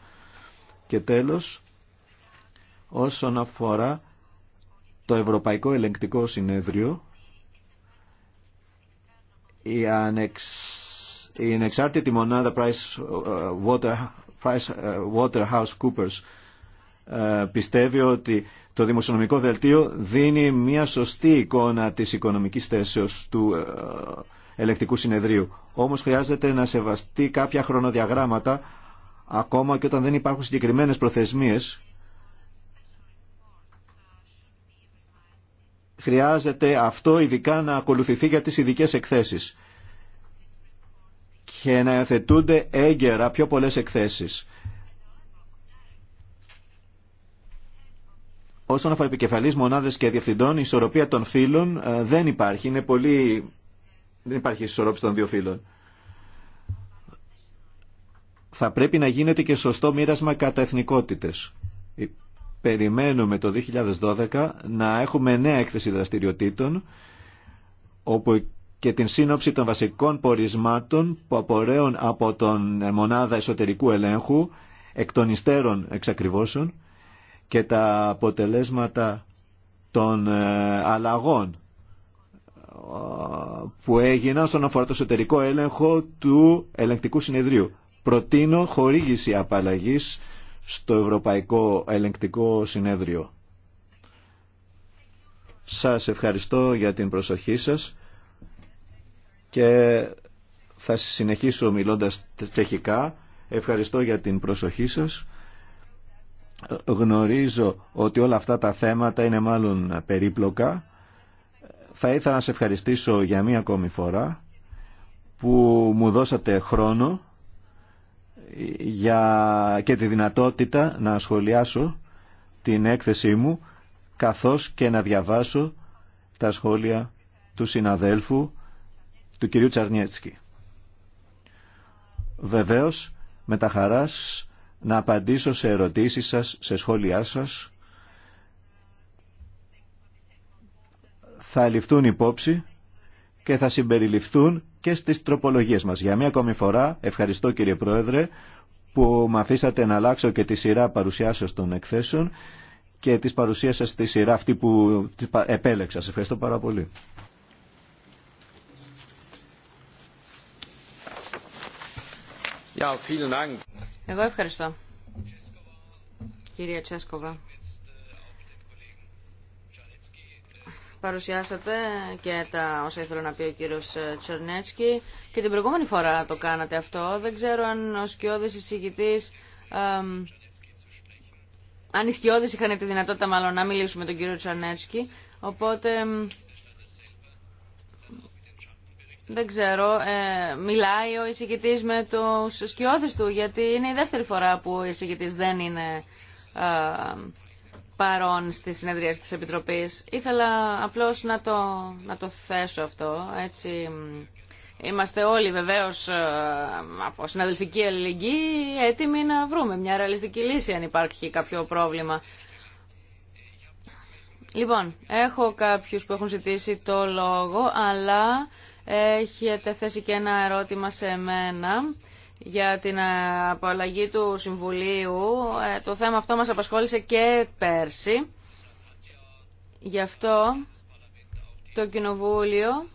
Speaker 1: Και τέλος, όσον αφορά το Ευρωπαϊκό Ελεγκτικό Συνέδριο η, ανεξ, η ανεξάρτητη μονάδα Price, ε, Water, Price, ε, Waterhouse Coopers ε, πιστεύει ότι το δημοσιονομικό δελτίο δίνει μια σωστή εικόνα της οικονομικής θέσεως του ελεκτικού συνεδρίου. Όμως χρειάζεται να σεβαστεί κάποια χρονοδιαγράμματα ακόμα και όταν δεν υπάρχουν συγκεκριμένες προθεσμίες χρειάζεται αυτό ειδικά να ακολουθηθεί για τις ειδικές εκθέσεις και να εθετούνται έγκαιρα πιο πολλές εκθέσεις. Όσον αφορά επικεφαλής μονάδες και διευθυντών, η ισορροπία των φύλων ε, δεν υπάρχει. Είναι πολύ... Δεν υπάρχει ισορρόπηση των δύο φύλων. Θα πρέπει να γίνεται και σωστό μοίρασμα κατά εθνικότητες περιμένουμε το 2012 να έχουμε νέα έκθεση δραστηριοτήτων όπου και την σύνοψη των βασικών πορισμάτων που απορρέουν από τον μονάδα εσωτερικού ελέγχου εκ των υστέρων εξακριβώσεων και τα αποτελέσματα των ε, αλλαγών ε, που έγιναν στον αφορά το εσωτερικό έλεγχο του ελεγκτικού συνεδρίου. Προτείνω χορήγηση απαλλαγής στο Ευρωπαϊκό Ελεγκτικό Συνέδριο. Σας ευχαριστώ για την προσοχή σας και θα συνεχίσω μιλώντας τσεχικά. Ευχαριστώ για την προσοχή σας. Γνωρίζω ότι όλα αυτά τα θέματα είναι μάλλον περίπλοκα. Θα ήθελα να σε ευχαριστήσω για μία ακόμη φορά που μου δώσατε χρόνο για... και τη δυνατότητα να σχολιάσω την έκθεσή μου καθώς και να διαβάσω τα σχόλια του συναδέλφου του κυρίου Τσαρνιέτσκι. Βεβαίως, με τα χαράς να απαντήσω σε ερωτήσεις σας, σε σχόλιά σας. Θα ληφθούν υπόψη και θα συμπεριληφθούν και στις τροπολογίες μας. Για μία ακόμη φορά, ευχαριστώ κύριε Πρόεδρε, που με αφήσατε να αλλάξω και τη σειρά παρουσιάσεως των εκθέσεων και της παρουσία στη σειρά αυτή που επέλεξα. Σας ευχαριστώ πάρα πολύ.
Speaker 3: Εγώ ευχαριστώ. κύριε Τσέσκοβα. παρουσιάσατε και τα όσα ήθελα να πει ο κύριος ε, Τσερνέτσκι και την προηγούμενη φορά το κάνατε αυτό. Δεν ξέρω αν ο σκιώδης εισηγητής... αν οι σκιώδες είχαν τη δυνατότητα μάλλον να μιλήσουν με τον κύριο Τσερνέτσκι. Οπότε... Δεν ξέρω, ε, μιλάει ο εισηγητή με τους σκιώδες του, γιατί είναι η δεύτερη φορά που ο εισηγητή δεν είναι... Ε, παρόν στη συνεδρία της Επιτροπής. Ήθελα απλώς να το, να το θέσω αυτό. Έτσι, είμαστε όλοι βεβαίως ε, από συναδελφική αλληλεγγύη έτοιμοι να βρούμε μια ρεαλιστική λύση αν υπάρχει κάποιο πρόβλημα. Λοιπόν, έχω κάποιους που έχουν ζητήσει το λόγο, αλλά έχετε θέσει και ένα ερώτημα σε μένα για την ε, απαλλαγή του Συμβουλίου. Ε, το θέμα αυτό μας απασχόλησε και πέρσι. Γι' αυτό το Κοινοβούλιο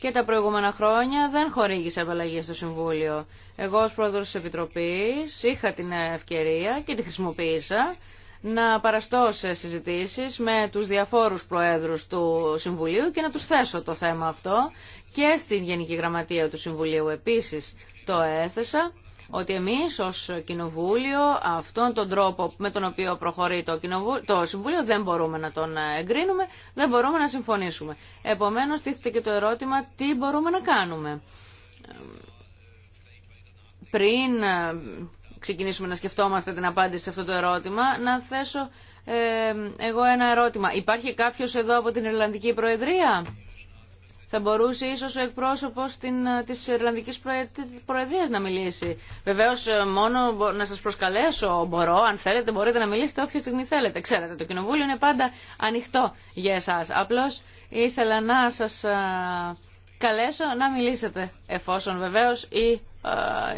Speaker 3: και τα προηγούμενα χρόνια δεν χορήγησε απαλλαγή στο Συμβούλιο. Εγώ ως πρόεδρος της Επιτροπής είχα την ευκαιρία και τη χρησιμοποίησα να παραστώ σε συζητήσεις με τους διαφόρους προέδρους του Συμβουλίου και να τους θέσω το θέμα αυτό και στην Γενική Γραμματεία του Συμβουλίου επίσης το έθεσα ότι εμείς ως Κοινοβούλιο αυτόν τον τρόπο με τον οποίο προχωρεί το, Συμβούλιο δεν μπορούμε να τον εγκρίνουμε, δεν μπορούμε να συμφωνήσουμε. Επομένως τίθεται και το ερώτημα τι μπορούμε να κάνουμε. Πριν ξεκινήσουμε να σκεφτόμαστε την απάντηση σε αυτό το ερώτημα, να θέσω ε, εγώ ένα ερώτημα. Υπάρχει κάποιος εδώ από την Ιρλανδική Προεδρία? Θα μπορούσε ίσως ο εκπρόσωπος ε, της Ιρλανδικής Προεδρίας να μιλήσει. Βεβαίως ε, μόνο να σας προσκαλέσω μπορώ, αν θέλετε μπορείτε να μιλήσετε όποια στιγμή θέλετε. Ξέρετε, το Κοινοβούλιο είναι πάντα ανοιχτό για εσάς. Απλώς ήθελα να σας καλέσω να μιλήσετε εφόσον βεβαίως η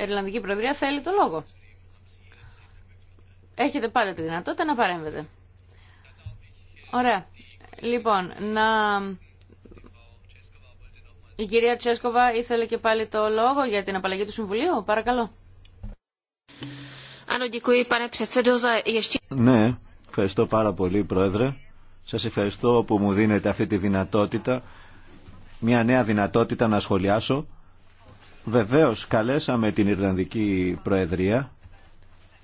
Speaker 3: Ιρλανδική Προεδρία θέλει το λόγο έχετε πάλι τη δυνατότητα να παρέμβετε. Ωραία. Λοιπόν, να... Η κυρία Τσέσκοβα ήθελε και πάλι το λόγο για την απαλλαγή του Συμβουλίου. Παρακαλώ. Ναι,
Speaker 1: ευχαριστώ πάρα πολύ, Πρόεδρε. Σας ευχαριστώ που μου δίνετε αυτή τη δυνατότητα, μια νέα δυνατότητα να σχολιάσω. Βεβαίως, καλέσαμε την Ιρλανδική Προεδρία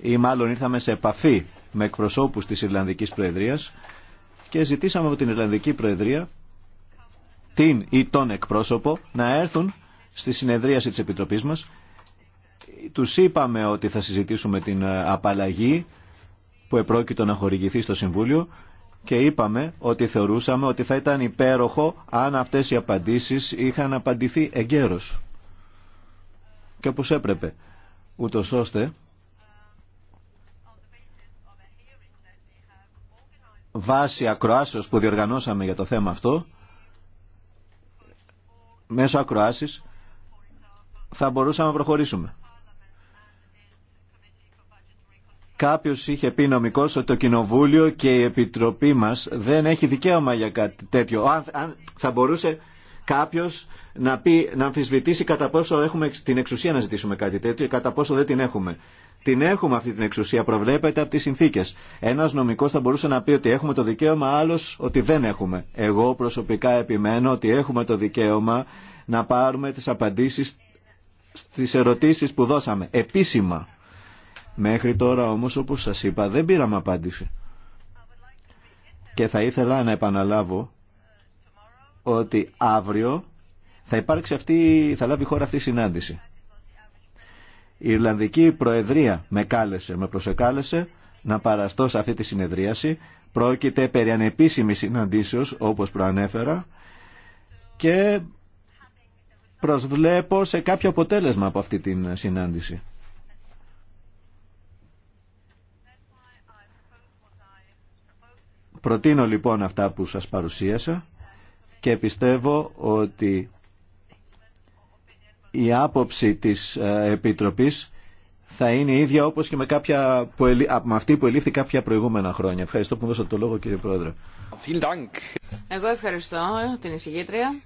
Speaker 1: ή μάλλον ήρθαμε σε επαφή με εκπροσώπους της Ιρλανδικής Προεδρίας και ζητήσαμε από την Ιρλανδική Προεδρία την ή τον εκπρόσωπο να έρθουν στη συνεδρίαση της Επιτροπής μας. Τους είπαμε ότι θα συζητήσουμε την ε, απαλλαγή που επρόκειτο να χορηγηθεί στο Συμβούλιο και είπαμε ότι θεωρούσαμε ότι θα ήταν υπέροχο αν αυτές οι απαντήσεις είχαν απαντηθεί εγκαίρως και όπως έπρεπε, ούτω ώστε βάση ακροάσεως που διοργανώσαμε για το θέμα αυτό, μέσω ακροάσεις, θα μπορούσαμε να προχωρήσουμε. Κάποιος είχε πει νομικός ότι το Κοινοβούλιο και η Επιτροπή μας δεν έχει δικαίωμα για κάτι τέτοιο. Αν, θα μπορούσε κάποιος να, πει, να αμφισβητήσει κατά πόσο έχουμε την εξουσία να ζητήσουμε κάτι τέτοιο ή κατά πόσο δεν την έχουμε την έχουμε αυτή την εξουσία, προβλέπεται από τι συνθήκε. Ένα νομικό θα μπορούσε να πει ότι έχουμε το δικαίωμα, άλλο ότι δεν έχουμε. Εγώ προσωπικά επιμένω ότι έχουμε το δικαίωμα να πάρουμε τι απαντήσει στι ερωτήσεις που δώσαμε επίσημα. Μέχρι τώρα όμως όπως σας είπα δεν πήραμε απάντηση. Και θα ήθελα να επαναλάβω ότι αύριο θα αυτή, θα λάβει χώρα αυτή η συνάντηση. Η Ιρλανδική Προεδρία με κάλεσε, με προσεκάλεσε να παραστώ σε αυτή τη συνεδρίαση. Πρόκειται περί ανεπίσημης συναντήσεως, όπως προανέφερα, και προσβλέπω σε κάποιο αποτέλεσμα από αυτή την συνάντηση. Προτείνω λοιπόν αυτά που σας παρουσίασα και πιστεύω ότι η άποψη της ε, Επιτροπής θα είναι ίδια όπως και με, κάποια που αυτή που ελήφθη κάποια προηγούμενα χρόνια. Ευχαριστώ που μου δώσατε το λόγο κύριε Πρόεδρε.
Speaker 3: Εγώ ευχαριστώ την εισηγήτρια.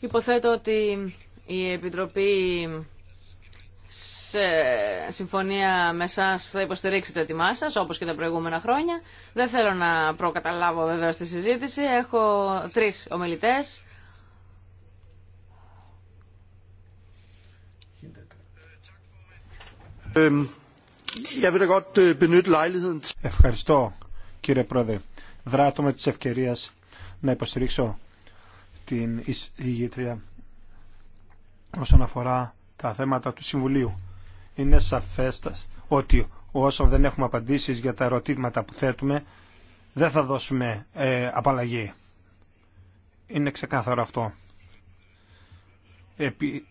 Speaker 3: Υποθέτω ότι η Επιτροπή σε συμφωνία με εσά θα υποστηρίξει το έτοιμά σα, όπω και τα προηγούμενα χρόνια. Δεν θέλω να προκαταλάβω βέβαια στη συζήτηση. Έχω τρει ομιλητέ.
Speaker 1: Øh,
Speaker 2: Ευχαριστώ κύριε Πρόεδρε. Δράτω με της ευκαιρίας να υποστηρίξω την ηγήτρια όσον αφορά τα θέματα του Συμβουλίου. Είναι σαφές ότι όσο δεν έχουμε απαντήσεις για τα ερωτήματα που θέτουμε δεν θα δώσουμε ε, απαλλαγή. Είναι ξεκάθαρο αυτό.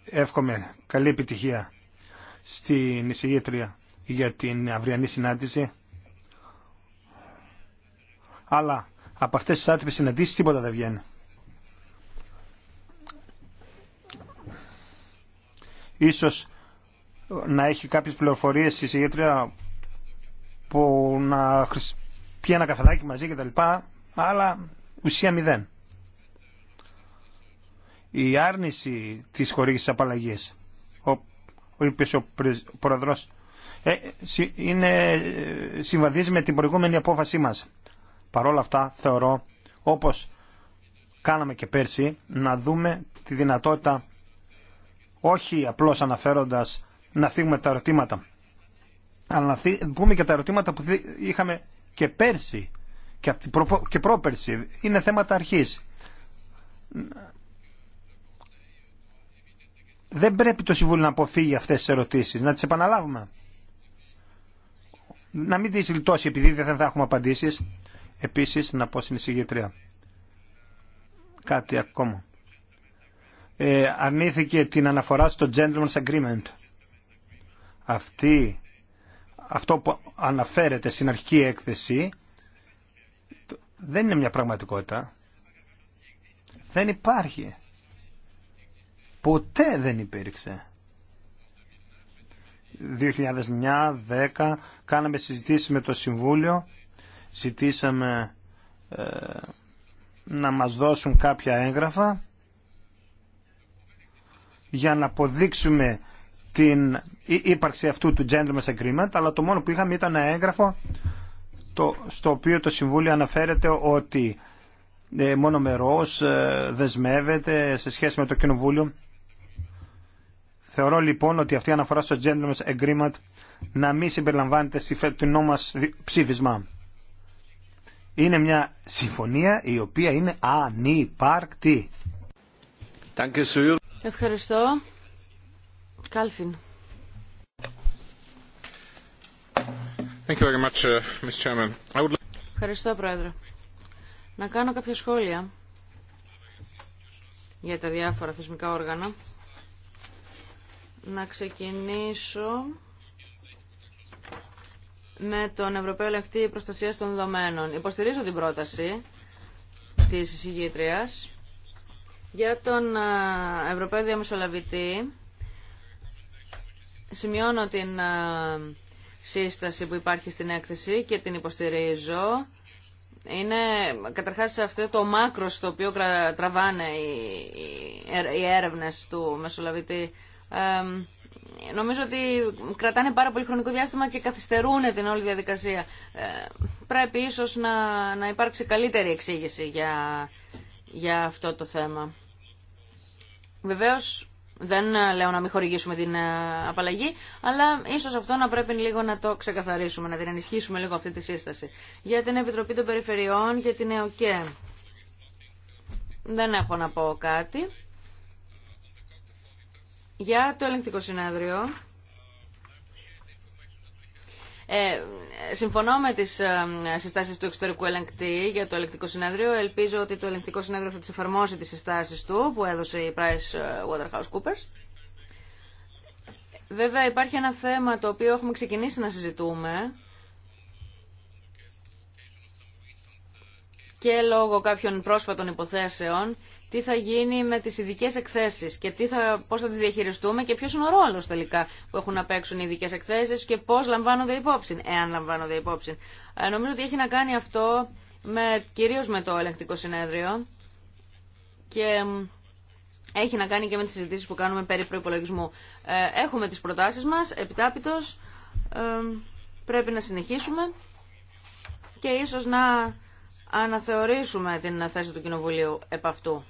Speaker 2: Εύχομαι καλή επιτυχία στην εισηγήτρια για την αυριανή συνάντηση. Αλλά από αυτές τις άτυπες συναντήσεις τίποτα δεν βγαίνει. Ίσως να έχει κάποιες πληροφορίες η εισηγήτρια που να πιει ένα καφεδάκι μαζί κτλ. Αλλά ουσία μηδέν. Η άρνηση της χορήγησης απαλλαγής είπε ο Πρόεδρος, ε, είναι ε, συμβαδίζει με την προηγούμενη απόφασή μας. Παρ' όλα αυτά θεωρώ, όπως κάναμε και πέρσι, να δούμε τη δυνατότητα όχι απλώς αναφέροντας να θίγουμε τα ερωτήματα, αλλά να πούμε και τα ερωτήματα που είχαμε και πέρσι και, προ, και πρόπερσι. Είναι θέματα αρχής. Δεν πρέπει το Συμβούλιο να αποφύγει αυτές τις ερωτήσεις, να τις επαναλάβουμε. Να μην τις λιτώσει επειδή δεν θα έχουμε απαντήσεις. Επίσης, να πω στην εισηγητρία. Κάτι ακόμα. Ε, αρνήθηκε την αναφορά στο Gentleman's Agreement. Αυτή, αυτό που αναφέρεται στην αρχική έκθεση δεν είναι μια πραγματικότητα. Δεν υπάρχει ποτέ δεν υπήρξε. 2009-10 κάναμε συζητήσεις με το Συμβούλιο, ζητήσαμε ε, να μας δώσουν κάποια έγγραφα για να αποδείξουμε την ύπαρξη αυτού του gentleman's agreement, αλλά το μόνο που είχαμε ήταν ένα έγγραφο το, στο οποίο το Συμβούλιο αναφέρεται ότι ε, μονομερός ε, δεσμεύεται σε σχέση με το Κοινοβούλιο Θεωρώ λοιπόν ότι αυτή η αναφορά στο Gentleman's Agreement να μην συμπεριλαμβάνεται στη φετινό μα ψήφισμα. Είναι μια συμφωνία η οποία είναι ανυπάρκτη.
Speaker 3: Ευχαριστώ. Κάλφιν. Uh, Ευχαριστώ, Πρόεδρε. Να κάνω κάποια σχόλια για τα διάφορα θεσμικά όργανα να ξεκινήσω με τον Ευρωπαίο λεκτή Προστασία των Δεδομένων. Υποστηρίζω την πρόταση της εισηγήτριας για τον ε, Ευρωπαίο Διαμεσολαβητή. Σημειώνω την ε, σύσταση που υπάρχει στην έκθεση και την υποστηρίζω. Είναι καταρχάς αυτό το μάκρο στο οποίο τραβάνε οι έρευνες του Μεσολαβητή νομίζω ότι κρατάνε πάρα πολύ χρονικό διάστημα και καθυστερούν την όλη διαδικασία. Ε, πρέπει ίσως να, να υπάρξει καλύτερη εξήγηση για, για αυτό το θέμα. Βεβαίως δεν λέω να μην χορηγήσουμε την ε, απαλλαγή, αλλά ίσω αυτό να πρέπει λίγο να το ξεκαθαρίσουμε, να την ενισχύσουμε λίγο αυτή τη σύσταση. Για την Επιτροπή των Περιφερειών και την ΕΟΚΕ. Δεν έχω να πω κάτι. Για το ελεγκτικό συνέδριο, ε, συμφωνώ με τι ε, συστάσεις του εξωτερικού ελεγκτή για το ελεγκτικό συνέδριο. Ελπίζω ότι το ελεγκτικό συνέδριο θα τις εφαρμόσει τις συστάσεις του που έδωσε η Price Waterhouse Βέβαια, υπάρχει ένα θέμα το οποίο έχουμε ξεκινήσει να συζητούμε και λόγω κάποιων πρόσφατων υποθέσεων τι θα γίνει με τις ειδικέ εκθέσεις και τι θα, πώς θα τις διαχειριστούμε και ποιος είναι ο ρόλος τελικά που έχουν να παίξουν οι ειδικέ εκθέσεις και πώς λαμβάνονται υπόψη, εάν λαμβάνονται υπόψη. Ε, νομίζω ότι έχει να κάνει αυτό με, κυρίως με το ελεγκτικό συνέδριο και έχει να κάνει και με τις συζητήσεις που κάνουμε περί προϋπολογισμού. Ε, έχουμε τις προτάσεις μας, επιτάπητος, ε, πρέπει να συνεχίσουμε και ίσως να αναθεωρήσουμε την θέση του Κοινοβουλίου επ' αυτού.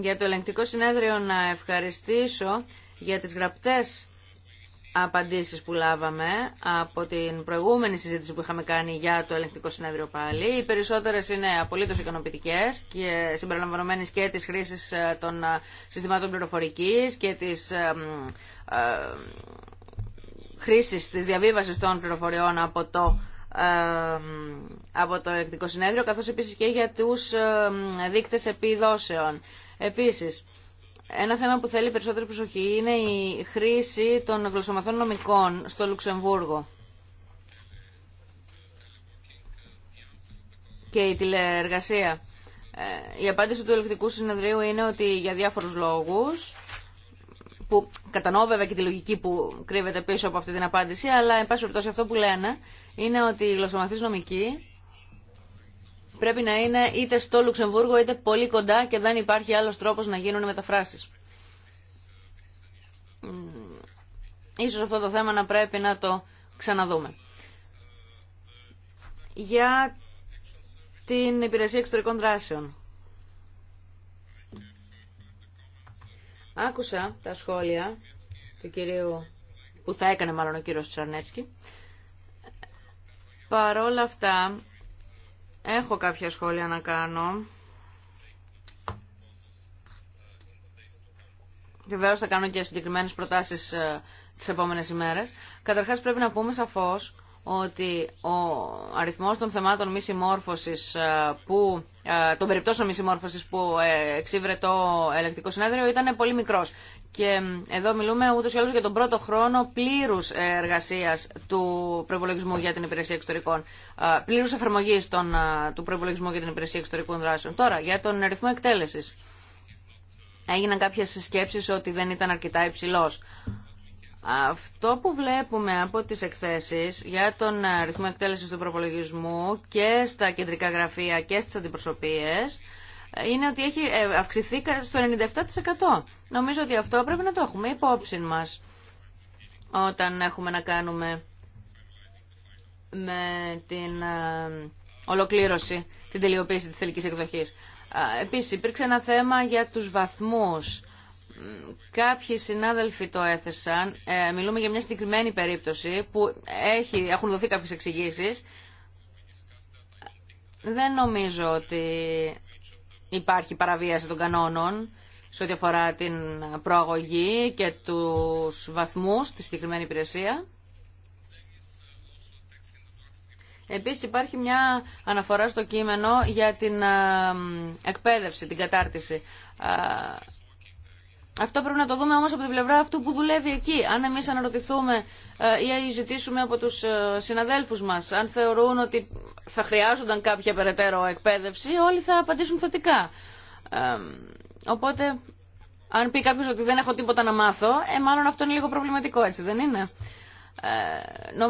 Speaker 3: για το ελεγκτικό συνέδριο να ευχαριστήσω για τις γραπτές απαντήσεις που λάβαμε από την προηγούμενη συζήτηση που είχαμε κάνει για το ελεγκτικό συνέδριο πάλι. Οι περισσότερες είναι απολύτως ικανοποιητικέ και συμπεριλαμβανομένες και της χρήσης ε, των ε, συστημάτων πληροφορικής και της ε, χρήσης της διαβίβασης των πληροφοριών από το από το συνέδριο, καθώς επίσης και για τους δείκτες επιδόσεων. Επίσης, ένα θέμα που θέλει περισσότερη προσοχή είναι η χρήση των γλωσσομαθών νομικών στο Λουξεμβούργο. Και η τηλεεργασία. Ε, η απάντηση του ελεκτικού συνεδρίου είναι ότι για διάφορους λόγους που κατανοώ βέβαια και τη λογική που κρύβεται πίσω από αυτή την απάντηση, αλλά εν πάση περιπτώσει αυτό που λένε είναι ότι οι γλωσσομαθείς νομικοί πρέπει να είναι είτε στο Λουξεμβούργο είτε πολύ κοντά και δεν υπάρχει άλλος τρόπος να γίνουν μεταφράσεις. Ίσως αυτό το θέμα να πρέπει να το ξαναδούμε. Για την υπηρεσία εξωτερικών δράσεων. Άκουσα τα σχόλια του κυρίου, που θα έκανε μάλλον ο κύριος Τσαρνέτσκι. Παρόλα αυτά, Έχω κάποια σχόλια να κάνω. Βεβαίω θα κάνω και συγκεκριμένε προτάσει ε, τι επόμενε ημέρε. Καταρχά πρέπει να πούμε σαφώ ότι ο αριθμός των θεμάτων μη ε, που, ε, των περιπτώσεων μη που εξήβρε το ελεκτικό συνέδριο ήταν πολύ μικρός και εδώ μιλούμε ούτω ή άλλω για τον πρώτο χρόνο πλήρου εργασία του προπολογισμού για την υπηρεσία εξωτερικών. Πλήρου εφαρμογή του προπολογισμού για την υπηρεσία εξωτερικών δράσεων. Τώρα, για τον αριθμό εκτέλεση. Έγιναν κάποιε σκέψει ότι δεν ήταν αρκετά υψηλό. Αυτό που βλέπουμε από τις εκθέσεις για τον ρυθμό εκτέλεσης του προπολογισμού και στα κεντρικά γραφεία και στις αντιπροσωπείες ε, είναι ότι έχει ε, αυξηθεί στο 97%. Νομίζω ότι αυτό πρέπει να το έχουμε υπόψη μας όταν έχουμε να κάνουμε με την ε, ολοκλήρωση, την τελειοποίηση της τελικής εκδοχής. Επίσης υπήρξε ένα θέμα για τους βαθμούς. Κάποιοι συνάδελφοι το έθεσαν. Ε, μιλούμε για μια συγκεκριμένη περίπτωση που έχει, έχουν δοθεί κάποιες εξηγήσει. Δεν νομίζω ότι υπάρχει παραβίαση των κανόνων σε ό,τι αφορά την προαγωγή και τους βαθμούς στη συγκεκριμένη υπηρεσία. Επίσης υπάρχει μια αναφορά στο κείμενο για την εκπαίδευση, την κατάρτιση. Αυτό πρέπει να το δούμε όμως από την πλευρά αυτού που δουλεύει εκεί. Αν εμείς αναρωτηθούμε ή ζητήσουμε από τους συναδέλφους μας, αν θεωρούν ότι θα χρειάζονταν κάποια περαιτέρω εκπαίδευση, όλοι θα απαντήσουν θετικά. Οπότε, αν πει κάποιο ότι δεν έχω τίποτα να μάθω, ε, μάλλον αυτό είναι λίγο προβληματικό, έτσι δεν είναι. Ε,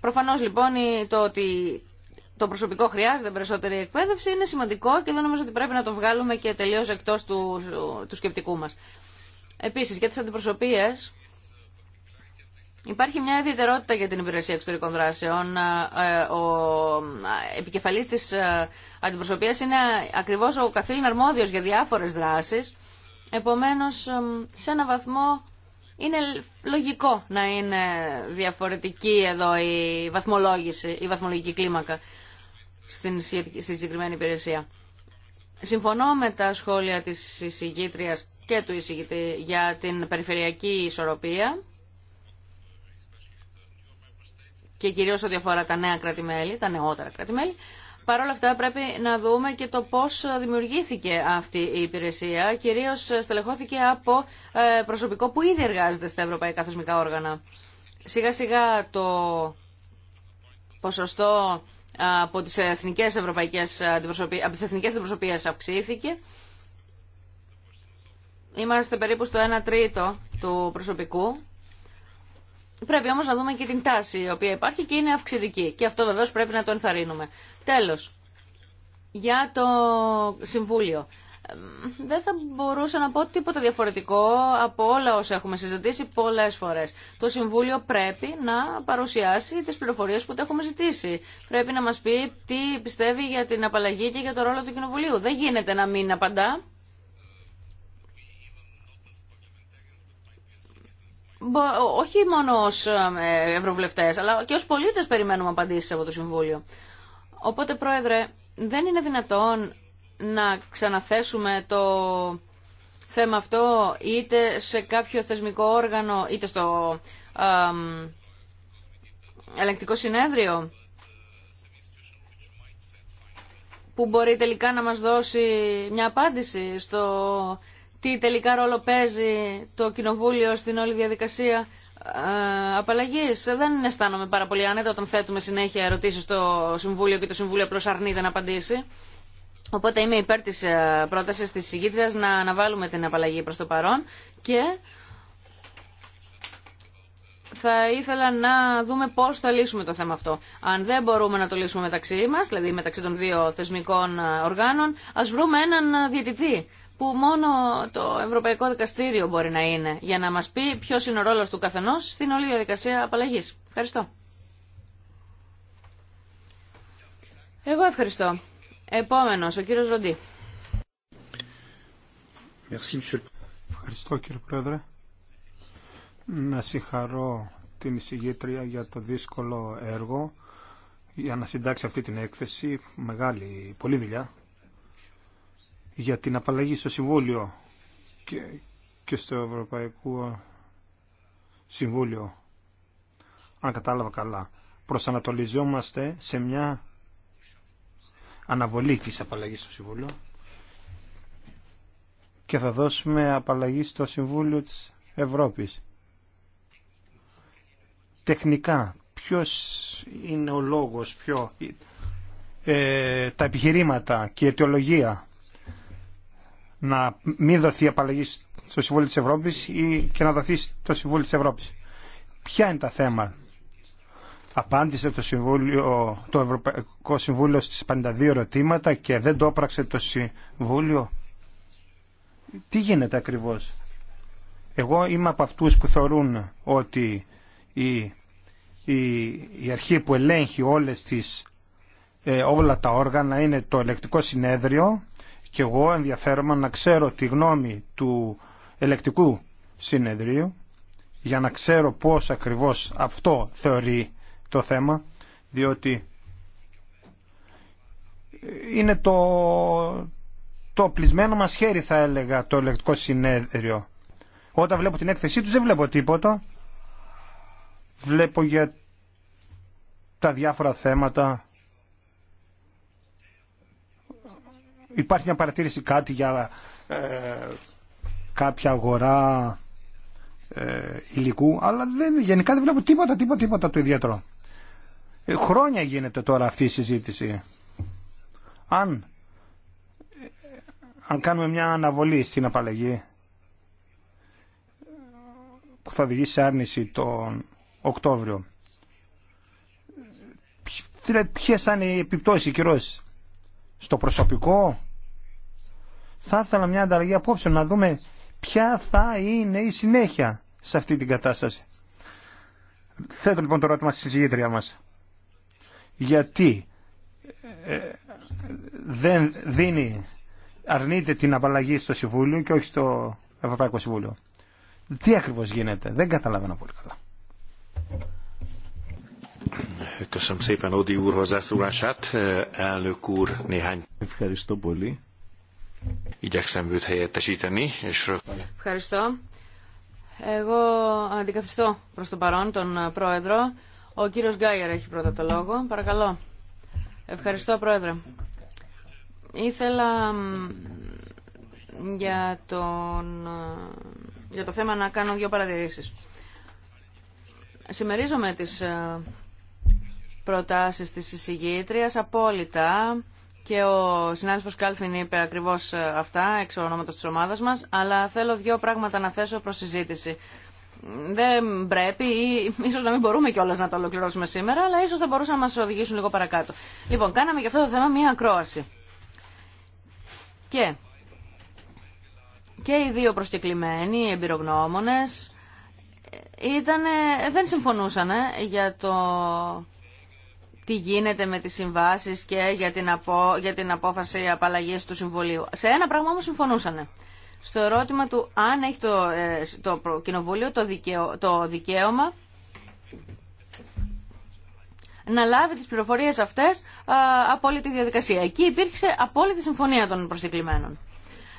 Speaker 3: Προφανώς λοιπόν το ότι το προσωπικό χρειάζεται περισσότερη εκπαίδευση είναι σημαντικό και δεν νομίζω ότι πρέπει να το βγάλουμε και τελείω εκτό του, του σκεπτικού μας. Επίσης για τις αντιπροσωπείες Υπάρχει μια ιδιαιτερότητα για την υπηρεσία εξωτερικών δράσεων. Ε, ο ε, επικεφαλής της ε, αντιπροσωπείας είναι ακριβώς ο καθήλυν αρμόδιος για διάφορες δράσεις. Επομένως, σε ένα βαθμό είναι λογικό να είναι διαφορετική εδώ η βαθμολόγηση, η βαθμολογική κλίμακα στην, στη συγκεκριμένη υπηρεσία. Συμφωνώ με τα σχόλια της εισηγήτριας και του εισηγητή για την περιφερειακή ισορροπία και κυρίω ό,τι αφορά τα νεα κρατημέλη, τα νεοτερα κρατημέλη. Παρ' όλα αυτά πρέπει να δούμε και το πώς δημιουργήθηκε αυτή η υπηρεσία. Κυρίως στελεχώθηκε από ε, προσωπικό που ήδη εργάζεται στα ευρωπαϊκά θεσμικά όργανα. Σιγά σιγά το ποσοστό ε, από τις εθνικές, ευρωπαϊκές, από αυξήθηκε. Είμαστε περίπου στο 1 τρίτο του προσωπικού Πρέπει όμως να δούμε και την τάση η οποία υπάρχει και είναι αυξητική. Και αυτό βεβαίω πρέπει να το ενθαρρύνουμε. Τέλος, για το Συμβούλιο. Δεν θα μπορούσα να πω τίποτα διαφορετικό από όλα όσα έχουμε συζητήσει πολλές φορές. Το Συμβούλιο πρέπει να παρουσιάσει τις πληροφορίες που το έχουμε ζητήσει. Πρέπει να μα πει τι πιστεύει για την απαλλαγή και για το ρόλο του Κοινοβουλίου. Δεν γίνεται να μην απαντά. όχι μόνο ω ε, ευρωβουλευτέ, αλλά και ω πολίτες περιμένουμε απαντήσει από το Συμβούλιο. Οπότε, Πρόεδρε, δεν είναι δυνατόν να ξαναθέσουμε το θέμα αυτό είτε σε κάποιο θεσμικό όργανο, είτε στο ελεκτικό συνέδριο που μπορεί τελικά να μας δώσει μια απάντηση στο τι τελικά ρόλο παίζει το Κοινοβούλιο στην όλη διαδικασία ε, απαλλαγή. Δεν αισθάνομαι πάρα πολύ άνετα όταν θέτουμε συνέχεια ερωτήσει στο Συμβούλιο και το Συμβούλιο απλώ αρνείται να απαντήσει. Οπότε είμαι υπέρ τη ε, πρόταση τη συγκίτρια να αναβάλουμε την απαλλαγή προ το παρόν και θα ήθελα να δούμε πώ θα λύσουμε το θέμα αυτό. Αν δεν μπορούμε να το λύσουμε μεταξύ μα, δηλαδή μεταξύ των δύο θεσμικών ε, οργάνων, α βρούμε έναν διαιτητή που μόνο το Ευρωπαϊκό Δικαστήριο μπορεί να είναι για να μας πει ποιος είναι ο ρόλος του καθενός στην όλη διαδικασία απαλλαγής. Ευχαριστώ. Εγώ ευχαριστώ. Επόμενος, ο κύριος Ροντή.
Speaker 2: Ευχαριστώ κύριε Πρόεδρε. Να συγχαρώ την εισηγήτρια για το δύσκολο έργο για να συντάξει αυτή την έκθεση. Μεγάλη, πολλή δουλειά για την απαλλαγή στο Συμβούλιο και, και στο Ευρωπαϊκό Συμβούλιο. Αν κατάλαβα καλά, προσανατολιζόμαστε σε μια αναβολή της απαλλαγής στο Συμβούλιο και θα δώσουμε απαλλαγή στο Συμβούλιο της Ευρώπης. Τεχνικά, ποιος είναι ο λόγος, ποιο, ε, τα επιχειρήματα και η αιτιολογία να μην δοθεί απαλλαγή στο Συμβούλιο της Ευρώπης ή και να δοθεί στο Συμβούλιο της Ευρώπης. Ποια είναι τα θέματα. Απάντησε το, Συμβούλιο, το Ευρωπαϊκό Συμβούλιο στις 52 ερωτήματα και δεν το έπραξε το Συμβούλιο. Τι γίνεται ακριβώς. Εγώ είμαι από αυτούς που θεωρούν ότι η, η, αρχή που ελέγχει όλες τις, ε, όλα τα όργανα είναι το ελεκτικό συνέδριο και εγώ ενδιαφέρομαι να ξέρω τη γνώμη του ελεκτικού συνεδρίου για να ξέρω πώς ακριβώς αυτό θεωρεί το θέμα διότι είναι το, το πλεισμένο μας χέρι θα έλεγα το ελεκτικό συνέδριο. Όταν βλέπω την έκθεσή του δεν βλέπω τίποτα. Βλέπω για τα διάφορα θέματα υπάρχει μια παρατήρηση κάτι για ε, κάποια αγορά ε, υλικού, αλλά δεν, γενικά δεν βλέπω τίποτα, τίποτα, τίποτα το ιδιαίτερο. Ε, χρόνια γίνεται τώρα αυτή η συζήτηση. Αν, ε, αν κάνουμε μια αναβολή στην απαλλαγή που θα οδηγήσει σε άρνηση τον Οκτώβριο, δηλαδή ποιε θα είναι οι επιπτώσει, οι κυρώσει στο προσωπικό. Θα ήθελα μια ανταλλαγή απόψε να δούμε ποια θα είναι η συνέχεια σε αυτή την κατάσταση. Θέτω λοιπόν το ερώτημα στη συζήτρια μας. Γιατί ε, δεν δίνει, αρνείται την απαλλαγή στο Συμβούλιο και όχι στο Ευρωπαϊκό Συμβούλιο. Τι ακριβώς γίνεται. Δεν καταλαβαίνω πολύ καλά. Ευχαριστώ πολύ.
Speaker 3: Ευχαριστώ. Εγώ αντικαθιστώ προς τον παρόν τον ε, πρόεδρο. Ο κύριος Γκάιερ έχει πρώτα το λόγο. Παρακαλώ. Ευχαριστώ πρόεδρε. Ήθελα για, τον, ε, για το θέμα να κάνω δύο παρατηρήσεις. Συμμερίζομαι τις ε, προτάσεις της εισηγήτριας απόλυτα και ο συνάδελφος Κάλφιν είπε ακριβώς ε, αυτά εξ ονόματος της ομάδας μας αλλά θέλω δύο πράγματα να θέσω προς συζήτηση. Δεν πρέπει ή ίσως να μην μπορούμε κιόλας να τα ολοκληρώσουμε σήμερα αλλά ίσως θα μπορούσαν να μας οδηγήσουν λίγο παρακάτω. Λοιπόν, κάναμε για αυτό το θέμα μία ακρόαση. Και, και οι δύο προσκεκλημένοι, οι εμπειρογνώμονες, ε, ήτανε, ε, δεν συμφωνούσαν για το τι γίνεται με τις συμβάσεις και για την, απο, για την απόφαση απαλλαγής του Συμβουλίου. Σε ένα πράγμα όμως συμφωνούσανε. Στο ερώτημα του αν έχει το, ε, το Κοινοβούλιο το, δικαίω, το δικαίωμα να λάβει τις πληροφορίες αυτές από όλη τη διαδικασία. Εκεί υπήρξε απόλυτη συμφωνία των προσκεκλημένων.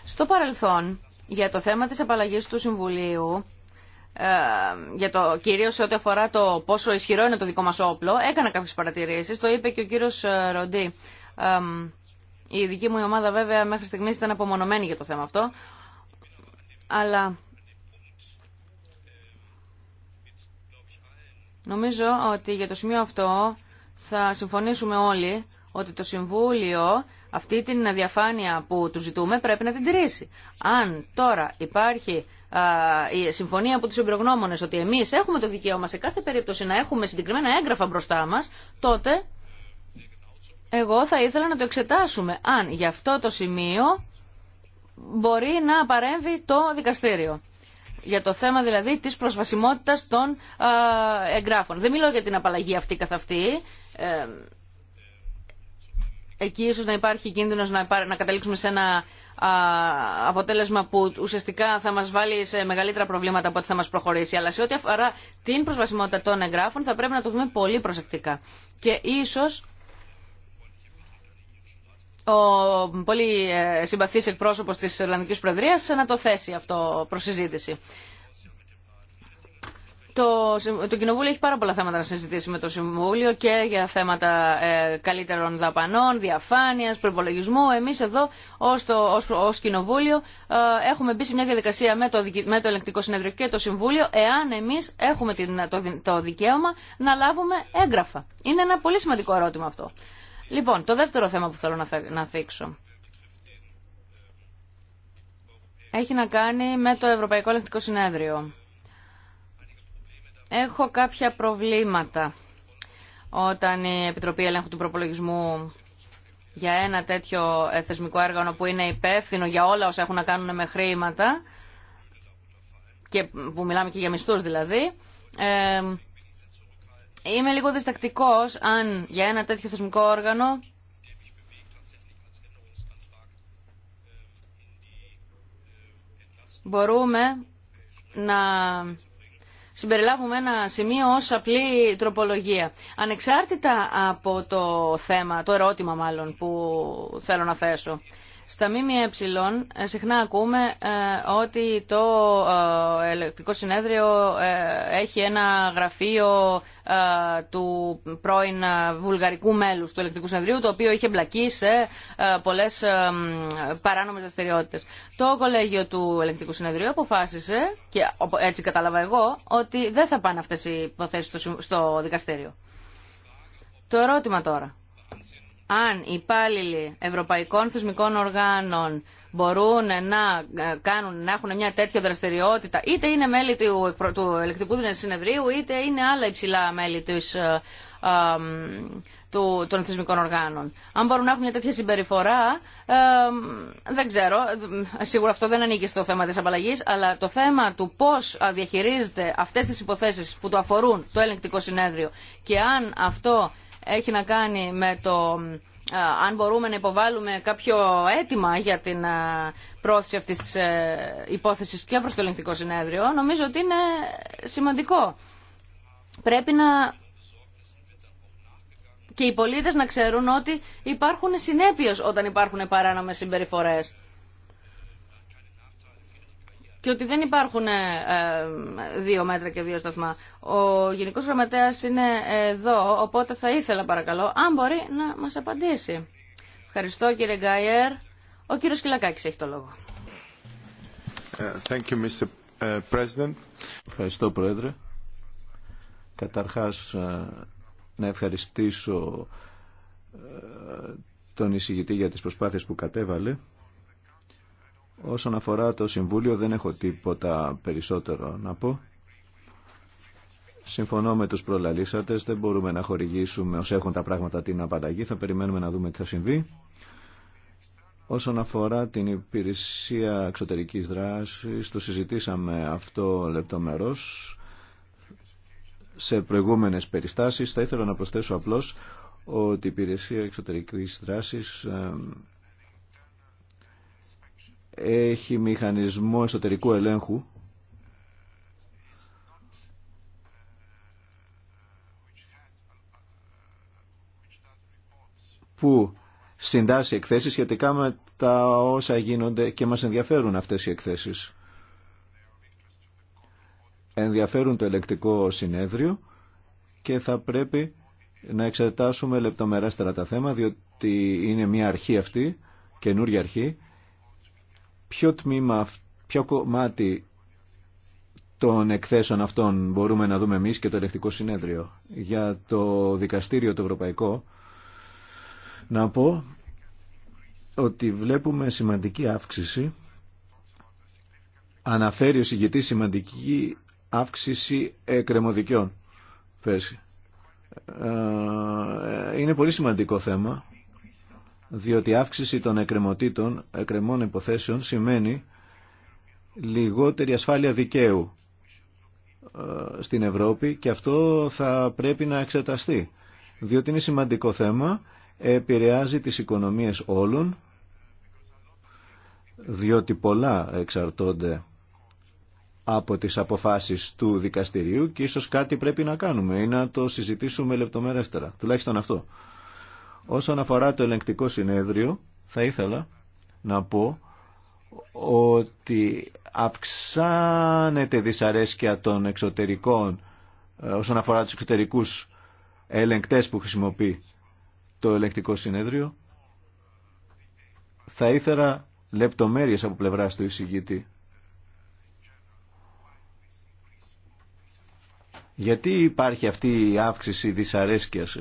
Speaker 3: Στο παρελθόν, για το θέμα της απαλλαγής του Συμβουλίου, ε, για το σε ό,τι αφορά το πόσο ισχυρό είναι το δικό μα όπλο. Έκανα κάποιε παρατηρήσεις, το είπε και ο κύριος ε, Ροντή. Η δική μου ομάδα βέβαια μέχρι στιγμής ήταν απομονωμένη για το θέμα αυτό, αλλά νομίζω ότι για το σημείο αυτό θα συμφωνήσουμε όλοι ότι το Συμβούλιο αυτή την διαφάνεια που του ζητούμε πρέπει να την τηρήσει. Αν τώρα υπάρχει η συμφωνία από του εμπειρογνώμονε ότι εμεί έχουμε το δικαίωμα σε κάθε περίπτωση να έχουμε συγκεκριμένα έγγραφα μπροστά μα, τότε εγώ θα ήθελα να το εξετάσουμε αν για αυτό το σημείο μπορεί να παρέμβει το δικαστήριο. Για το θέμα δηλαδή της προσβασιμότητας των εγγράφων. Δεν μιλώ για την απαλλαγή αυτή καθ' αυτή. Ε, εκεί ίσω να υπάρχει κίνδυνος να καταλήξουμε σε ένα αποτέλεσμα που ουσιαστικά θα μας βάλει σε μεγαλύτερα προβλήματα από ό,τι θα μας προχωρήσει. Αλλά σε ό,τι αφορά την προσβασιμότητα των εγγράφων θα πρέπει να το δούμε πολύ προσεκτικά. Και ίσως ο πολύ ε, συμπαθής εκπρόσωπος της Ιρλανδικής Προεδρίας να το θέσει αυτό προς συζήτηση. Το, το Κοινοβούλιο έχει πάρα πολλά θέματα να συζητήσει με το Συμβούλιο και για θέματα ε, καλύτερων δαπανών, διαφάνεια, προπολογισμού. Εμεί εδώ ω ως, ως Κοινοβούλιο ε, έχουμε μπει σε μια διαδικασία με το, με το Ελεκτικό Συνέδριο και το Συμβούλιο, εάν εμεί έχουμε το, το δικαίωμα να λάβουμε έγγραφα. Είναι ένα πολύ σημαντικό ερώτημα αυτό. Λοιπόν, το δεύτερο θέμα που θέλω να, να θίξω. Έχει να κάνει με το Ευρωπαϊκό Ελεκτικό Συνέδριο. Έχω κάποια προβλήματα όταν η Επιτροπή Ελέγχου του Προπολογισμού για ένα τέτοιο ε, θεσμικό έργανο που είναι υπεύθυνο για όλα όσα έχουν να κάνουν με χρήματα και που μιλάμε και για μισθούς δηλαδή ε, είμαι λίγο διστακτικός αν για ένα τέτοιο θεσμικό όργανο μπορούμε να συμπεριλάβουμε ένα σημείο ως απλή τροπολογία. Ανεξάρτητα από το θέμα, το ερώτημα μάλλον που θέλω να θέσω. Στα ΜΜΕ ε, συχνά ακούμε ε, ότι το ε, ελεκτικό συνέδριο έχει ένα γραφείο του πρώην βουλγαρικού μέλους του ελεκτικού συνεδρίου το οποίο είχε μπλακεί σε πολλές παράνομες δραστηριότητε. Το κολέγιο του ελεκτικού συνεδρίου αποφάσισε και έτσι κατάλαβα εγώ ότι δεν θα πάνε αυτές οι υποθέσεις στο δικαστήριο. Το ερώτημα τώρα αν οι υπάλληλοι ευρωπαϊκών θεσμικών οργάνων μπορούν να, ε, κάνουν, να έχουν μια τέτοια δραστηριότητα, είτε είναι μέλη του, του ελεκτικού συνεδρίου, είτε είναι άλλα υψηλά μέλη της, ε, του, των θεσμικών οργάνων. Αν μπορούν να έχουν μια τέτοια συμπεριφορά, ε, δεν ξέρω, σίγουρα αυτό δεν ανήκει στο θέμα της απαλλαγής, αλλά το θέμα του πώς διαχειρίζεται αυτές τις υποθέσεις που το αφορούν το ελεκτικό συνέδριο και αν αυτό έχει να κάνει με το ε, αν μπορούμε να υποβάλουμε κάποιο αίτημα για την ε, πρόθεση αυτής της ε, υπόθεσης και προς το ελεγκτικό συνέδριο, νομίζω ότι είναι σημαντικό. Πρέπει να και οι πολίτες να ξέρουν ότι υπάρχουν συνέπειες όταν υπάρχουν παράνομες συμπεριφορές και ότι δεν υπάρχουν ε, ε, δύο μέτρα και δύο σταθμά. Ο Γενικό Γραμματέα είναι εδώ, οπότε θα ήθελα παρακαλώ, αν μπορεί, να μα απαντήσει. Ευχαριστώ κύριε Γκάιερ. Ο κύριος Κυλακάκης έχει το λόγο.
Speaker 4: Ε, thank you, Mr. President. Ευχαριστώ Πρόεδρε.
Speaker 1: Καταρχάς να ευχαριστήσω τον εισηγητή για τις προσπάθειες που κατέβαλε Όσον αφορά το Συμβούλιο δεν έχω τίποτα περισσότερο να πω. Συμφωνώ με τους προλαλήσατες, δεν μπορούμε να χορηγήσουμε όσοι έχουν τα πράγματα την απαλλαγή, θα περιμένουμε να δούμε τι θα συμβεί. Όσον αφορά την υπηρεσία εξωτερικής δράσης, το συζητήσαμε αυτό λεπτομερώς σε προηγούμενες περιστάσεις. Θα ήθελα να προσθέσω απλώς ότι η υπηρεσία εξωτερικής δράσης ε, έχει μηχανισμό εσωτερικού ελέγχου που συντάσσει εκθέσεις σχετικά με τα όσα γίνονται και μας ενδιαφέρουν αυτές οι εκθέσεις. Ενδιαφέρουν το ελεκτικό συνέδριο και θα πρέπει να εξετάσουμε λεπτομεράστερα τα θέματα διότι είναι μια αρχή αυτή, καινούργια αρχή Ποιο τμήμα, ποιο κομμάτι των εκθέσεων αυτών μπορούμε να δούμε εμείς και το ελεκτικό συνέδριο. Για το δικαστήριο το ευρωπαϊκό να πω ότι βλέπουμε σημαντική αύξηση αναφέρει ο συγκεκριτής σημαντική αύξηση εκκρεμωδικιών. Ε, ε, είναι πολύ σημαντικό θέμα διότι η αύξηση των εκκρεμωτήτων, εκκρεμών υποθέσεων σημαίνει λιγότερη ασφάλεια δικαίου ε, στην Ευρώπη και αυτό θα πρέπει να εξεταστεί διότι είναι σημαντικό θέμα επηρεάζει τις οικονομίες όλων διότι πολλά εξαρτώνται από τις αποφάσεις του δικαστηρίου και ίσως κάτι πρέπει να κάνουμε ή να το συζητήσουμε λεπτομερέστερα τουλάχιστον αυτό Όσον αφορά το ελεγκτικό συνέδριο, θα ήθελα να πω ότι αυξάνεται δυσαρέσκεια των εξωτερικών ε, όσον αφορά τους εξωτερικούς ελεγκτές που χρησιμοποιεί το ελεγκτικό συνέδριο. Θα ήθελα λεπτομέρειες από πλευράς του εισηγητή. Γιατί υπάρχει αυτή η αύξηση δυσαρέσκειας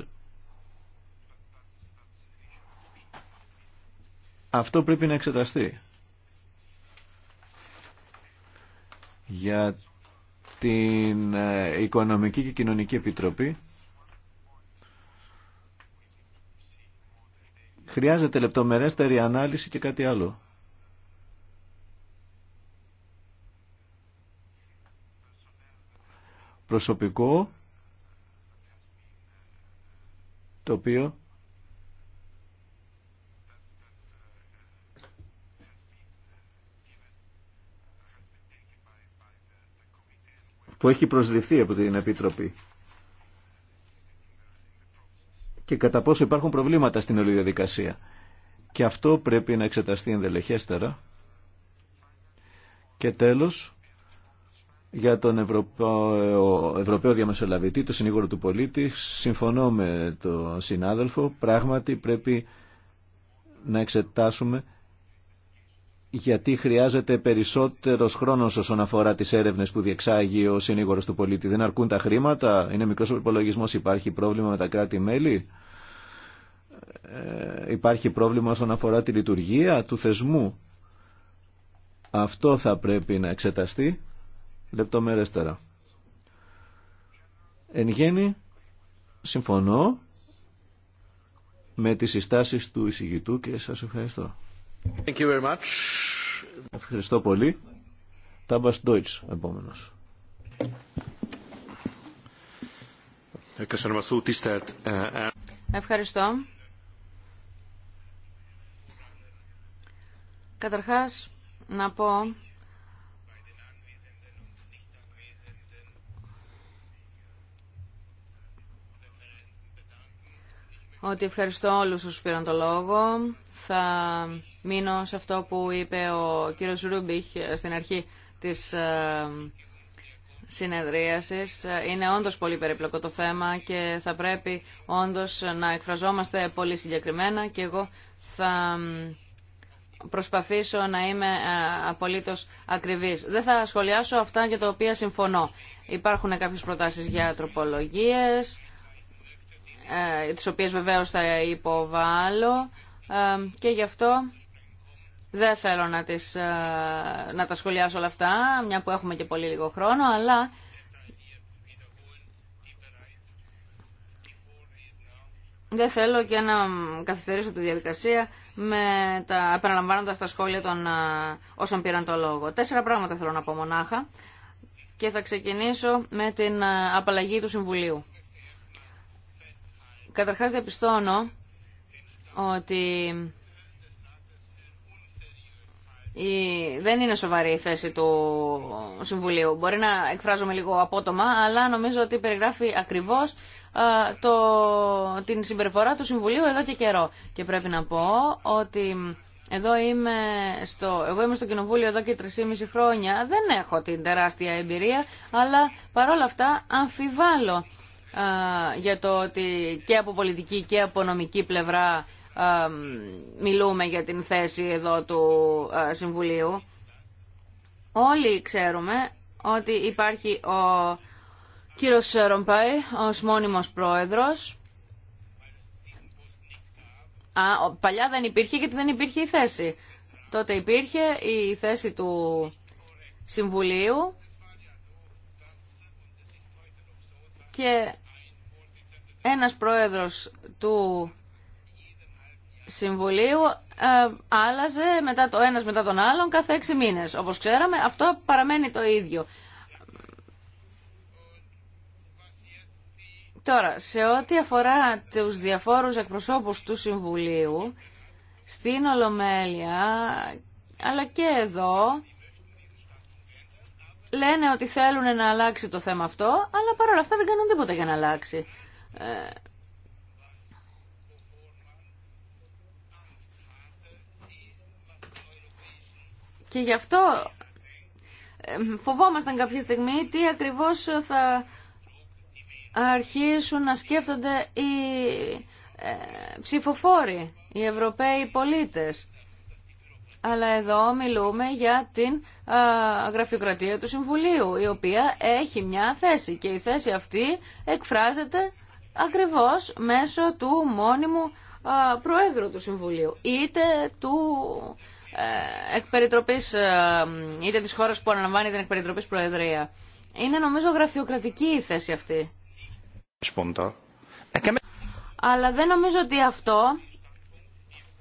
Speaker 1: Αυτό πρέπει να εξεταστεί. Για την ε, Οικονομική και Κοινωνική Επιτροπή χρειάζεται λεπτομερέστερη ανάλυση και κάτι άλλο. Προσωπικό το οποίο που έχει προσληφθεί από την Επίτροπη και κατά πόσο υπάρχουν προβλήματα στην όλη διαδικασία. Και αυτό πρέπει να εξεταστεί ενδελεχέστερα. Και τέλος, για τον Ευρωπαίο, Ευρωπαίο Διαμεσολαβητή, το συνήγορο του πολίτη, συμφωνώ με τον συνάδελφο, πράγματι πρέπει να εξετάσουμε γιατί χρειάζεται περισσότερο χρόνο όσον αφορά τις έρευνες που διεξάγει ο συνήγορος του πολίτη. Δεν αρκούν τα χρήματα, είναι μικρό ο υπολογισμός, υπάρχει πρόβλημα με τα κράτη-μέλη. Ε, υπάρχει πρόβλημα όσον αφορά τη λειτουργία του θεσμού. Αυτό θα πρέπει να εξεταστεί λεπτομερέστερα. Εν γέννη, συμφωνώ με τις συστάσεις του εισηγητού και σας ευχαριστώ. Thank you very much. Ευχαριστώ πολύ. Τάμπας Ντόιτς, επόμενος.
Speaker 2: Eh,
Speaker 3: ευχαριστώ. Καταρχάς, να πω ότι ευχαριστώ όλους όσους πήραν το λόγο. Θα μείνω σε αυτό που είπε ο κύριος Ρούμπιχ στην αρχή της ε, συνεδρίασης. Είναι όντως πολύ περίπλοκο το θέμα και θα πρέπει όντως να εκφραζόμαστε πολύ συγκεκριμένα και εγώ θα προσπαθήσω να είμαι ε, απολύτως ακριβής. Δεν θα σχολιάσω αυτά για τα οποία συμφωνώ. Υπάρχουν κάποιες προτάσεις για τροπολογίες, ε, τις οποίες βεβαίως θα υποβάλλω και γι' αυτό δεν θέλω να, τις, ε, να τα σχολιάσω όλα αυτά, μια που έχουμε και πολύ λίγο χρόνο, αλλά δεν θέλω και να καθυστερήσω τη διαδικασία με τα, επαναλαμβάνοντας τα σχόλια των ε, όσων πήραν το λόγο. Τέσσερα πράγματα θέλω να πω μονάχα και θα ξεκινήσω με την ε, απαλλαγή του Συμβουλίου. Καταρχάς διαπιστώνω ότι δεν είναι σοβαρή η θέση του Συμβουλίου. Μπορεί να εκφράζομαι λίγο απότομα, αλλά νομίζω ότι περιγράφει ακριβώς το, την συμπεριφορά του Συμβουλίου εδώ και καιρό. Και πρέπει να πω ότι εδώ είμαι στο, εγώ είμαι στο Κοινοβούλιο εδώ και 3,5 χρόνια. Δεν έχω την τεράστια εμπειρία, αλλά παρόλα αυτά αμφιβάλλω για το ότι και από πολιτική και από νομική πλευρά μιλούμε για την θέση εδώ του ε, Συμβουλίου. Όλοι ξέρουμε ότι υπάρχει ο κύριος Ρομπάι ως μόνιμος πρόεδρος. Α, παλιά δεν υπήρχε γιατί δεν υπήρχε η θέση. Τότε υπήρχε η θέση του Συμβουλίου και ένας πρόεδρος του Συμβουλίου ε, άλλαζε μετά το ένας μετά τον άλλον κάθε έξι μήνες. Όπως ξέραμε αυτό παραμένει το ίδιο. Τώρα, σε ό,τι αφορά τους διαφόρους εκπροσώπους του Συμβουλίου, στην Ολομέλεια, αλλά και εδώ, λένε ότι θέλουν να αλλάξει το θέμα αυτό, αλλά παρόλα αυτά δεν κάνουν τίποτα για να αλλάξει. Ε, Και γι' αυτό φοβόμασταν κάποια στιγμή τι ακριβώς θα αρχίσουν να σκέφτονται οι ε, ψηφοφόροι, οι Ευρωπαίοι πολίτες. Αλλά εδώ μιλούμε για την γραφειοκρατία του Συμβουλίου, η οποία έχει μια θέση και η θέση αυτή εκφράζεται ακριβώς μέσω του μόνιμου Προέδρου του Συμβουλίου, είτε του ε, εκ ε, είτε της χώρας που αναλαμβάνει την εκπεριτροπής προεδρία. Είναι νομίζω γραφειοκρατική η θέση αυτή. Ε, αλλά δεν νομίζω ότι αυτό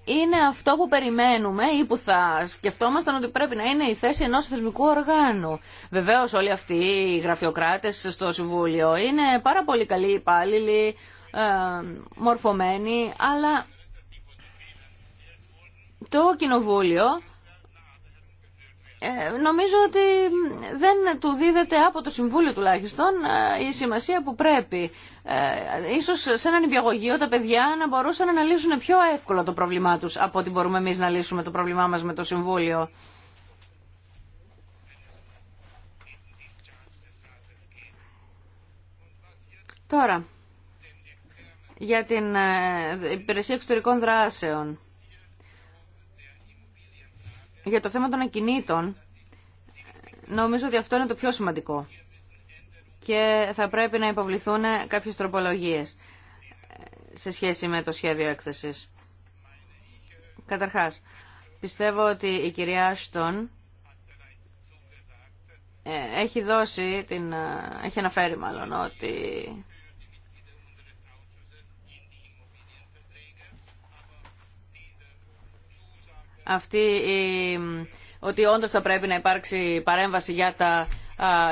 Speaker 3: είναι αυτό που περιμένουμε ή που θα σκεφτόμασταν ότι πρέπει να είναι η θέση ενός θεσμικού οργάνου. Βεβαίως όλοι αυτοί οι γραφειοκράτες στο Συμβούλιο είναι πάρα πολύ καλοί υπάλληλοι, μορφωμένοι, αλλά το κοινοβούλιο ε, νομίζω ότι δεν του δίδεται από το Συμβούλιο τουλάχιστον ε, η σημασία που πρέπει. Ε, ίσως σε έναν υπηαγωγείο τα παιδιά να μπορούσαν να λύσουν πιο εύκολα το πρόβλημά τους από ότι μπορούμε εμείς να λύσουμε το πρόβλημά μας με το Συμβούλιο. Τώρα, για την υπηρεσία εξωτερικών δράσεων. Για το θέμα των ακινήτων, νομίζω ότι αυτό είναι το πιο σημαντικό και θα πρέπει να υποβληθούν κάποιες τροπολογίες σε σχέση με το σχέδιο έκθεσης. Καταρχάς, πιστεύω ότι η κυρία Άστον ε, έχει δώσει, την, ε, έχει αναφέρει μάλλον ότι αυτή ότι όντω θα πρέπει να υπάρξει παρέμβαση για τα,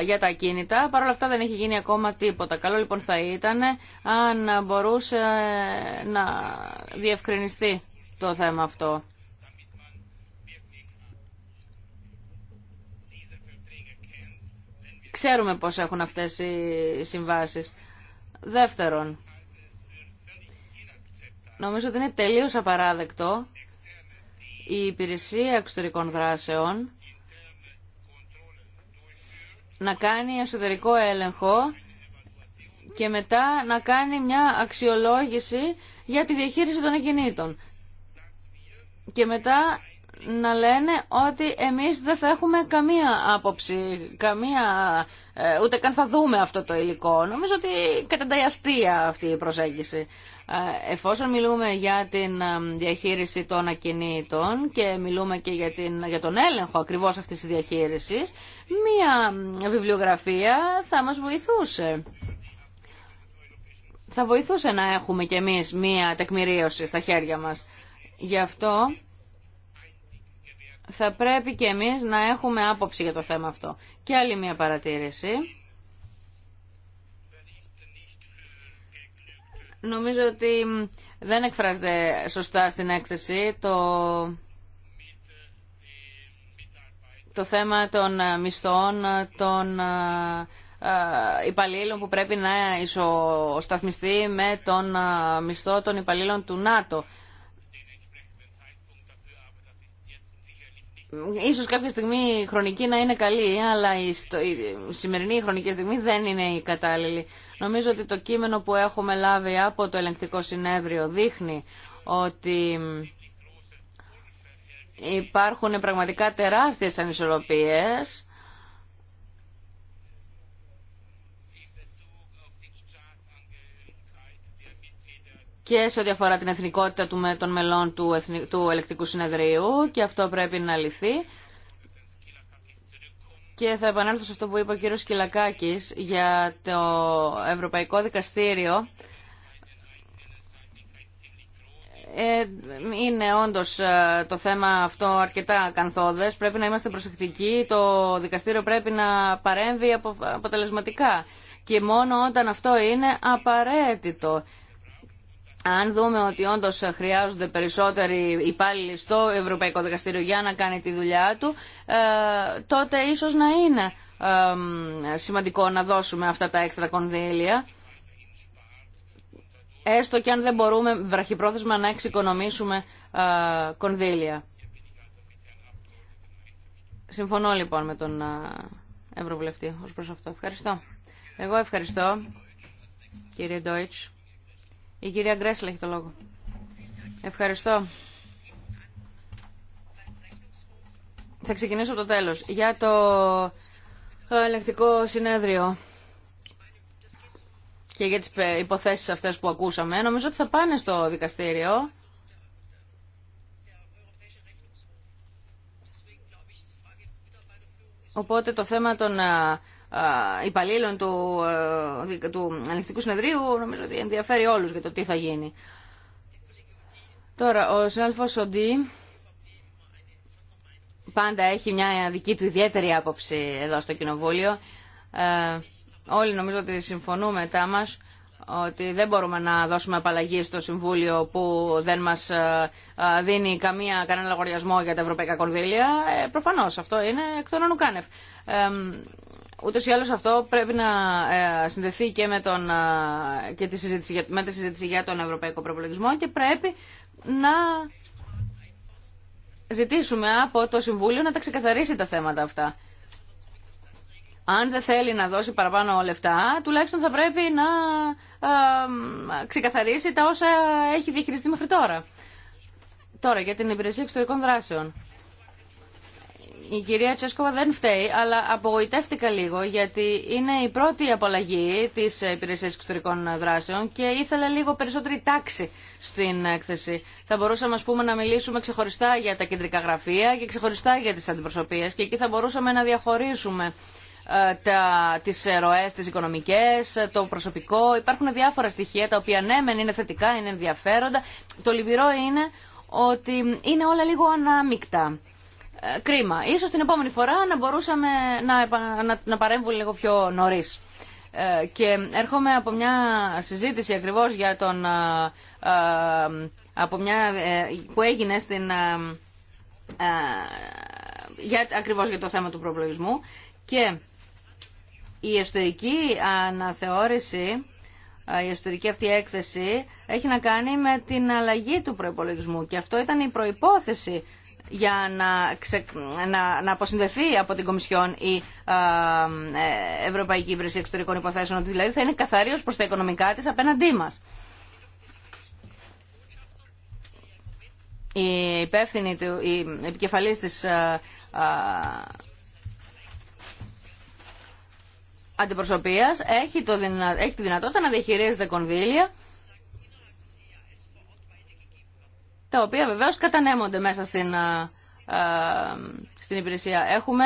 Speaker 3: για τα ακίνητα. Παρ' όλα αυτά δεν έχει γίνει ακόμα τίποτα. Καλό λοιπόν θα ήταν αν μπορούσε να διευκρινιστεί το θέμα αυτό. Ξέρουμε πώς έχουν αυτές οι συμβάσεις. Δεύτερον, νομίζω ότι είναι τελείως απαράδεκτο η υπηρεσία εξωτερικών δράσεων να κάνει εσωτερικό έλεγχο και μετά να κάνει μια αξιολόγηση για τη διαχείριση των εκινητων Και μετά να λένε ότι εμείς δεν θα έχουμε καμία άποψη, καμία, ε, ούτε καν θα δούμε αυτό το υλικό. Νομίζω ότι κατά αυτή η προσέγγιση. Ε, εφόσον μιλούμε για την ε, διαχείριση των ακινήτων και μιλούμε και για, την, για τον έλεγχο ακριβώς αυτής της διαχείρισης, μία ε, βιβλιογραφία θα μας βοηθούσε. Θα βοηθούσε να έχουμε κι εμείς μία τεκμηρίωση στα χέρια μας. Γι' αυτό θα πρέπει κι εμείς να έχουμε άποψη για το θέμα αυτό. Και άλλη μία παρατήρηση Νομίζω ότι δεν εκφράζεται σωστά στην έκθεση το, το θέμα των ε, μισθών, ε, των ε, υπαλλήλων που πρέπει να ισοσταθμιστεί με τον μισθό των υπαλλήλων του ΝΑΤΟ. Ίσως κάποια στιγμή η χρονική να είναι καλή, αλλά η σημερινή χρονική στιγμή δεν είναι η κατάλληλη. Νομίζω ότι το κείμενο που έχουμε λάβει από το ελεγκτικό συνέδριο δείχνει ότι υπάρχουν πραγματικά τεράστιες ανισορροπίες και σε ό,τι αφορά την εθνικότητα των μελών του, Ελεκτικού Συνεδρίου και αυτό πρέπει να λυθεί. Και θα επανέλθω σε αυτό που είπε ο κύριος Κυλακάκης για το Ευρωπαϊκό Δικαστήριο. Ε, είναι όντως ε, το θέμα αυτό αρκετά κανθόδες. Πρέπει να είμαστε προσεκτικοί. Το δικαστήριο πρέπει να παρέμβει αποτελεσματικά. Και μόνο όταν αυτό είναι απαραίτητο αν δούμε ότι όντω χρειάζονται περισσότεροι υπάλληλοι στο Ευρωπαϊκό Δικαστήριο για να κάνει τη δουλειά του, ε, τότε ίσως να είναι σημαντικό να δώσουμε αυτά τα έξτρα κονδύλια. Έστω και αν δεν μπορούμε βραχυπρόθεσμα να εξοικονομήσουμε ε, κονδύλια. Συμφωνώ λοιπόν με τον ε, Ευρωβουλευτή ως προς αυτό. Ευχαριστώ. Εγώ ευχαριστώ κύριε Ντόιτς. Η κυρία Γκρέσλ έχει το λόγο. Ευχαριστώ. Θα ξεκινήσω από το τέλος. Για το ε, ελεκτικό συνέδριο και για τις ε, υποθέσεις αυτές που ακούσαμε, νομίζω ότι θα πάνε στο δικαστήριο. Οπότε το θέμα των ε, υπαλλήλων του, ε, του Ανοιχτικού Συνεδρίου νομίζω ότι ενδιαφέρει όλους για το τι θα γίνει. Τώρα, ο συνάδελφος Σοντή πάντα έχει μια δική του ιδιαίτερη άποψη εδώ στο Κοινοβούλιο. Ε, όλοι νομίζω ότι συμφωνούμε τα μας ότι δεν μπορούμε να δώσουμε απαλλαγή στο Συμβούλιο που δεν μας ε, ε, δίνει καμία, κανένα λογαριασμό για τα ευρωπαϊκά κονδύλια. Ε, προφανώς αυτό είναι εκ των ανουκάνευ. Ούτως ή άλλως αυτό πρέπει να ε, συνδεθεί και, με, τον, ε, και τη συζήτηση, με τη συζήτηση για τον Ευρωπαϊκό Προπολογισμό και πρέπει να ζητήσουμε από το Συμβούλιο να τα ξεκαθαρίσει τα θέματα αυτά. Αν δεν θέλει να δώσει παραπάνω λεφτά, τουλάχιστον θα πρέπει να ε, ξεκαθαρίσει τα όσα έχει διαχειριστεί μέχρι τώρα. Τώρα, για την υπηρεσία εξωτερικών δράσεων η κυρία Τσέσκοβα δεν φταίει, αλλά απογοητεύτηκα λίγο γιατί είναι η πρώτη απαλλαγή τη Υπηρεσία Εξωτερικών Δράσεων και ήθελα λίγο περισσότερη τάξη στην έκθεση. Θα μπορούσαμε α πούμε, να μιλήσουμε ξεχωριστά για τα κεντρικά γραφεία και ξεχωριστά για τι αντιπροσωπείες και εκεί θα μπορούσαμε να διαχωρίσουμε ε, τα, τις ροές, τις οικονομικές, το προσωπικό. Υπάρχουν διάφορα στοιχεία τα οποία ναι, μεν είναι θετικά, είναι ενδιαφέροντα. Το λυπηρό είναι ότι είναι όλα λίγο ανάμεικτα. Ε, κρίμα. Ίσως την επόμενη φορά να μπορούσαμε να, να, παρέμβουν λίγο πιο νωρίς. Ε, και έρχομαι από μια συζήτηση ακριβώς για τον, ε, από μια, που έγινε στην, για, ακριβώς για το θέμα του προπλογισμού και η εσωτερική αναθεώρηση, η ιστορική αυτή έκθεση έχει να κάνει με την αλλαγή του προϋπολογισμού και αυτό ήταν η προϋπόθεση για να, να... να αποσυνδεθεί από την Κομισιόν η ε, Ευρωπαϊκή Υπηρεσία Εξωτερικών Υποθέσεων, ότι δηλαδή θα είναι καθαρή προ τα οικονομικά της απέναντί μα. Η υπεύθυνη, η επικεφαλής της αντιπροσωπείας έχει, το, έχει τη δυνατότητα να διαχειρίζεται κονδύλια τα οποία βεβαίως κατανέμονται μέσα στην, στην υπηρεσία. Έχουμε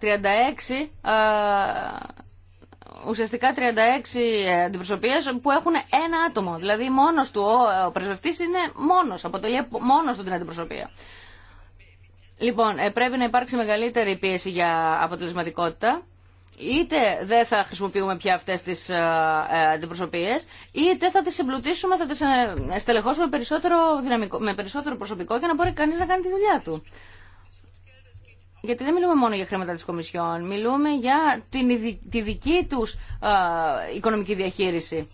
Speaker 3: 36 ουσιαστικά 36 αντιπροσωπείες που έχουν ένα άτομο. Δηλαδή μόνος του ο πρεσβευτής είναι μόνος, αποτελεί μόνος του την αντιπροσωπεία. Λοιπόν, ε, πρέπει να υπάρξει μεγαλύτερη πίεση για αποτελεσματικότητα είτε δεν θα χρησιμοποιούμε πια αυτές τις ε, ε, αντιπροσωπείε, είτε θα τι εμπλουτίσουμε, θα τι ε, στελεχώσουμε περισσότερο δυναμικό, με περισσότερο προσωπικό για να μπορεί κανεί να κάνει τη δουλειά του. Γιατί δεν μιλούμε μόνο για χρήματα της Κομισιόν, μιλούμε για την, τη δική τους οικονομική διαχείριση.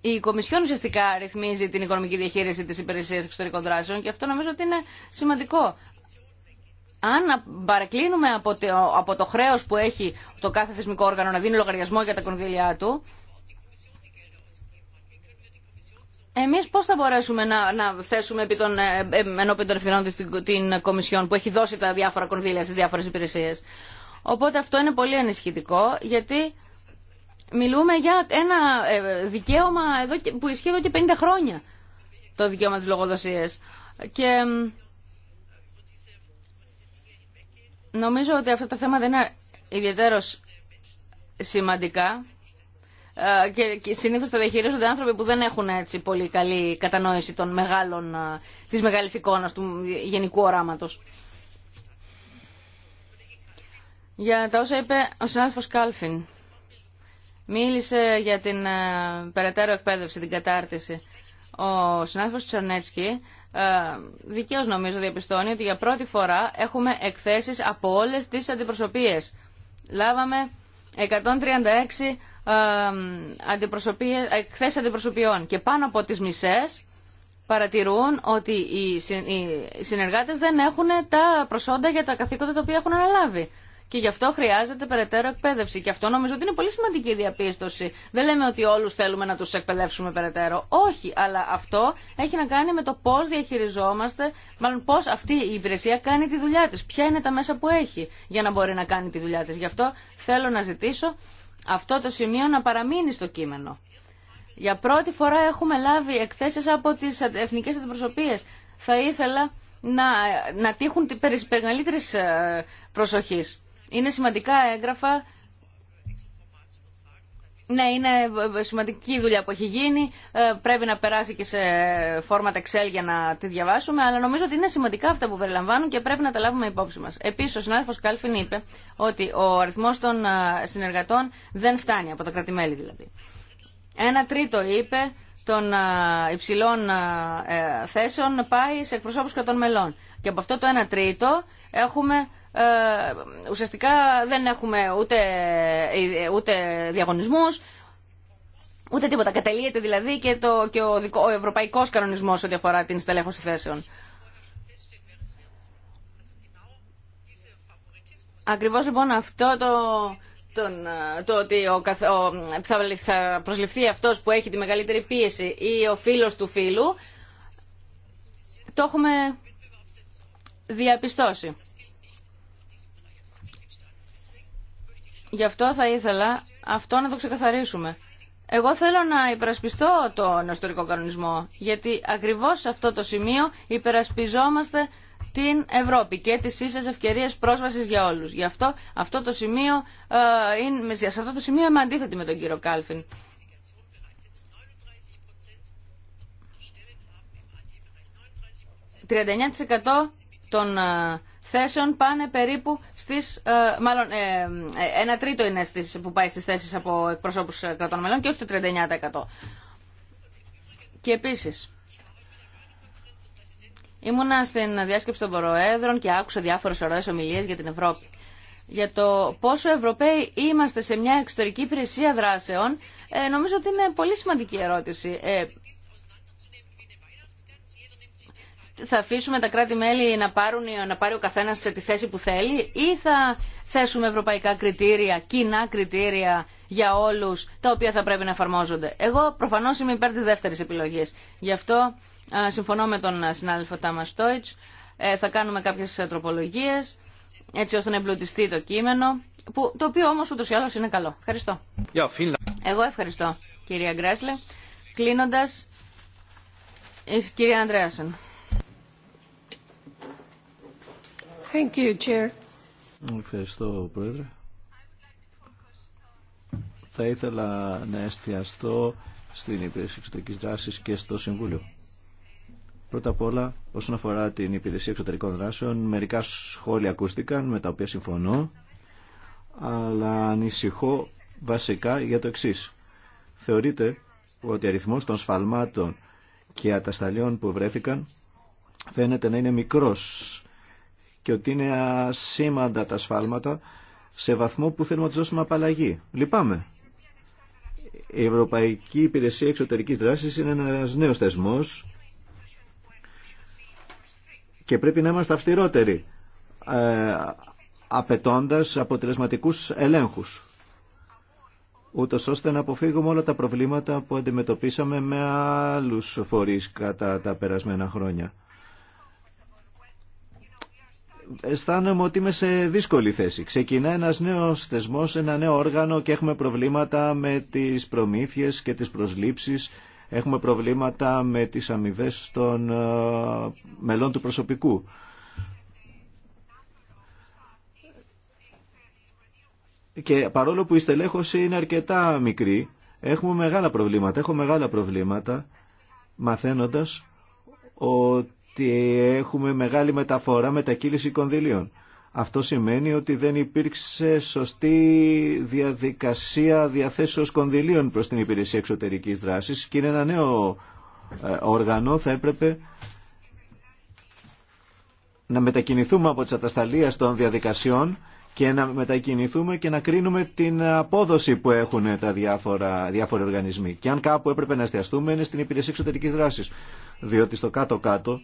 Speaker 3: Η Κομισιόν ουσιαστικά ρυθμίζει την οικονομική διαχείριση της υπηρεσίας εξωτερικών δράσεων και αυτό νομίζω ότι είναι σημαντικό αν παρεκκλίνουμε από το, χρέο χρέος που έχει το κάθε θεσμικό όργανο να δίνει λογαριασμό για τα κονδύλια του, εμείς πώς θα μπορέσουμε να, να θέσουμε επί των, ε, ε, ενώπιον ευθυνών την, Κομισιόν που έχει δώσει τα διάφορα κονδύλια στι διάφορες υπηρεσίε. Οπότε αυτό είναι πολύ ανησυχητικό γιατί μιλούμε για ένα ε, δικαίωμα εδώ, που ισχύει εδώ και 50 χρόνια το δικαίωμα της λογοδοσίας. Και Νομίζω ότι αυτά τα θέματα είναι ιδιαίτερο σημαντικά ε, και συνήθως τα διαχειρίζονται άνθρωποι που δεν έχουν έτσι πολύ καλή κατανόηση των μεγάλων, ε, της μεγάλης εικόνας του γενικού οράματος. Για τα όσα είπε ο συνάδελφος Κάλφιν. Μίλησε για την ε, περαιτέρω εκπαίδευση, την κατάρτιση. Ο συνάδελφος Τσαρνέτσκι ε, δικαίω νομίζω διαπιστώνει ότι για πρώτη φορά έχουμε εκθέσεις από όλες τις αντιπροσωπείε. Λάβαμε 136 ε, εκθέσει αντιπροσωπιών και πάνω από τις μισές παρατηρούν ότι οι συνεργάτες δεν έχουν τα προσόντα για τα καθήκοντα τα οποία έχουν αναλάβει και γι' αυτό χρειάζεται περαιτέρω εκπαίδευση. Και αυτό νομίζω ότι είναι πολύ σημαντική διαπίστωση. Δεν λέμε ότι όλου θέλουμε να του εκπαιδεύσουμε περαιτέρω. Όχι, αλλά αυτό έχει να κάνει με το πώ διαχειριζόμαστε, μάλλον πώ αυτή η υπηρεσία κάνει τη δουλειά τη. Ποια είναι τα μέσα που έχει για να μπορεί να κάνει τη δουλειά τη. Γι' αυτό θέλω να ζητήσω αυτό το σημείο να παραμείνει στο κείμενο. Για πρώτη φορά έχουμε λάβει εκθέσει από τι εθνικέ αντιπροσωπείε. Θα ήθελα να, να τύχουν μεγαλύτερη ε, προσοχής. Είναι σημαντικά έγγραφα. Ναι, είναι σημαντική η δουλειά που έχει γίνει. Ε, πρέπει να περάσει και σε φόρματα Excel για να τη διαβάσουμε. Αλλά νομίζω ότι είναι σημαντικά αυτά που περιλαμβάνουν και πρέπει να τα λάβουμε υπόψη μα. Επίση, ο συνάδελφο Κάλφιν είπε ότι ο αριθμό των ε, συνεργατών δεν φτάνει, από τα κρατημέλη δηλαδή. Ένα τρίτο είπε των ε, υψηλών θέσεων πάει σε εκπροσώπους κρατών μελών. Και από αυτό το 1 τρίτο έχουμε ε, ουσιαστικά δεν έχουμε ούτε, ούτε διαγωνισμούς, ούτε τίποτα. Κατελείεται δηλαδή και, το, και ο, δικό, ο ευρωπαϊκός κανονισμός ό,τι αφορά την στελέχωση θέσεων. Ακριβώς λοιπόν αυτό το, τον, το ότι ο, ο, θα, θα προσληφθεί αυτός που έχει τη μεγαλύτερη πίεση ή ο φίλος του φίλου, το έχουμε διαπιστώσει. Γι' αυτό θα ήθελα αυτό να το ξεκαθαρίσουμε. Εγώ θέλω να υπερασπιστώ τον ιστορικό κανονισμό, γιατί ακριβώς σε αυτό το σημείο υπερασπιζόμαστε την Ευρώπη και τις ίσες ευκαιρίες πρόσβασης για όλους. Γι' αυτό, αυτό το σημείο, ε, είναι, σε αυτό το σημείο είμαι αντίθετη με τον κύριο Κάλφιν. «39% των ε, θέσεων πάνε περίπου στις, ε, μάλλον ε, ε, ένα τρίτο είναι στις, που πάει στις θέσεις από εκπροσώπους κρατών μελών και όχι το 39%. Και επίσης, ήμουνα στην διάσκεψη των Προέδρων και άκουσα διάφορες ωραίες ομιλίες για την Ευρώπη για το πόσο Ευρωπαίοι είμαστε σε μια εξωτερική υπηρεσία δράσεων, νομίζω ότι είναι πολύ σημαντική ερώτηση. θα αφήσουμε τα κράτη-μέλη να, πάρουν, να πάρει ο καθένα σε τη θέση που θέλει ή θα θέσουμε ευρωπαϊκά κριτήρια, κοινά κριτήρια για όλου τα οποία θα πρέπει να εφαρμόζονται. Εγώ προφανώ είμαι υπέρ τη δεύτερη επιλογή. Γι' αυτό συμφωνώ με τον συνάδελφο Τάμα Στόιτ. Ε, θα κάνουμε κάποιε τροπολογίε έτσι ώστε να εμπλουτιστεί το κείμενο, το οποίο όμως ούτως ή άλλως είναι καλό. Ευχαριστώ. Εγώ ευχαριστώ, κυρία Γκρέσλε. Κλείνοντας, η κυρία κυρια γκρεσλε κλείνοντα η κυρια ανδρεασεν
Speaker 1: Ευχαριστώ, Πρόεδρε. Θα ήθελα να εστιαστώ στην υπηρεσία εξωτερική δράση και στο Συμβούλιο. Πρώτα απ' όλα, όσον αφορά την υπηρεσία εξωτερικών δράσεων, μερικά σχόλια ακούστηκαν με τα οποία συμφωνώ, αλλά ανησυχώ βασικά για το εξή. Θεωρείται ότι ο αριθμό των σφαλμάτων και ατασταλιών που βρέθηκαν φαίνεται να είναι μικρός και ότι είναι ασήμαντα τα σφάλματα σε βαθμό που θέλουμε να τους δώσουμε απαλλαγή. Λυπάμαι. Η Ευρωπαϊκή Υπηρεσία Εξωτερικής Δράσης είναι ένας νέος θεσμός και πρέπει να είμαστε αυστηρότεροι ε, απαιτώντας αποτελεσματικούς ελέγχους ούτως ώστε να αποφύγουμε όλα τα προβλήματα που αντιμετωπίσαμε με άλλους φορείς κατά τα περασμένα χρόνια αισθάνομαι ότι είμαι σε δύσκολη θέση. Ξεκινά ένας νέος θεσμό, ένα νέο όργανο και έχουμε προβλήματα με τις προμήθειε και τις προσλήψεις. Έχουμε προβλήματα με τις αμοιβέ των ε, μελών του προσωπικού. Και παρόλο που η στελέχωση είναι αρκετά μικρή, έχουμε μεγάλα προβλήματα. Έχω μεγάλα προβλήματα μαθαίνοντας ότι ότι έχουμε μεγάλη μεταφορά μετακύληση κονδυλίων. Αυτό σημαίνει ότι δεν υπήρξε σωστή διαδικασία διαθέσεως κονδυλίων προς την υπηρεσία εξωτερικής δράσης και είναι ένα νέο ε, όργανο θα έπρεπε να μετακινηθούμε από τις ατασταλίες των διαδικασιών και να μετακινηθούμε και να κρίνουμε την απόδοση που έχουν τα διάφορα, διάφοροι οργανισμοί. Και αν κάπου έπρεπε να εστιαστούμε είναι στην υπηρεσία εξωτερικής δράσης. Διότι στο κάτω-κάτω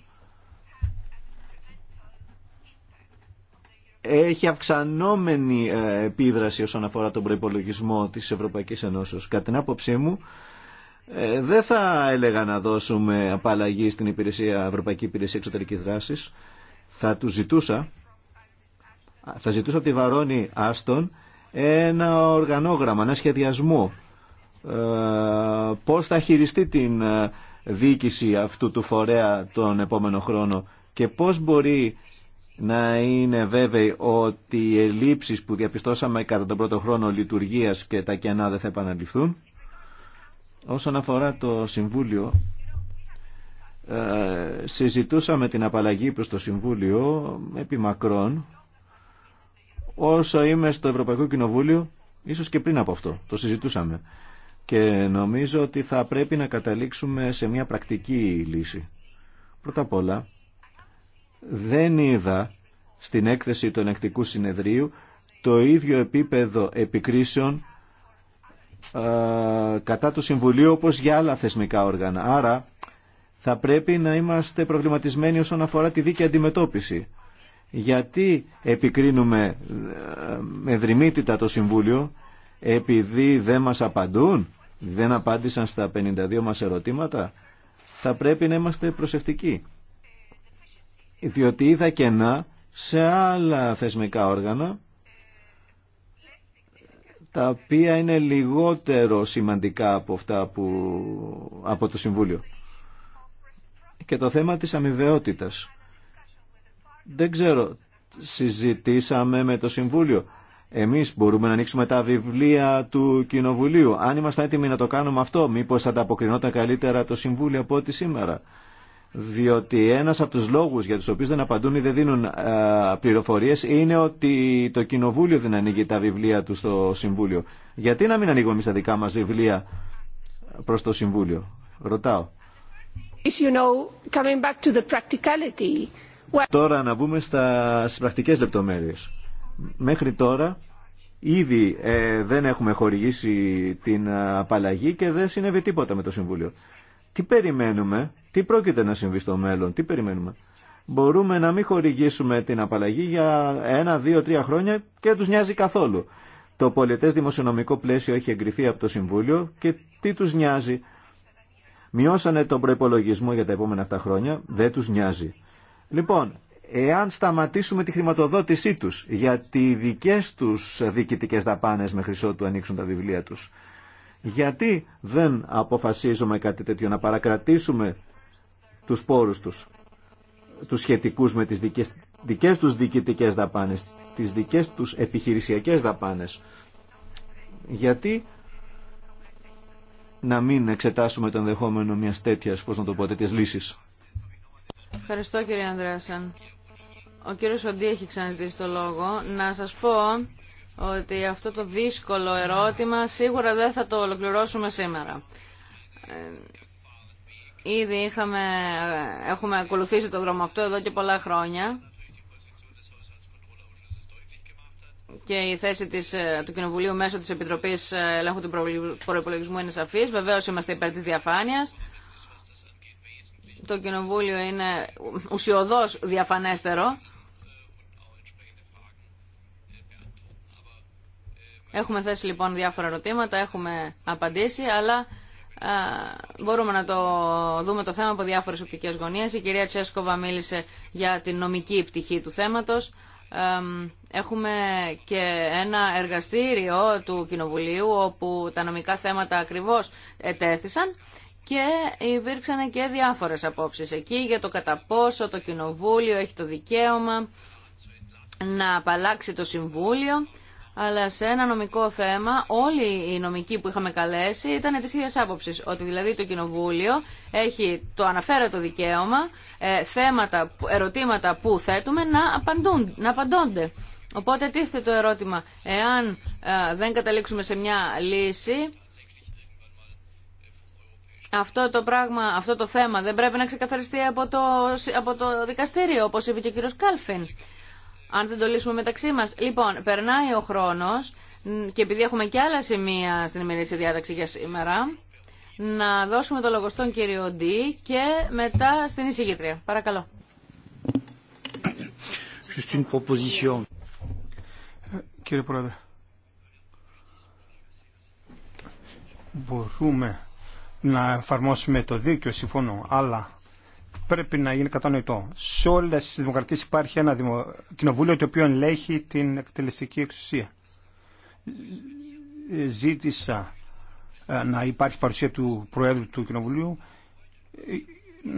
Speaker 1: έχει αυξανόμενη ε, επίδραση όσον αφορά τον προπολογισμό της Ευρωπαϊκής Ενώσεως. Κατά την άποψή μου, ε, δεν θα έλεγα να δώσουμε απαλλαγή στην υπηρεσία, Ευρωπαϊκή Υπηρεσία Εξωτερικής Δράσης. Θα του ζητούσα, θα ζητούσα από τη Βαρόνη Άστον ένα οργανόγραμμα, ένα σχεδιασμό. Ε, πώς θα χειριστεί την ε, διοίκηση αυτού του φορέα τον επόμενο χρόνο και πώς μπορεί να είναι βέβαιοι ότι οι ελλείψεις που διαπιστώσαμε κατά τον πρώτο χρόνο λειτουργίας και τα κενά δεν θα επαναληφθούν. Όσον αφορά το Συμβούλιο, ε, συζητούσαμε την απαλλαγή προς το Συμβούλιο επί μακρόν. Όσο είμαι στο Ευρωπαϊκό Κοινοβούλιο, ίσως και πριν από αυτό, το συζητούσαμε. Και νομίζω ότι θα πρέπει να καταλήξουμε σε μια πρακτική λύση. Πρώτα απ' όλα, δεν είδα στην έκθεση του ενεκτικού συνεδρίου το ίδιο επίπεδο επικρίσεων κατά του Συμβουλίου όπως για άλλα θεσμικά όργανα. Άρα θα πρέπει να είμαστε προβληματισμένοι όσον αφορά τη δίκαιη αντιμετώπιση. Γιατί επικρίνουμε ε, με δρυμύτητα το Συμβούλιο επειδή δεν μας απαντούν, δεν απάντησαν στα 52 μας ερωτήματα. Θα πρέπει να είμαστε προσεκτικοί διότι είδα κενά σε άλλα θεσμικά όργανα τα οποία είναι λιγότερο σημαντικά από αυτά που, από το Συμβούλιο. Και το θέμα της αμοιβαιότητα. Δεν ξέρω, συζητήσαμε με το Συμβούλιο. Εμείς μπορούμε να ανοίξουμε τα βιβλία του Κοινοβουλίου. Αν είμαστε έτοιμοι να το κάνουμε αυτό, μήπως θα ανταποκρινόταν καλύτερα το Συμβούλιο από ό,τι σήμερα διότι ένας από τους λόγους για τους οποίους δεν απαντούν ή δεν δίνουν ε, πληροφορίες είναι ότι το Κοινοβούλιο δεν ανοίγει τα βιβλία του στο Συμβούλιο. Γιατί να μην ανοίγουμε εμείς τα δικά μας βιβλία προς το Συμβούλιο. Ρωτάω.
Speaker 3: You know, back to the
Speaker 1: Τώρα να μπούμε στα, στις πρακτικές λεπτομέρειες. Μέχρι τώρα ήδη ε, δεν έχουμε χορηγήσει την απαλλαγή και δεν συνέβη τίποτα με το Συμβούλιο. Τι περιμένουμε τι πρόκειται να συμβεί στο μέλλον, τι περιμένουμε. Μπορούμε να μην χορηγήσουμε την απαλλαγή για ένα, δύο, τρία χρόνια και δεν τους νοιάζει καθόλου. Το πολιτές δημοσιονομικό πλαίσιο έχει εγκριθεί από το Συμβούλιο και τι τους νοιάζει. Μειώσανε τον προπολογισμό για τα επόμενα αυτά χρόνια, δεν τους νοιάζει. Λοιπόν, εάν σταματήσουμε τη χρηματοδότησή τους, γιατί οι δικές τους διοικητικές δαπάνες μέχρι ότου ανοίξουν τα βιβλία τους, γιατί δεν αποφασίζουμε κάτι τέτοιο, να παρακρατήσουμε τους πόρους τους, τους σχετικούς με τις δικές, δικές τους διοικητικές δαπάνες, τις δικές τους επιχειρησιακές δαπάνες. Γιατί να μην εξετάσουμε το ενδεχόμενο μιας τέτοιας, πώς να το πω, τέτοιας
Speaker 3: Ευχαριστώ κύριε Ανδρέασεν. Ο κύριος Σοντή έχει ξαναζητήσει το λόγο. Να σας πω ότι αυτό το δύσκολο ερώτημα σίγουρα δεν θα το ολοκληρώσουμε σήμερα. Ε, Ήδη είχαμε, έχουμε ακολουθήσει το δρόμο αυτό εδώ και πολλά χρόνια και η θέση της, ε, του Κοινοβουλίου μέσω της Επιτροπής ε, Ελέγχου του Προϋπολογισμού είναι σαφής. Βεβαίως είμαστε υπέρ της διαφάνειας. Το Κοινοβούλιο είναι ουσιοδός διαφανέστερο. Έχουμε θέσει λοιπόν διάφορα ερωτήματα, έχουμε απαντήσει, αλλά μπορούμε να το δούμε το θέμα από διάφορες οπτικές γωνίες. Η κυρία Τσέσκοβα μίλησε για την νομική πτυχή του θέματος. Έχουμε και ένα εργαστήριο του Κοινοβουλίου όπου τα νομικά θέματα ακριβώς ετέθησαν και υπήρξαν και διάφορες απόψεις εκεί για το κατά πόσο το Κοινοβούλιο έχει το δικαίωμα να απαλλάξει το Συμβούλιο αλλά σε ένα νομικό θέμα όλοι οι νομικοί που είχαμε καλέσει ήταν τη ίδια άποψη. Ότι δηλαδή το Κοινοβούλιο έχει το αναφέρετο δικαίωμα ε, θέματα, ερωτήματα που θέτουμε να, απαντούν, να απαντώνται. Οπότε τίθεται το ερώτημα, εάν ε, δεν καταλήξουμε σε μια λύση, αυτό το, πράγμα, αυτό το θέμα δεν πρέπει να ξεκαθαριστεί από το, από το δικαστήριο, όπως είπε και ο κύριος Κάλφιν αν δεν το λύσουμε μεταξύ μας. Λοιπόν, περνάει ο χρόνος και επειδή έχουμε και άλλα σημεία στην ημερήσια διάταξη για σήμερα, να δώσουμε το λόγο στον κύριο Ντί και μετά στην εισηγήτρια. Παρακαλώ.
Speaker 2: Κύριε Πρόεδρε, μπορούμε να εφαρμόσουμε το δίκαιο, συμφωνώ, αλλά πρέπει να γίνει κατανοητό. Σε όλε τι δημοκρατίε υπάρχει ένα κοινοβούλιο το οποίο ελέγχει την εκτελεστική εξουσία. Ζήτησα ε, να υπάρχει παρουσία του Προέδρου του Κοινοβουλίου. Ε,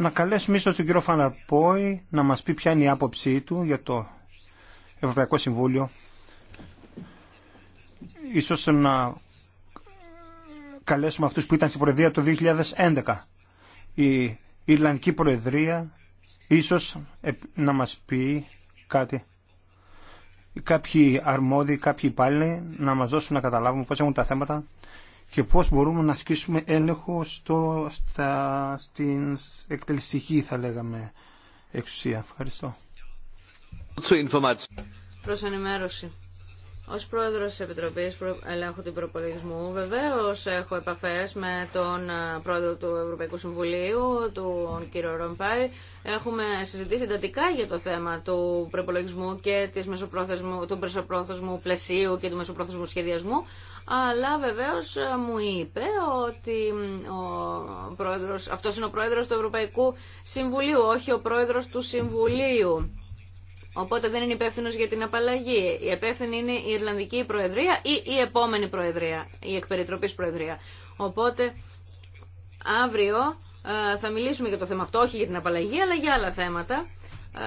Speaker 2: να καλέσουμε ίσω τον κύριο Φαναρπόη να μα πει ποια είναι η άποψή του για το Ευρωπαϊκό Συμβούλιο. Ίσως να καλέσουμε αυτούς που ήταν στην Προεδρία το 2011. Η η Ιρλανδική Προεδρία ίσως ε, να μας πει κάτι. Κάποιοι αρμόδιοι, κάποιοι υπάλληλοι να μας δώσουν να καταλάβουμε πώς έχουν τα θέματα και πώς μπορούμε να ασκήσουμε έλεγχο στο, στην εκτελεστική θα λέγαμε εξουσία. Ευχαριστώ.
Speaker 3: Προς ενημέρωση. Ω πρόεδρο τη Επιτροπή Ελέγχου του Προπολογισμού, βεβαίω έχω επαφέ με τον πρόεδρο του Ευρωπαϊκού Συμβουλίου, τον κύριο Ρομπάη. Έχουμε συζητήσει εντατικά για το θέμα του προπολογισμού και της μεσοπρόθεσμου, του μεσοπρόθεσμου πλαισίου και του μεσοπρόθεσμου σχεδιασμού. Αλλά βεβαίω μου είπε ότι ο αυτός είναι ο πρόεδρο του Ευρωπαϊκού Συμβουλίου, όχι ο πρόεδρο του Συμβουλίου. Οπότε δεν είναι υπεύθυνο για την απαλλαγή. Η υπεύθυνη είναι η Ιρλανδική Προεδρία ή η επόμενη Προεδρία, η εκπεριτροπή Προεδρία. Οπότε αύριο ε, θα μιλήσουμε για το θέμα αυτό, όχι για την απαλλαγή, αλλά για άλλα θέματα. Ε,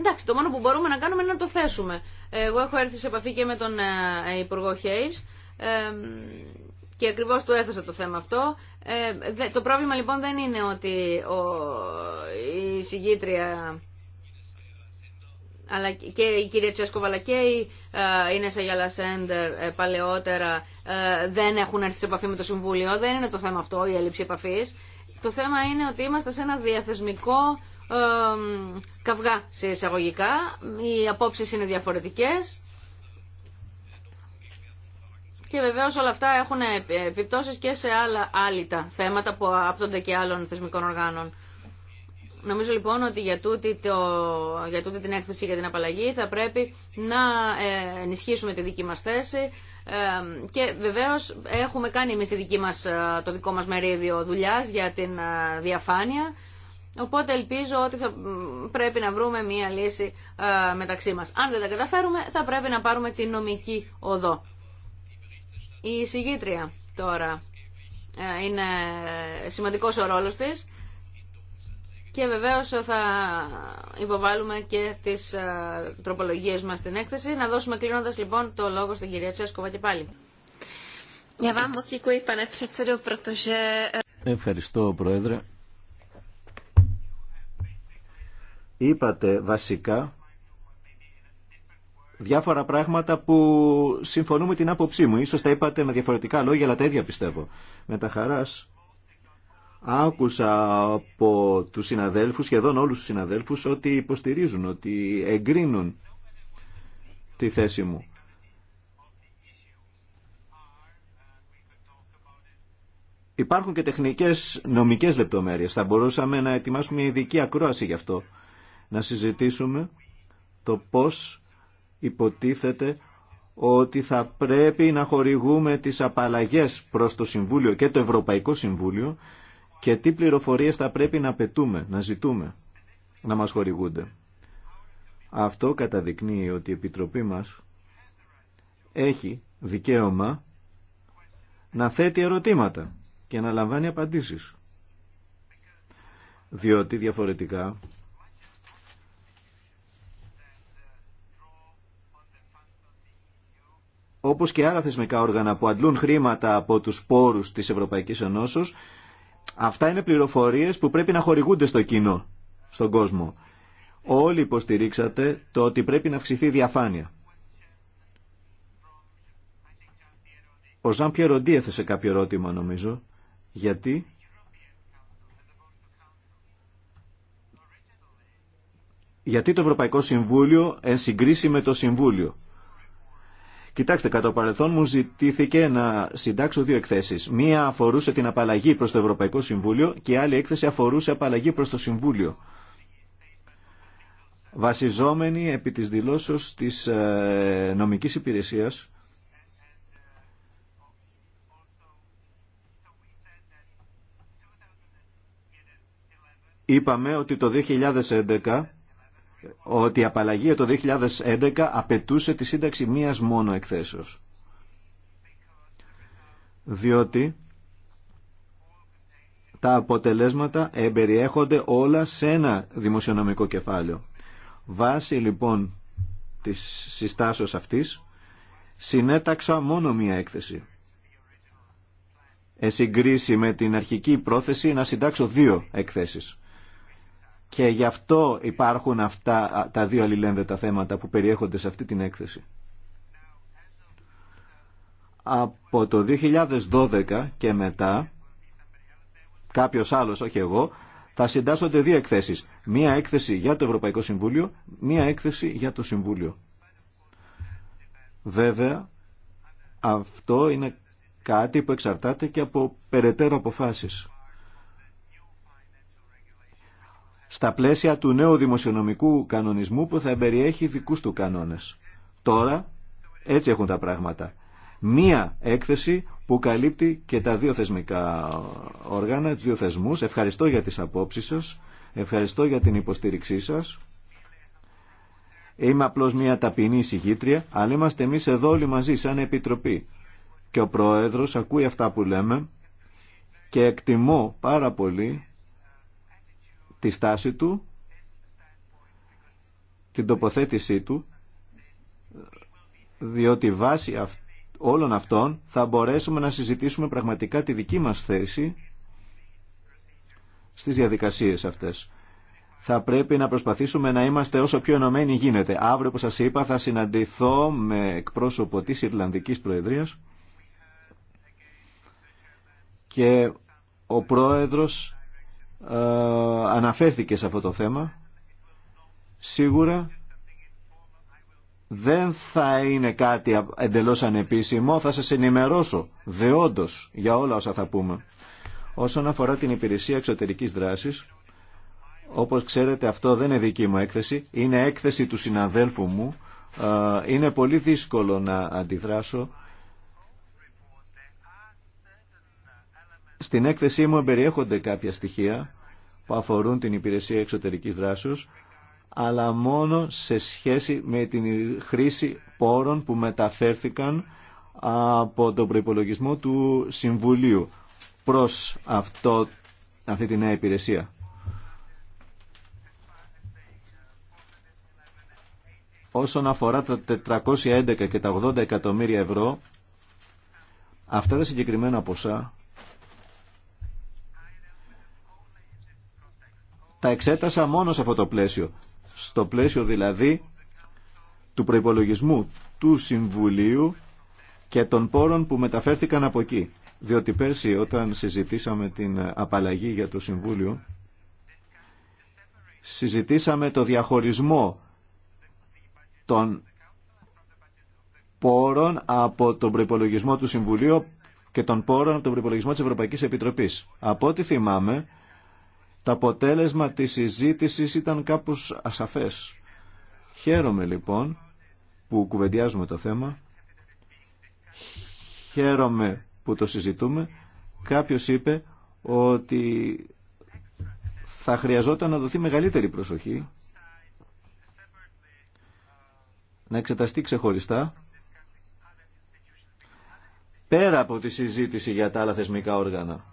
Speaker 3: εντάξει, το μόνο που μπορούμε να κάνουμε είναι να το θέσουμε. Εγώ έχω έρθει σε επαφή και με τον ε, Υπουργό Χέι. ε, και ακριβώς του έθεσα το θέμα αυτό. Ε, το πρόβλημα λοιπόν δεν είναι ότι ο, η συγκήτρια αλλά και η κυρία Τσέσκοβα αλλά και η Ίνεσα ε, Γιαλασέντερ ε, παλαιότερα ε, δεν έχουν έρθει σε επαφή με το Συμβούλιο. Δεν είναι το θέμα αυτό η έλλειψη επαφή. Το θέμα είναι ότι είμαστε σε ένα διαθεσμικό ε, καυγά σε εισαγωγικά. Οι απόψει είναι διαφορετικέ. Και βεβαίω όλα αυτά έχουν επιπτώσει και σε άλλα άλυτα θέματα που απτώνται και άλλων θεσμικών οργάνων. Νομίζω λοιπόν ότι για τούτη, το, για την έκθεση για την απαλλαγή θα πρέπει να ε, ενισχύσουμε τη δική μας θέση ε, και βεβαίως έχουμε κάνει εμείς τη δική μας, ε, το δικό μας μερίδιο δουλειάς για την διαφάνεια οπότε ελπίζω ότι θα πρέπει να βρούμε μία λύση μεταξύ μας. Αν δεν τα καταφέρουμε θα πρέπει να πάρουμε την νομική οδό. Η συγγήτρια τώρα είναι σημαντικός ο ρόλος της και βεβαίω θα υποβάλουμε και τις ε, τροπολογίες μας στην έκθεση. Να δώσουμε κλείνοντα λοιπόν το λόγο στην κυρία Τσέσκοβα και πάλι.
Speaker 1: Ε, Ευχαριστώ Πρόεδρε. Είπατε βασικά διάφορα πράγματα που συμφωνούμε την άποψή μου. Ίσως τα είπατε με διαφορετικά λόγια, αλλά τα ίδια πιστεύω. Με τα χαράς Άκουσα από τους συναδέλφους, σχεδόν όλους τους συναδέλφους, ότι υποστηρίζουν, ότι εγκρίνουν τη θέση μου. Υπάρχουν και τεχνικές νομικές λεπτομέρειες. Θα μπορούσαμε να ετοιμάσουμε ειδική ακρόαση γι' αυτό. Να συζητήσουμε το πώς υποτίθεται ότι θα πρέπει να χορηγούμε τις απαλλαγές προς το Συμβούλιο και το Ευρωπαϊκό Συμβούλιο και τι πληροφορίες θα πρέπει να πετούμε, να ζητούμε, να μας χορηγούνται. Αυτό καταδεικνύει ότι η Επιτροπή μας έχει δικαίωμα να θέτει ερωτήματα και να λαμβάνει απαντήσεις. Διότι διαφορετικά όπως και άλλα θεσμικά όργανα που αντλούν χρήματα από τους πόρους της Ευρωπαϊκής Ενώσεως Αυτά είναι πληροφορίες που πρέπει να χορηγούνται στο κοινό, στον κόσμο. Όλοι υποστηρίξατε το ότι πρέπει να αυξηθεί η διαφάνεια. Ο Ζαν έθεσε κάποιο ερώτημα νομίζω. Γιατί Γιατί το Ευρωπαϊκό Συμβούλιο εν συγκρίση με το Συμβούλιο Κοιτάξτε, κατά παρελθόν μου ζητήθηκε να συντάξω δύο εκθέσει. Μία αφορούσε την απαλλαγή προ το Ευρωπαϊκό Συμβούλιο και η άλλη έκθεση αφορούσε απαλλαγή προ το Συμβούλιο. Βασιζόμενη επί της δηλώσεως της ε, νομικής υπηρεσίας είπαμε ότι το 2011 ότι η απαλλαγή το 2011 απαιτούσε τη σύνταξη μίας μόνο εκθέσεως. Διότι τα αποτελέσματα εμπεριέχονται όλα σε ένα δημοσιονομικό κεφάλαιο. Βάσει λοιπόν της συστάσεως αυτής, συνέταξα μόνο μία έκθεση. Εσυγκρίση με την αρχική πρόθεση να συντάξω δύο εκθέσεις. Και γι' αυτό υπάρχουν αυτά τα δύο αλληλένδετα θέματα που περιέχονται σε αυτή την έκθεση. Από το 2012 και μετά, κάποιος άλλος, όχι εγώ, θα συντάσσονται δύο εκθέσεις. Μία έκθεση για το Ευρωπαϊκό Συμβούλιο, μία έκθεση για το Συμβούλιο. Βέβαια, αυτό είναι κάτι που εξαρτάται και από περαιτέρω αποφάσεις. στα πλαίσια του νέου δημοσιονομικού κανονισμού που θα εμπεριέχει δικούς του κανόνες. Τώρα έτσι έχουν τα πράγματα. Μία έκθεση που καλύπτει και τα δύο θεσμικά όργανα, τους δύο θεσμούς. Ευχαριστώ για τις απόψεις σας, ευχαριστώ για την υποστήριξή σας. Είμαι απλώς μια ταπεινή συγγήτρια, αλλά είμαστε εμείς εδώ όλοι μαζί σαν επιτροπή. Και ο Πρόεδρος ακούει αυτά που λέμε και εκτιμώ πάρα πολύ τη στάση του, την τοποθέτησή του, διότι βάσει όλων αυτών θα μπορέσουμε να συζητήσουμε πραγματικά τη δική μας θέση στις διαδικασίες αυτές. Θα πρέπει να προσπαθήσουμε να είμαστε όσο πιο ενωμένοι γίνεται. Αύριο, όπως σας είπα, θα συναντηθώ με εκπρόσωπο της Ιρλανδικής Προεδρίας και ο πρόεδρος ε, αναφέρθηκε σε αυτό το θέμα. Σίγουρα δεν θα είναι κάτι εντελώς ανεπίσημο, θα σας ενημερώσω δεόντως για όλα όσα θα πούμε. Όσον αφορά την υπηρεσία εξωτερικής δράσης, όπως ξέρετε αυτό δεν είναι δική μου έκθεση, είναι έκθεση του συναδέλφου μου, ε, είναι πολύ δύσκολο να αντιδράσω Στην έκθεσή μου εμπεριέχονται κάποια στοιχεία που αφορούν την υπηρεσία εξωτερικής δράσεως, αλλά μόνο σε σχέση με την χρήση πόρων που μεταφέρθηκαν από τον προϋπολογισμό του Συμβουλίου προς αυτό, αυτή τη νέα υπηρεσία. Όσον αφορά τα 411 και τα 80 εκατομμύρια ευρώ, αυτά τα συγκεκριμένα ποσά τα εξέτασα μόνο σε αυτό το πλαίσιο. Στο πλαίσιο δηλαδή του προϋπολογισμού του Συμβουλίου και των πόρων που μεταφέρθηκαν από εκεί. Διότι πέρσι όταν συζητήσαμε την απαλλαγή για το Συμβούλιο, συζητήσαμε το διαχωρισμό των πόρων από τον προϋπολογισμό του Συμβουλίου και των πόρων από τον προϋπολογισμό της Ευρωπαϊκής Επιτροπής. Από ό,τι θυμάμαι, το αποτέλεσμα της συζήτησης ήταν κάπως ασαφές. Χαίρομαι λοιπόν που κουβεντιάζουμε το θέμα. Χαίρομαι που το συζητούμε. Κάποιος είπε ότι θα χρειαζόταν να δοθεί μεγαλύτερη προσοχή, να εξεταστεί ξεχωριστά, πέρα από τη συζήτηση για τα άλλα θεσμικά όργανα.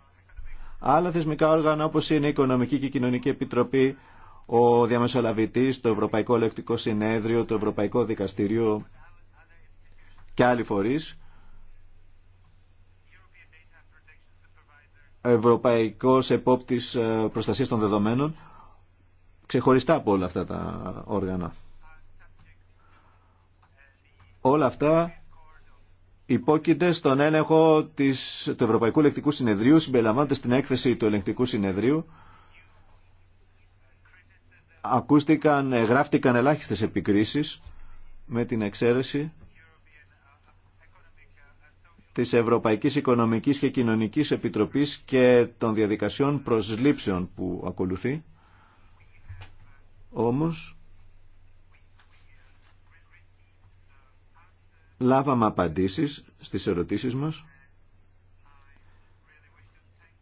Speaker 1: Άλλα θεσμικά όργανα όπως είναι η Οικονομική και Κοινωνική Επιτροπή, ο Διαμεσολαβητής, το Ευρωπαϊκό Λεκτικό Συνέδριο, το Ευρωπαϊκό Δικαστήριο και άλλοι φορείς. Ευρωπαϊκός Επόπτης ε, Προστασίας των Δεδομένων, ξεχωριστά από όλα αυτά τα όργανα. Όλα αυτά υπόκειται στον έλεγχο της, του Ευρωπαϊκού Ελεκτικού Συνεδρίου, συμπεριλαμβάνονται στην έκθεση του Ελεκτικού Συνεδρίου. Ακούστηκαν, ε, γράφτηκαν ελάχιστες επικρίσεις με την εξαίρεση της Ευρωπαϊκής Οικονομικής και Κοινωνικής Επιτροπής και των διαδικασιών προσλήψεων που ακολουθεί. Όμως, λάβαμε απαντήσεις στις ερωτήσεις μας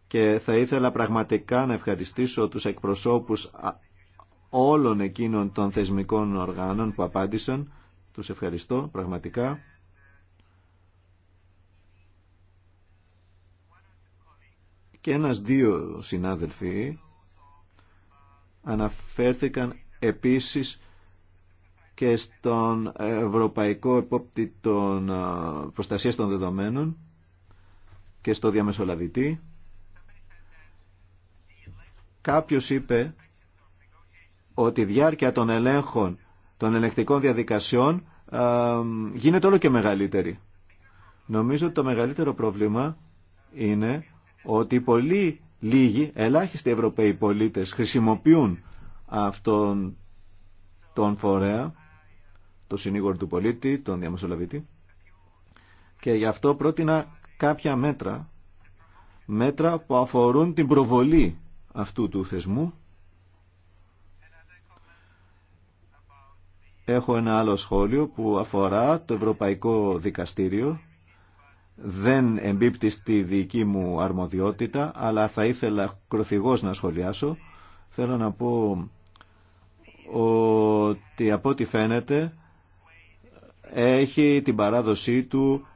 Speaker 1: και θα ήθελα πραγματικά να ευχαριστήσω τους εκπροσώπους όλων εκείνων των θεσμικών οργάνων που απάντησαν. Τους ευχαριστώ πραγματικά. Και ένας δύο συνάδελφοι αναφέρθηκαν επίσης και στον Ευρωπαϊκό Επόπτη των Προστασίας των Δεδομένων και στο διαμεσολαβητή. Κάποιος είπε ότι η διάρκεια των ελέγχων των ελεγκτικών διαδικασιών γίνεται όλο και μεγαλύτερη. Νομίζω ότι το μεγαλύτερο πρόβλημα είναι ότι πολλοί λίγοι, ελάχιστοι Ευρωπαίοι πολίτες χρησιμοποιούν αυτόν τον φορέα το συνήγορο του πολίτη, τον διαμεσολαβητή. Και γι' αυτό πρότεινα κάποια μέτρα, μέτρα που αφορούν την προβολή αυτού του θεσμού. Έχω ένα άλλο σχόλιο που αφορά το Ευρωπαϊκό Δικαστήριο. Δεν εμπίπτει στη δική μου αρμοδιότητα, αλλά θα ήθελα κροθυγός να σχολιάσω. Θέλω να πω ότι από ό,τι φαίνεται έχει την παράδοσή του,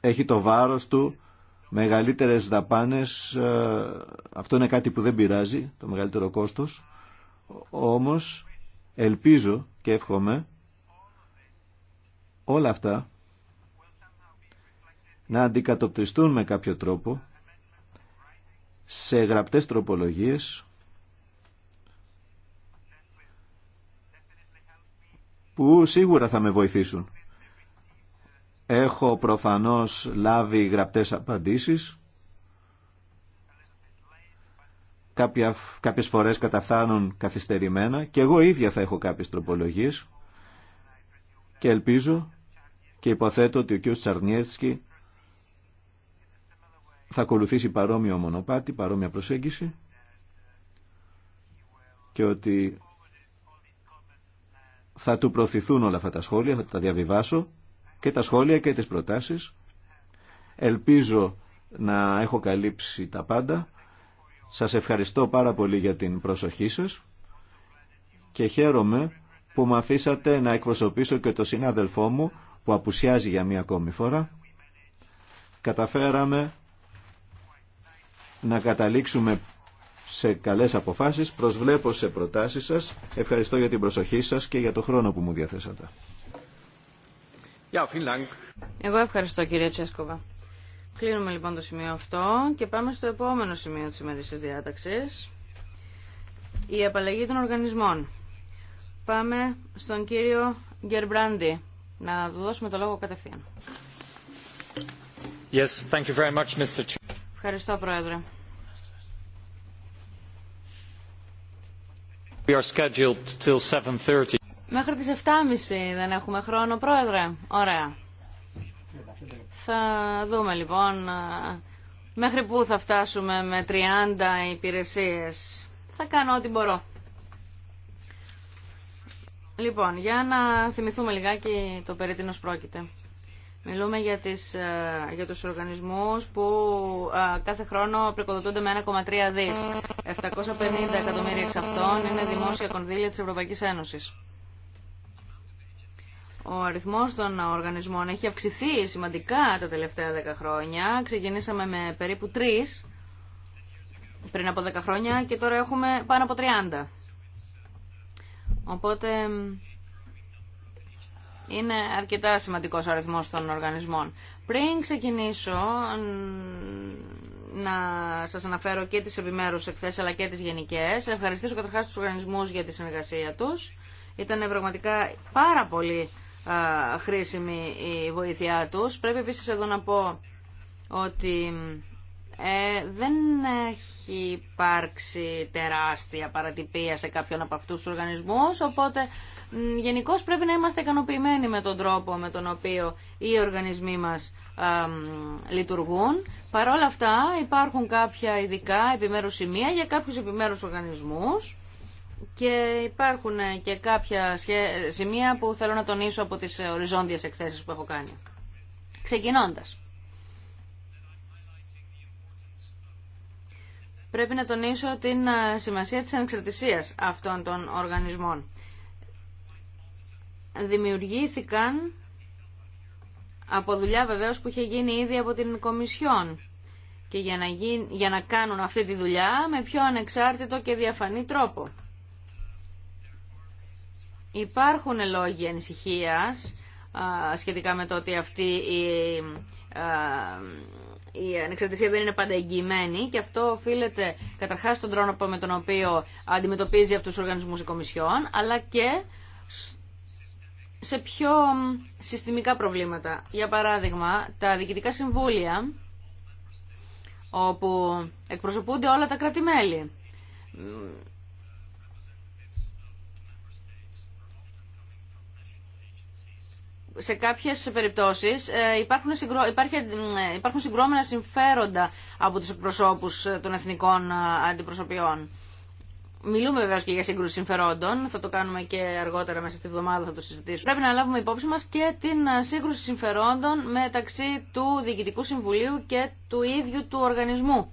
Speaker 1: έχει το βάρος του, μεγαλύτερες δαπάνες, αυτό είναι κάτι που δεν πειράζει, το μεγαλύτερο κόστος, όμως ελπίζω και εύχομαι όλα αυτά να αντικατοπτριστούν με κάποιο τρόπο σε γραπτές τροπολογίες που σίγουρα θα με βοηθήσουν. Έχω προφανώς λάβει γραπτές απαντήσεις. Κάποια, κάποιες φορές καταφθάνουν καθυστερημένα και εγώ ίδια θα έχω κάποιες τροπολογίες και ελπίζω και υποθέτω ότι ο κ. Τσαρνιέτσκι θα ακολουθήσει παρόμοιο μονοπάτι, παρόμοια προσέγγιση και ότι θα του προωθηθούν όλα αυτά τα σχόλια, θα τα διαβιβάσω και τα σχόλια και τις προτάσεις. Ελπίζω να έχω καλύψει τα πάντα. Σας ευχαριστώ πάρα πολύ για την προσοχή σας και χαίρομαι που με αφήσατε να εκπροσωπήσω και το συνάδελφό μου που απουσιάζει για μία ακόμη φορά. Καταφέραμε να καταλήξουμε σε καλές αποφάσεις. Προσβλέπω σε προτάσεις σας. Ευχαριστώ για την προσοχή σας και για το χρόνο που μου διαθέσατε.
Speaker 3: Εγώ ευχαριστώ κύριε Τσέσκοβα. Κλείνουμε λοιπόν το σημείο αυτό και πάμε στο επόμενο σημείο της σημερινής διάταξης. Η απαλλαγή των οργανισμών. Πάμε στον κύριο Γκερμπράντι. Να του δώσουμε το λόγο κατευθείαν.
Speaker 2: Yes, thank you very much, Mr.
Speaker 3: Ευχαριστώ, Πρόεδρε. Μέχρι τις 7.30 δεν έχουμε χρόνο, Πρόεδρε. Ωραία. Θα δούμε λοιπόν μέχρι πού θα φτάσουμε με 30 υπηρεσίες. Θα κάνω ό,τι μπορώ. Λοιπόν, για να θυμηθούμε λιγάκι το περί πρόκειται. Μιλούμε για, τις, ε, για τους οργανισμούς που ε, κάθε χρόνο πρικοδοτούνται με 1,3 δις. 750 εκατομμύρια εξ αυτών είναι δημόσια κονδύλια της Ευρωπαϊκής Ένωσης. Ο αριθμός των οργανισμών έχει αυξηθεί σημαντικά τα τελευταία 10 χρόνια. Ξεκινήσαμε με περίπου 3 πριν από 10 χρόνια και τώρα έχουμε πάνω από 30. Οπότε είναι αρκετά σημαντικός ο αριθμός των οργανισμών. Πριν ξεκινήσω να σας αναφέρω και τις επιμέρους εκθέσεις αλλά και τις γενικές, ευχαριστήσω καταρχάς τους οργανισμούς για τη συνεργασία τους. Ήταν πραγματικά πάρα πολύ χρήσιμη η βοήθειά τους. Πρέπει επίσης εδώ να πω ότι ε, δεν έχει υπάρξει τεράστια παρατυπία σε κάποιον από αυτούς τους οργανισμούς, οπότε Γενικώ πρέπει να είμαστε ικανοποιημένοι με τον τρόπο με τον οποίο οι οργανισμοί μας λειτουργούν. Παρ' όλα αυτά υπάρχουν κάποια ειδικά επιμέρου σημεία για κάποιου επιμέρους οργανισμούς και υπάρχουν ε, και κάποια σημεία που θέλω να τονίσω από τις ε, οριζόντιες εκθέσεις που έχω κάνει. Ξεκινώντας. Πρέπει να τονίσω την ε, σημασία της ανεξαρτησίας αυτών των οργανισμών δημιουργήθηκαν από δουλειά βεβαίως που είχε γίνει ήδη από την Κομισιόν και για να, για να κάνουν αυτή τη δουλειά με πιο ανεξάρτητο και διαφανή τρόπο. Υπάρχουν λόγοι ανησυχίας α, σχετικά με το ότι αυτή η, α, η ανεξαρτησία δεν είναι πάντα εγγυημένη και αυτό οφείλεται καταρχάς στον τρόπο με τον οποίο αντιμετωπίζει αυτούς τους οργανισμούς η Κομισιόν αλλά και σε πιο συστημικά προβλήματα. Για παράδειγμα, τα διοικητικά συμβούλια, όπου εκπροσωπούνται όλα τα κράτη-μέλη. σε κάποιες περιπτώσεις ε, υπάρχουν, συγκρό... Ε, υπάρχουν συγκρόμενα συμφέροντα από τους εκπροσώπους των εθνικών ε, αντιπροσωπιών. Μιλούμε βεβαίω και για σύγκρουση συμφερόντων. Θα το κάνουμε και αργότερα μέσα στη βδομάδα, θα το συζητήσουμε. Πρέπει να λάβουμε υπόψη μα και την σύγκρουση συμφερόντων μεταξύ του Διοικητικού Συμβουλίου και του ίδιου του οργανισμού.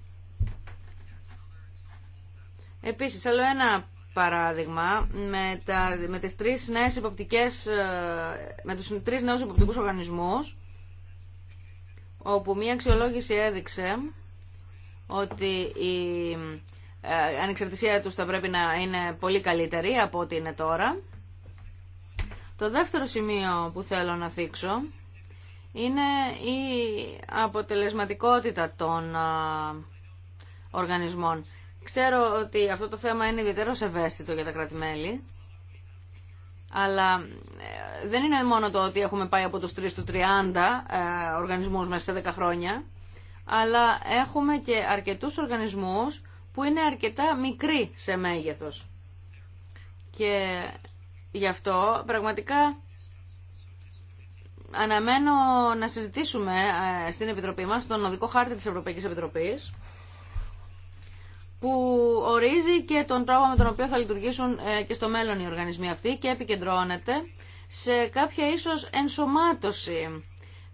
Speaker 3: Επίσης, άλλο ένα παράδειγμα, με, τα, με τις τρεις νέες υποπτικές, με τους τρεις νέους υποπτικούς οργανισμούς, όπου μία αξιολόγηση έδειξε ότι η ε, ανεξαρτησία τους θα πρέπει να είναι πολύ καλύτερη από ό,τι είναι τώρα. Το δεύτερο σημείο που θέλω να θίξω είναι η αποτελεσματικότητα των οργανισμών. Ξέρω ότι αυτό το θέμα είναι ιδιαίτερο ευαίσθητο για τα κρατη αλλά ε, δεν είναι μόνο το ότι έχουμε πάει από τους 3 του 30 ε, οργανισμούς μέσα σε 10 χρόνια, αλλά έχουμε και αρκετούς οργανισμούς που είναι αρκετά μικρή σε μέγεθος. Και γι' αυτό πραγματικά αναμένω να συζητήσουμε ε, στην Επιτροπή μας τον οδικό χάρτη της Ευρωπαϊκής Επιτροπής που ορίζει και τον τρόπο με τον οποίο θα λειτουργήσουν ε, και στο μέλλον οι οργανισμοί αυτοί και επικεντρώνεται σε κάποια ίσως ενσωμάτωση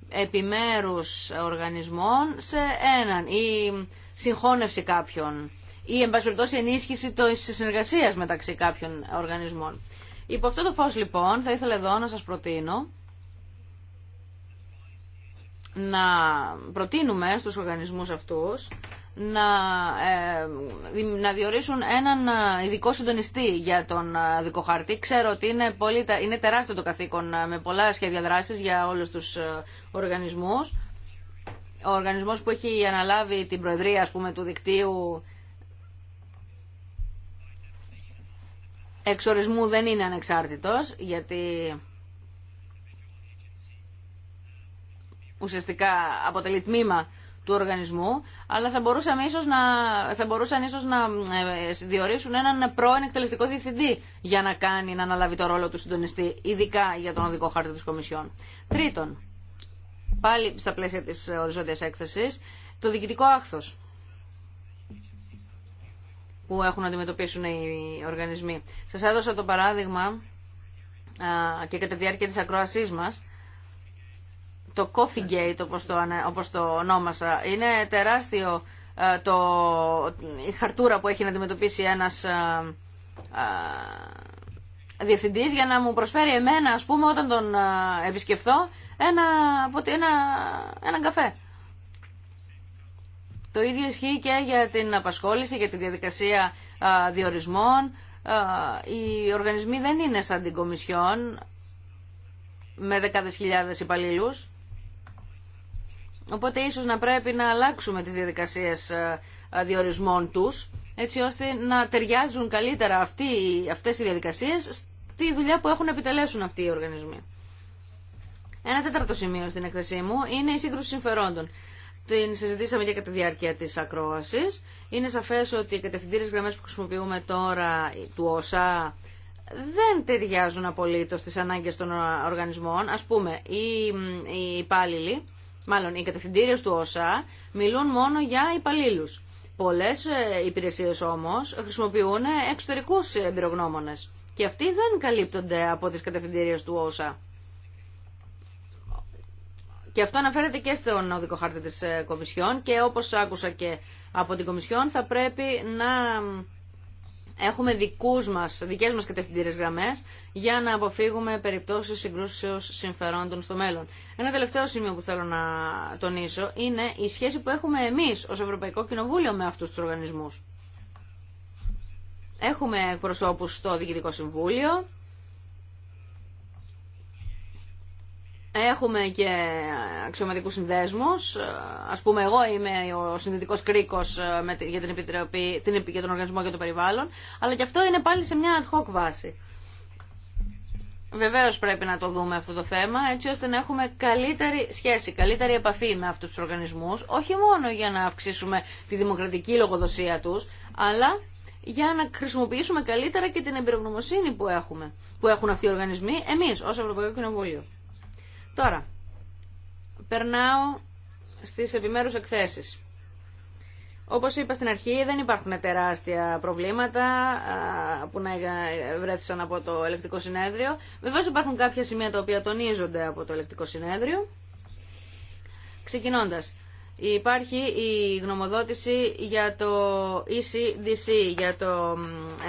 Speaker 3: επιμέρους οργανισμών σε έναν ή συγχώνευση κάποιων ή εν πάση ενίσχυση τη συνεργασία μεταξύ κάποιων οργανισμών. Υπό αυτό το φως λοιπόν θα ήθελα εδώ να σα προτείνω να προτείνουμε στους οργανισμούς αυτούς να, ε, διορίσουν έναν ε, ειδικό συντονιστή για τον ε, δικό χάρτη. Ξέρω ότι είναι, πολύ, είναι τεράστιο το καθήκον με πολλά σχέδια δράσης για όλους τους οργανισμούς. Ο οργανισμός που έχει αναλάβει την προεδρία ας πούμε, του δικτύου εξορισμού δεν είναι ανεξάρτητος, γιατί ουσιαστικά αποτελεί τμήμα του οργανισμού, αλλά θα, ίσως να, θα μπορούσαν ίσως να ε, διορίσουν έναν πρώην εκτελεστικό διευθυντή για να κάνει να αναλάβει το ρόλο του συντονιστή, ειδικά για τον οδικό χάρτη της Κομισιόν. Τρίτον, πάλι στα πλαίσια της οριζόντιας έκθεσης, το διοικητικό άχθος που έχουν να αντιμετωπίσουν οι οργανισμοί. Σας έδωσα το παράδειγμα και κατά τη διάρκεια της ακρόασής μας, το Coffee Gate, όπως το, όπως το ονόμασα, είναι τεράστιο το, η χαρτούρα που έχει να αντιμετωπίσει ένας διευθυντής για να μου προσφέρει εμένα, ας πούμε, όταν τον επισκεφθώ, ένα, ένα, έναν καφέ. Το ίδιο ισχύει και για την απασχόληση, για τη διαδικασία διορισμών. Οι οργανισμοί δεν είναι σαν την Κομισιόν με δεκάδες χιλιάδες υπαλλήλους. Οπότε ίσως να πρέπει να αλλάξουμε τις διαδικασίες διορισμών τους, έτσι ώστε να ταιριάζουν καλύτερα αυτοί, αυτές οι διαδικασίες στη δουλειά που έχουν επιτελέσουν αυτοί οι οργανισμοί. Ένα τέταρτο σημείο στην έκθεσή μου είναι η σύγκρουση συμφερόντων την συζητήσαμε και κατά τη διάρκεια της ακρόασης. Είναι σαφές ότι οι κατευθυντήρες γραμμές που χρησιμοποιούμε τώρα του ΩΣΑ δεν ταιριάζουν απολύτως στις ανάγκες των οργανισμών. Ας πούμε, οι, οι υπάλληλοι, μάλλον οι κατευθυντήρες του ΩΣΑ, μιλούν μόνο για υπαλλήλου. Πολλές ε, υπηρεσίες όμως χρησιμοποιούν ε, εξωτερικούς εμπειρογνώμονες και αυτοί δεν καλύπτονται από τις κατευθυντήριες του ΩΣΑ. Και αυτό αναφέρεται και στον οδικό χάρτη της ε, Κομισιόν και όπως άκουσα και από την Κομισιόν θα πρέπει να έχουμε δικούς μας, δικές μας κατευθυντήρες γραμμές για να αποφύγουμε περιπτώσεις συγκρούσεως συμφερόντων στο μέλλον. Ένα τελευταίο σημείο που θέλω να τονίσω είναι η σχέση που έχουμε εμείς ως Ευρωπαϊκό Κοινοβούλιο με αυτούς τους οργανισμούς. Έχουμε εκπροσώπους στο Διοικητικό Συμβούλιο, Έχουμε και αξιωματικού συνδέσμου. Α πούμε, εγώ είμαι ο συνδετικό κρίκο ε, για την Επιτροπή, για τον Οργανισμό για το Περιβάλλον. Αλλά και αυτό είναι πάλι σε μια ad hoc βάση. Βεβαίω πρέπει να το δούμε αυτό το θέμα, έτσι ώστε να έχουμε καλύτερη σχέση, καλύτερη επαφή με αυτού του οργανισμού, όχι μόνο για να αυξήσουμε τη δημοκρατική λογοδοσία του, αλλά για να χρησιμοποιήσουμε καλύτερα και την εμπειρογνωμοσύνη που, που έχουν αυτοί οι οργανισμοί εμεί ω Ευρωπαϊκό Κοινοβούλιο. Τώρα, περνάω στις επιμέρους εκθέσεις. Όπως είπα στην αρχή, δεν υπάρχουν τεράστια προβλήματα που να βρέθησαν από το ελεκτικό συνέδριο. Βεβαίως υπάρχουν κάποια σημεία τα οποία τονίζονται από το ελεκτικό συνέδριο. Ξεκινώντας, υπάρχει η γνωμοδότηση για το ECDC, για το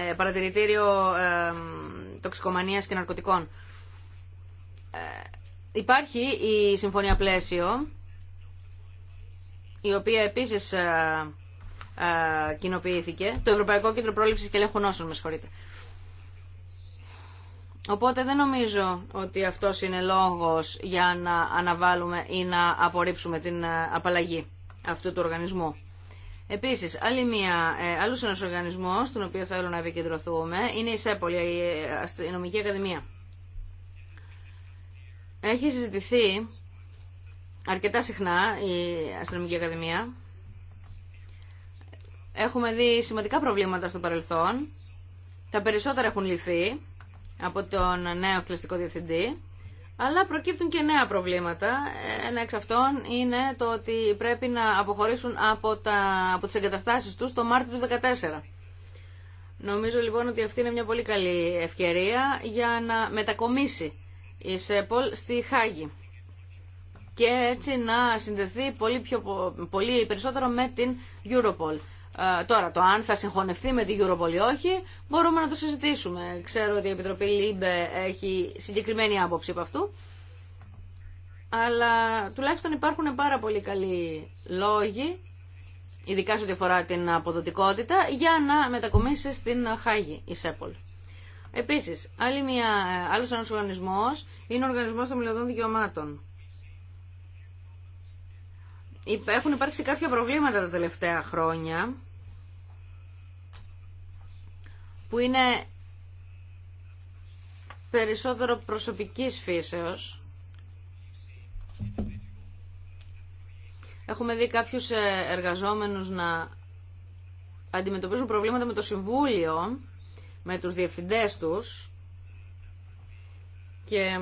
Speaker 3: ε, παρατηρητήριο ε, τοξικομανίας και ναρκωτικών ε, Υπάρχει η Συμφωνία Πλαίσιο, η οποία επίσης ε, ε, κοινοποιήθηκε, το Ευρωπαϊκό Κέντρο Πρόληψης και Ελέγχου Νόσων, με συγχωρείτε. Οπότε δεν νομίζω ότι αυτό είναι λόγος για να αναβάλουμε ή να απορρίψουμε την ε, απαλλαγή αυτού του οργανισμού. Επίσης, άλλη μία, άλλος ένας οργανισμός, στον οποίο θέλω να επικεντρωθούμε, είναι η ΣΕΠΟΛ, η Αστυνομική Ακαδημία. Έχει συζητηθεί αρκετά συχνά η Αστυνομική Ακαδημία. Έχουμε δει σημαντικά προβλήματα στο παρελθόν. Τα περισσότερα έχουν λυθεί από τον νέο κλειστικό διευθυντή. Αλλά προκύπτουν και νέα προβλήματα. Ένα εξ αυτών είναι το ότι πρέπει να αποχωρήσουν από, τα, από τις εγκαταστάσεις τους το Μάρτιο του 2014. Νομίζω λοιπόν ότι αυτή είναι μια πολύ καλή ευκαιρία για να μετακομίσει η ΣΕΠΟΛ στη Χάγη και έτσι να συνδεθεί πολύ, πιο, πολύ περισσότερο με την Europol. τώρα, το αν θα συγχωνευτεί με την Europol ή όχι, μπορούμε να το συζητήσουμε. Ξέρω ότι η Επιτροπή ΛΥΜΠΕ έχει συγκεκριμένη άποψη από αυτού. Αλλά τουλάχιστον υπάρχουν πάρα πολύ καλοί λόγοι, ειδικά σε ό,τι αφορά την αποδοτικότητα, για να μετακομίσει στην Χάγη η ΣΕΠΟΛ. Επίσης, άλλη μια, άλλος ένας οργανισμός είναι ο Οργανισμός των Μιλωδών Δικαιωμάτων. Έχουν υπάρξει κάποια προβλήματα τα τελευταία χρόνια που είναι περισσότερο προσωπικής φύσεως. Έχουμε δει κάποιους ε, εργαζόμενους να αντιμετωπίζουν προβλήματα με το Συμβούλιο, με τους διευθυντές τους, και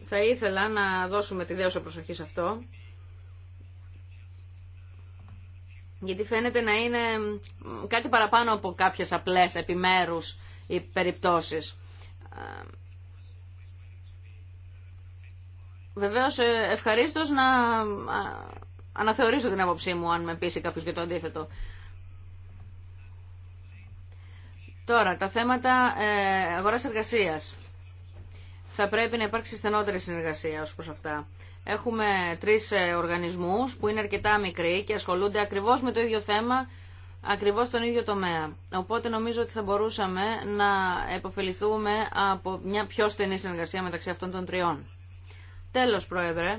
Speaker 3: θα ήθελα να δώσουμε τη δέωσα προσοχή σε αυτό γιατί φαίνεται να είναι κάτι παραπάνω από κάποιες απλές επιμέρους ή περιπτώσεις. Βεβαίως ε, ευχαρίστως να αναθεωρήσω την άποψή μου αν με πείσει κάποιος για το αντίθετο. Τώρα, τα θέματα ε, αγοράς εργασίας. Θα πρέπει να υπάρξει στενότερη συνεργασία ως προς αυτά. Έχουμε τρεις ε, οργανισμούς που είναι αρκετά μικροί και ασχολούνται ακριβώς με το ίδιο θέμα, ακριβώς στον ίδιο τομέα. Οπότε νομίζω ότι θα μπορούσαμε να επωφεληθούμε από μια πιο στενή συνεργασία μεταξύ αυτών των τριών. Τέλος, Πρόεδρε,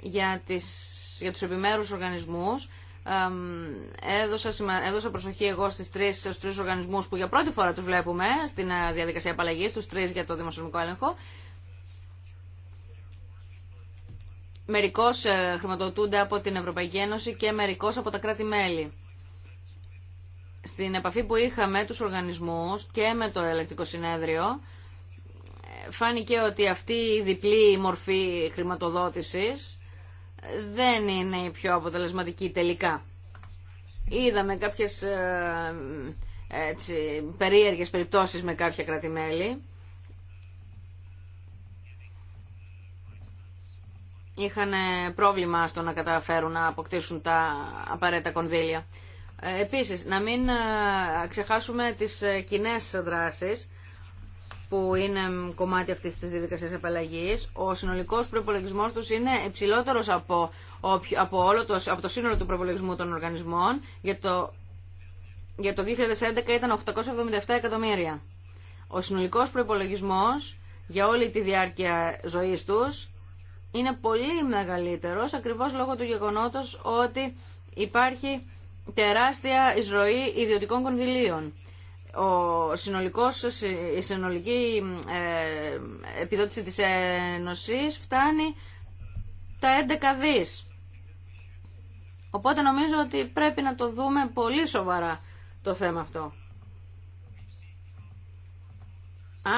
Speaker 3: για, τις, για τους επιμέρους οργανισμούς έδωσα, προσοχή εγώ στις τρεις, στους τρεις οργανισμούς που για πρώτη φορά τους βλέπουμε στην ε, διαδικασία απαλλαγής, τους τρεις για το δημοσιονομικό έλεγχο. Μερικώς ε, χρηματοδοτούνται από την Ευρωπαϊκή Ένωση και μερικώς από τα κράτη-μέλη. Στην επαφή που είχα με τους οργανισμούς και με το ελεκτικό συνέδριο, ε, φάνηκε ότι αυτή η διπλή μορφή χρηματοδότησης δεν είναι η πιο αποτελεσματική τελικά. Είδαμε κάποιες ε, έτσι, περίεργες περιπτώσεις με κάποια κρατημέλη. Είχαν ε, πρόβλημα στο να καταφέρουν να αποκτήσουν τα απαραίτητα κονδύλια. Ε, επίσης, να μην ξεχάσουμε τις κοινέ δράσεις που είναι κομμάτι αυτής της διαδικασία απαλλαγή. ο συνολικός προπολογισμό τους είναι υψηλότερο από, από, όλο το, από το σύνολο του προπολογισμού των οργανισμών. Για το, για το 2011 ήταν 877 εκατομμύρια. Ο συνολικός προπολογισμό για όλη τη διάρκεια ζωής τους είναι πολύ μεγαλύτερος ακριβώς λόγω του γεγονότος ότι υπάρχει τεράστια εισρωή ιδιωτικών κονδυλίων ο συνολικός, η συνολική ε, επιδότηση της Ένωσης φτάνει τα 11 δις. Οπότε νομίζω ότι πρέπει να το δούμε πολύ σοβαρά το θέμα αυτό.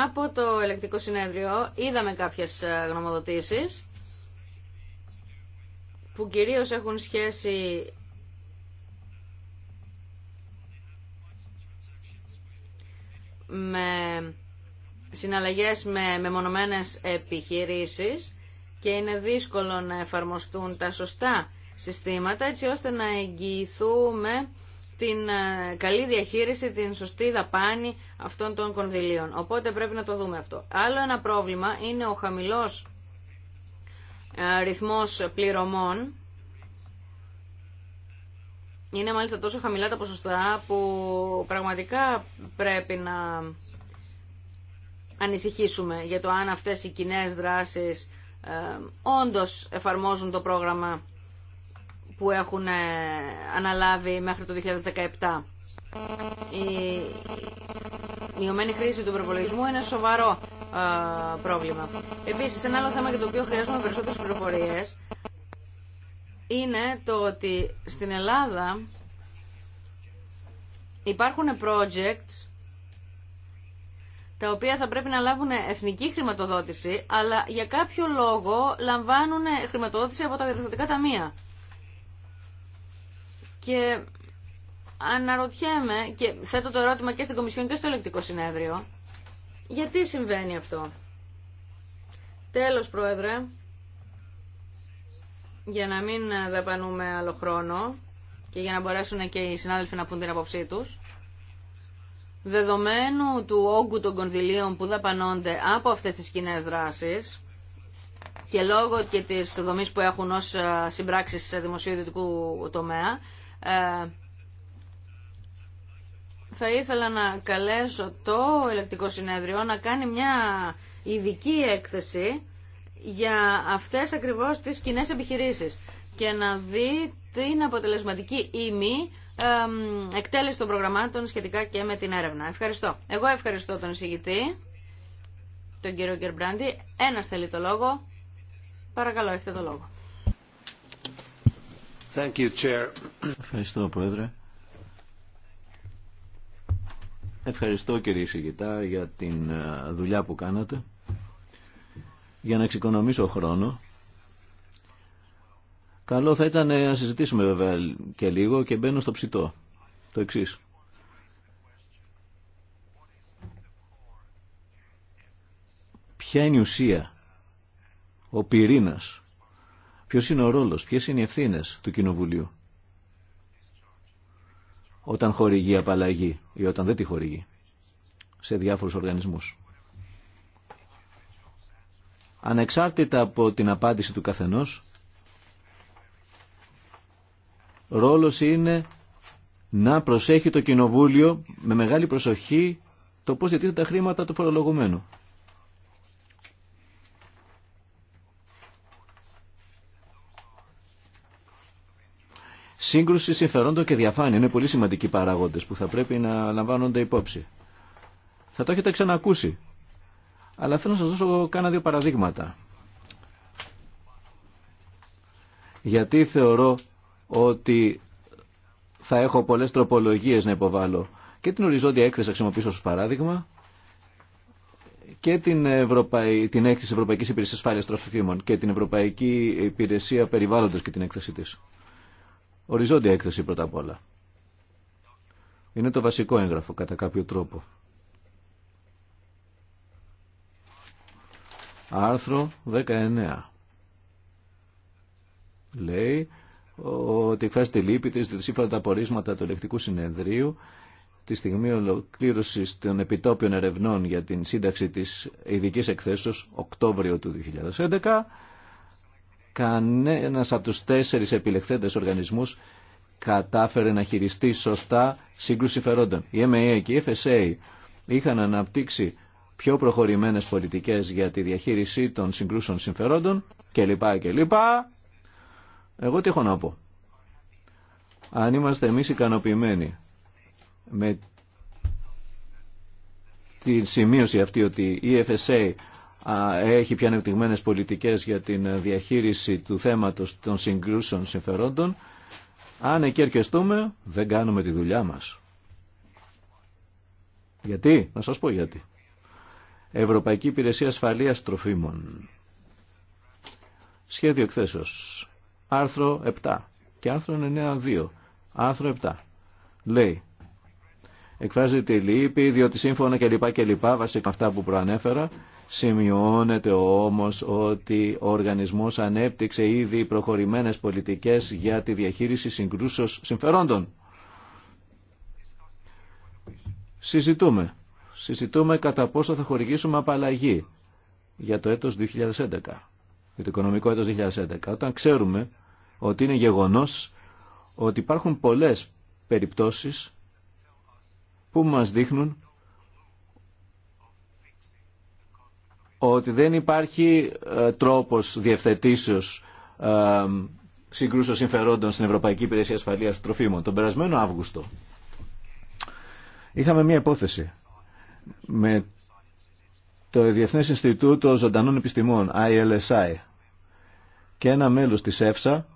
Speaker 3: Από το ελεκτικό συνέδριο είδαμε κάποιες ε, γνωμοδοτήσεις που κυρίως έχουν σχέση με συναλλαγές με μεμονωμένες επιχειρήσεις και είναι δύσκολο να εφαρμοστούν τα σωστά συστήματα έτσι ώστε να εγγυηθούμε την ε, καλή διαχείριση, την σωστή δαπάνη αυτών των κονδυλίων. Οπότε πρέπει να το δούμε αυτό. Άλλο ένα πρόβλημα είναι ο χαμηλός ε, ρυθμός πληρωμών είναι μάλιστα τόσο χαμηλά τα ποσοστά που πραγματικά πρέπει να ανησυχήσουμε για το αν αυτές οι κοινέ δράσεις ε, όντως εφαρμόζουν το πρόγραμμα που έχουν ε, αναλάβει μέχρι το 2017. Η μειωμένη χρήση του προπολογισμού είναι σοβαρό ε, πρόβλημα. Επίσης, ένα άλλο θέμα για το οποίο χρειάζομαι περισσότερες πληροφορίες είναι το ότι στην Ελλάδα υπάρχουν projects τα οποία θα πρέπει να λάβουν εθνική χρηματοδότηση, αλλά για κάποιο λόγο λαμβάνουν χρηματοδότηση από τα διευθυντικά ταμεία. Και αναρωτιέμαι και θέτω το ερώτημα και στην Κομισιόν και στο Ελεκτικό Συνέδριο, γιατί συμβαίνει αυτό. Τέλος, Πρόεδρε, για να μην δαπανούμε άλλο χρόνο και για να μπορέσουν και οι συνάδελφοι να πούν την απόψή τους, δεδομένου του όγκου των κονδυλίων που δαπανώνται από αυτές τις κοινέ δράσεις και λόγω και της δομής που έχουν ως ε, συμπράξεις σε δημοσιοδητικού τομέα, ε, θα ήθελα να καλέσω το Ελεκτικό συνέδριο να κάνει μια ειδική έκθεση για αυτές ακριβώς τις κοινέ επιχειρήσεις και να δει την αποτελεσματική ή μη εκτέλεση των προγραμμάτων σχετικά και με την έρευνα. Ευχαριστώ. Εγώ ευχαριστώ τον εισηγητή, τον κύριο Γκερμπράντη. Ένας θέλει το λόγο. Παρακαλώ, έχετε το λόγο.
Speaker 2: Thank you, Chair.
Speaker 1: Ευχαριστώ, Πρόεδρε. Ευχαριστώ, κύριε εισηγητά, για την ε, δουλειά που κάνατε για να εξοικονομήσω χρόνο. Καλό θα ήταν να συζητήσουμε βέβαια και λίγο και μπαίνω στο ψητό. Το εξή. Ποια είναι η ουσία, ο πυρήνας, ποιος είναι ο ρόλος, ποιες είναι οι ευθύνε του Κοινοβουλίου όταν χορηγεί απαλλαγή ή όταν δεν τη χορηγεί σε διάφορους οργανισμούς ανεξάρτητα από την απάντηση του καθενός, ρόλος είναι να προσέχει το Κοινοβούλιο με μεγάλη προσοχή το πώς διατίθεται τα χρήματα του φορολογουμένου. Σύγκρουση συμφερόντων και διαφάνεια είναι πολύ σημαντικοί παράγοντες που θα πρέπει να λαμβάνονται υπόψη. Θα το έχετε ξανακούσει αλλά θέλω να σας δώσω κάνα δύο παραδείγματα. Γιατί θεωρώ ότι θα έχω πολλές τροπολογίες να υποβάλω και την οριζόντια έκθεση χρησιμοποιήσω ως παράδειγμα και την, Ευρωπαϊ... την έκθεση Ευρωπαϊκής Υπηρεσίας Ασφάλειας Τροφίμων και την Ευρωπαϊκή Υπηρεσία Περιβάλλοντος και την έκθεση της. Οριζόντια έκθεση πρώτα απ' όλα. Είναι το βασικό έγγραφο κατά κάποιο τρόπο. Άρθρο 19 λέει ότι εκφράζει τη λύπη της ...σύμφωνα σύμφωνα τα απορίσματα του ελεκτικού συνεδρίου τη στιγμή ολοκλήρωση των επιτόπιων ερευνών για την σύνταξη της ειδική εκθέσεως Οκτώβριο του 2011 κανένας από τους τέσσερις επιλεχθέντες οργανισμούς κατάφερε να χειριστεί σωστά σύγκρουση φερόντων. Η MAA και η FSA είχαν αναπτύξει πιο προχωρημένες πολιτικές για τη διαχείριση των συγκρούσεων συμφερόντων κλπ. λοιπά. Εγώ τι έχω να πω. Αν είμαστε εμείς ικανοποιημένοι με τη σημείωση αυτή ότι η FSA έχει πια ανεπτυγμένες πολιτικές για τη διαχείριση του θέματος των συγκρούσεων συμφερόντων, αν εκεί αρκεστούμε, δεν κάνουμε τη δουλειά μας. Γιατί, να σας πω γιατί. Ευρωπαϊκή Υπηρεσία Ασφαλείας Τροφίμων. Σχέδιο εκθέσεως. Άρθρο 7 και άρθρο 9.2. Άρθρο 7. Λέει. Εκφράζεται η λύπη διότι σύμφωνα κλπ. κλπ. βασικά αυτά που προανέφερα. Σημειώνεται όμως ότι ο οργανισμός ανέπτυξε ήδη προχωρημένες πολιτικές για τη διαχείριση συγκρούσεως συμφερόντων. Συζητούμε συζητούμε κατά πόσο θα χορηγήσουμε απαλλαγή για το έτος 2011, για το οικονομικό έτος 2011, όταν ξέρουμε ότι είναι γεγονός ότι υπάρχουν πολλές περιπτώσεις που μας δείχνουν ότι δεν υπάρχει ε, τρόπος διευθετήσεως ε, συγκρούσεως συμφερόντων στην Ευρωπαϊκή Υπηρεσία Ασφαλείας Τροφίμων. Τον περασμένο Αύγουστο είχαμε μία υπόθεση με το Διεθνές Ινστιτούτο Ζωντανών Επιστημών, ILSI, και ένα μέλος της ΕΦΣΑ,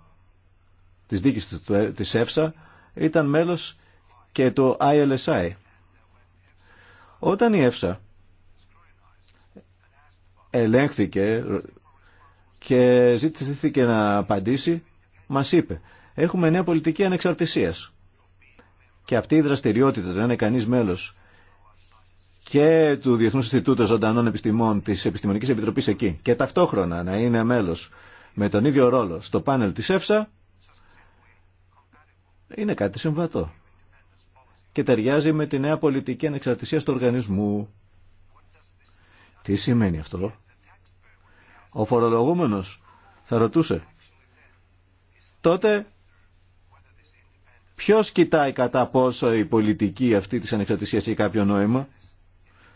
Speaker 1: της δίκης της ΕΦΣΑ, ήταν μέλος και το ILSI. Όταν η ΕΦΣΑ ελέγχθηκε και ζήτηθηκε να απαντήσει, μας είπε «Έχουμε νέα πολιτική ανεξαρτησίας». Και αυτή η δραστηριότητα, δεν να είναι κανείς μέλος και του Διεθνούς Ινστιτούτου Ζωντανών Επιστημών της Επιστημονικής Επιτροπής εκεί και ταυτόχρονα να είναι μέλος με τον ίδιο ρόλο στο πάνελ της ΕΦΣΑ είναι κάτι συμβατό και ταιριάζει με τη νέα πολιτική ανεξαρτησία του οργανισμού. Τι σημαίνει αυτό? Ο φορολογούμενος θα ρωτούσε τότε ποιος κοιτάει κατά πόσο η πολιτική αυτή της ανεξαρτησίας έχει κάποιο νόημα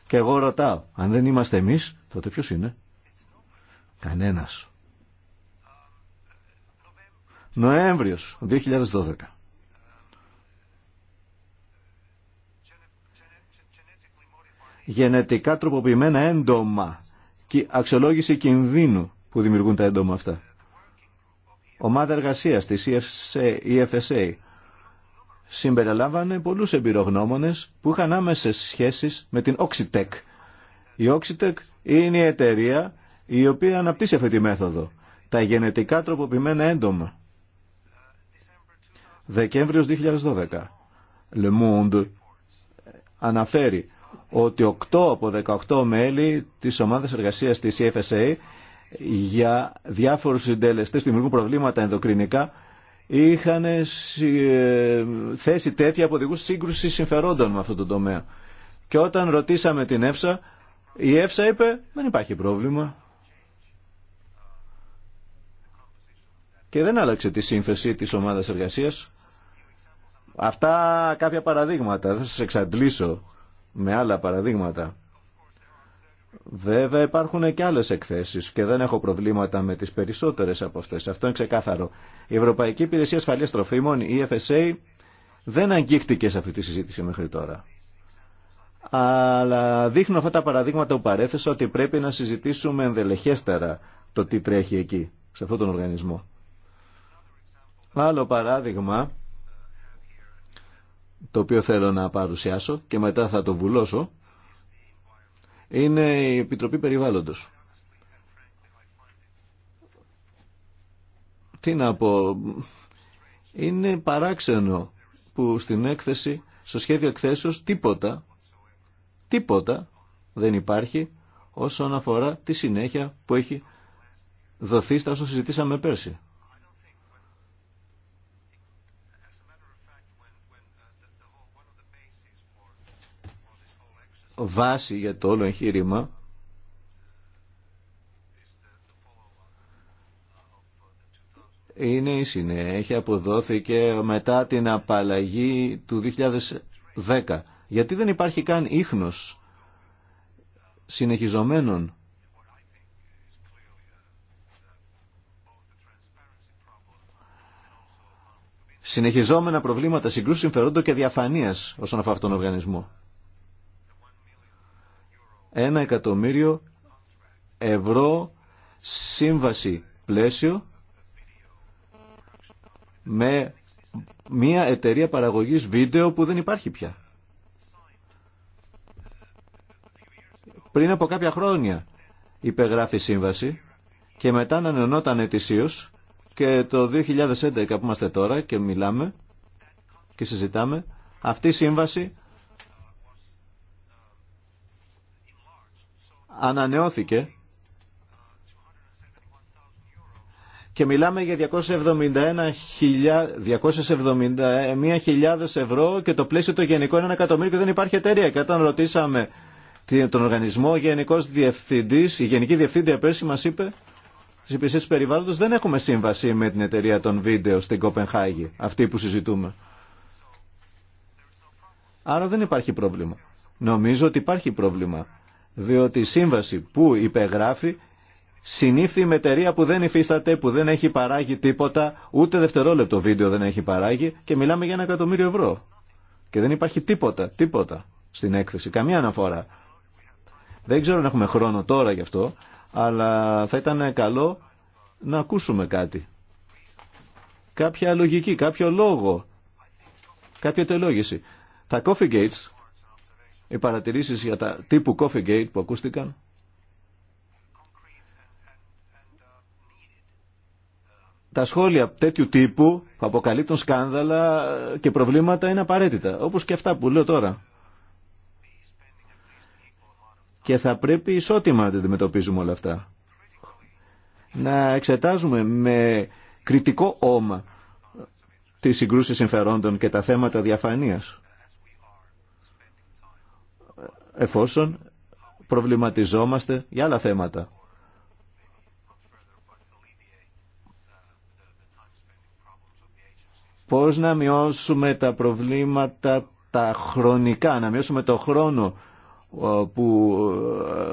Speaker 1: και εγώ ρωτάω, αν δεν είμαστε εμείς, τότε ποιος είναι. Κανένας. Νοέμβριος 2012. Γενετικά τροποποιημένα έντομα και αξιολόγηση κινδύνου που δημιουργούν τα έντομα αυτά. Ομάδα εργασίας της EFSA συμπεριλάμβανε πολλούς εμπειρογνώμονες που είχαν άμεσες σχέσεις με την Oxitec. Η Oxitec είναι η εταιρεία η οποία αναπτύσσει αυτή τη μέθοδο. Τα γενετικά τροποποιημένα έντομα. Δεκέμβριος 2012. Le Monde αναφέρει ότι 8 από 18 μέλη της ομάδας εργασίας της CFSA για διάφορους συντελεστές που δημιουργούν προβλήματα ενδοκρινικά είχαν ε, θέσει τέτοια που οδηγού σύγκρουση συμφερόντων με αυτό το τομέα. Και όταν ρωτήσαμε την ΕΦΣΑ, η ΕΦΣΑ είπε δεν υπάρχει πρόβλημα. Και δεν άλλαξε τη σύνθεση της ομάδας εργασίας. Αυτά κάποια παραδείγματα, θα σας εξαντλήσω με άλλα παραδείγματα. Βέβαια υπάρχουν και άλλες εκθέσεις και δεν έχω προβλήματα με τις περισσότερες από αυτές. Αυτό είναι ξεκάθαρο. Η Ευρωπαϊκή Υπηρεσία Ασφαλείας Τροφίμων, η EFSA, δεν αγγίχτηκε σε αυτή τη συζήτηση μέχρι τώρα. Αλλά δείχνω αυτά τα παραδείγματα που παρέθεσα ότι πρέπει να συζητήσουμε ενδελεχέστερα το τι τρέχει εκεί, σε αυτόν τον οργανισμό. Άλλο παράδειγμα, το οποίο θέλω να παρουσιάσω και μετά θα το βουλώσω, είναι η Επιτροπή Περιβάλλοντος. Τι να πω, είναι παράξενο που στην έκθεση, στο σχέδιο εκθέσεως, τίποτα, τίποτα δεν υπάρχει όσον αφορά τη συνέχεια που έχει δοθεί στα όσα συζητήσαμε πέρσι. βάση για το όλο εγχείρημα είναι η συνέχεια που δόθηκε μετά την απαλλαγή του 2010. Γιατί δεν υπάρχει καν ίχνος συνεχιζομένων συνεχιζόμενα προβλήματα συγκρούσεων συμφερόντων και διαφανείας όσον αφορά αυτόν τον οργανισμό ένα εκατομμύριο ευρώ σύμβαση πλαίσιο με μια εταιρεία παραγωγής βίντεο που δεν υπάρχει πια. Πριν από κάποια χρόνια υπεγράφει σύμβαση και μετά ανανεωνόταν ετησίως και το 2011 που είμαστε τώρα και μιλάμε και συζητάμε αυτή η σύμβαση ανανεώθηκε και μιλάμε για 271.000 ευρώ και το πλαίσιο το γενικό είναι ένα εκατομμύριο και δεν υπάρχει εταιρεία. Και όταν ρωτήσαμε τον οργανισμό, Γενικός Διευθυντής, η Γενική Διευθύντρια πέρσι μας είπε στις υπηρεσίες περιβάλλοντος δεν έχουμε σύμβαση με την εταιρεία των βίντεο στην Κοπενχάγη, αυτή που συζητούμε. Άρα δεν υπάρχει πρόβλημα. Νομίζω ότι υπάρχει πρόβλημα διότι η σύμβαση που υπεγράφει συνήθει με εταιρεία που δεν υφίσταται, που δεν έχει παράγει τίποτα, ούτε δευτερόλεπτο βίντεο δεν έχει παράγει και μιλάμε για ένα εκατομμύριο ευρώ. Και δεν υπάρχει τίποτα, τίποτα στην έκθεση, καμία αναφορά. Δεν ξέρω αν έχουμε χρόνο τώρα γι' αυτό, αλλά θα ήταν καλό να ακούσουμε κάτι. Κάποια λογική, κάποιο λόγο, κάποια τελόγηση. Τα coffee gates οι παρατηρήσεις για τα τύπου Coffee Gate που ακούστηκαν. Τα σχόλια τέτοιου τύπου που αποκαλύπτουν σκάνδαλα και προβλήματα είναι απαραίτητα, όπως και αυτά που λέω τώρα. Και θα πρέπει ισότιμα να τα αντιμετωπίζουμε όλα αυτά. Να εξετάζουμε με κριτικό όμα τις συγκρούσεις συμφερόντων και τα θέματα διαφανείας εφόσον προβληματιζόμαστε για άλλα θέματα. Πώς να μειώσουμε τα προβλήματα τα χρονικά, να μειώσουμε το χρόνο που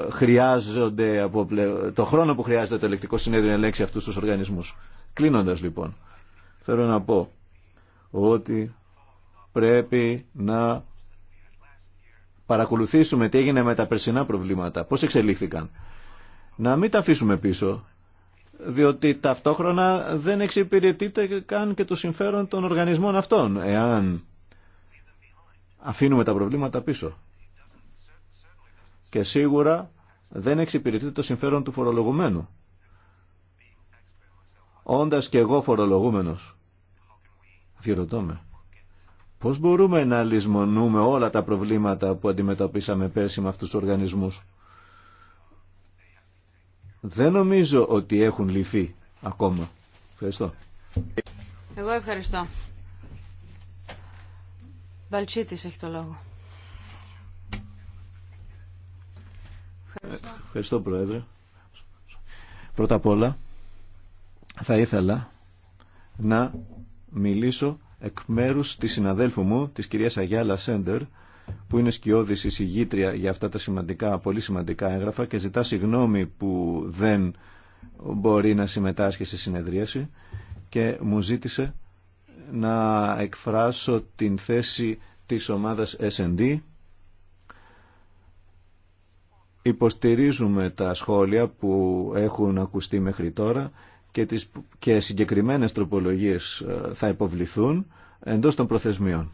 Speaker 1: ε, χρειάζονται από το χρόνο που χρειάζεται το ελεκτικό συνέδριο να ελέγξει αυτούς τους οργανισμούς. Κλείνοντας λοιπόν, θέλω να πω ότι πρέπει να παρακολουθήσουμε τι έγινε με τα περσινά προβλήματα, πώς εξελίχθηκαν. Να μην τα αφήσουμε πίσω, διότι ταυτόχρονα δεν εξυπηρετείται καν και το συμφέρον των οργανισμών αυτών, εάν αφήνουμε τα προβλήματα πίσω. Και σίγουρα δεν εξυπηρετείται το συμφέρον του φορολογουμένου. Όντας και εγώ φορολογούμενος, διερωτώ με Πώς μπορούμε να λησμονούμε όλα τα προβλήματα που αντιμετωπίσαμε πέρσι με αυτούς τους οργανισμούς. Δεν νομίζω ότι έχουν λυθεί ακόμα. Ευχαριστώ.
Speaker 3: Εγώ ευχαριστώ. Βαλτσίτης έχει το λόγο.
Speaker 1: Ευχαριστώ. Ευχαριστώ Πρόεδρε. Πρώτα απ' όλα θα ήθελα να μιλήσω εκ μέρου της συναδέλφου μου, τη κυρία Αγιάλα Σέντερ, που είναι σκιώδης εισηγήτρια για αυτά τα σημαντικά, πολύ σημαντικά έγγραφα και ζητά συγγνώμη που δεν μπορεί να συμμετάσχει στη συνεδρίαση και μου ζήτησε να εκφράσω την θέση της ομάδας S&D. Υποστηρίζουμε τα σχόλια που έχουν ακουστεί μέχρι τώρα και, τις, και συγκεκριμένες τροπολογίες ε, θα υποβληθούν εντός των προθεσμιών.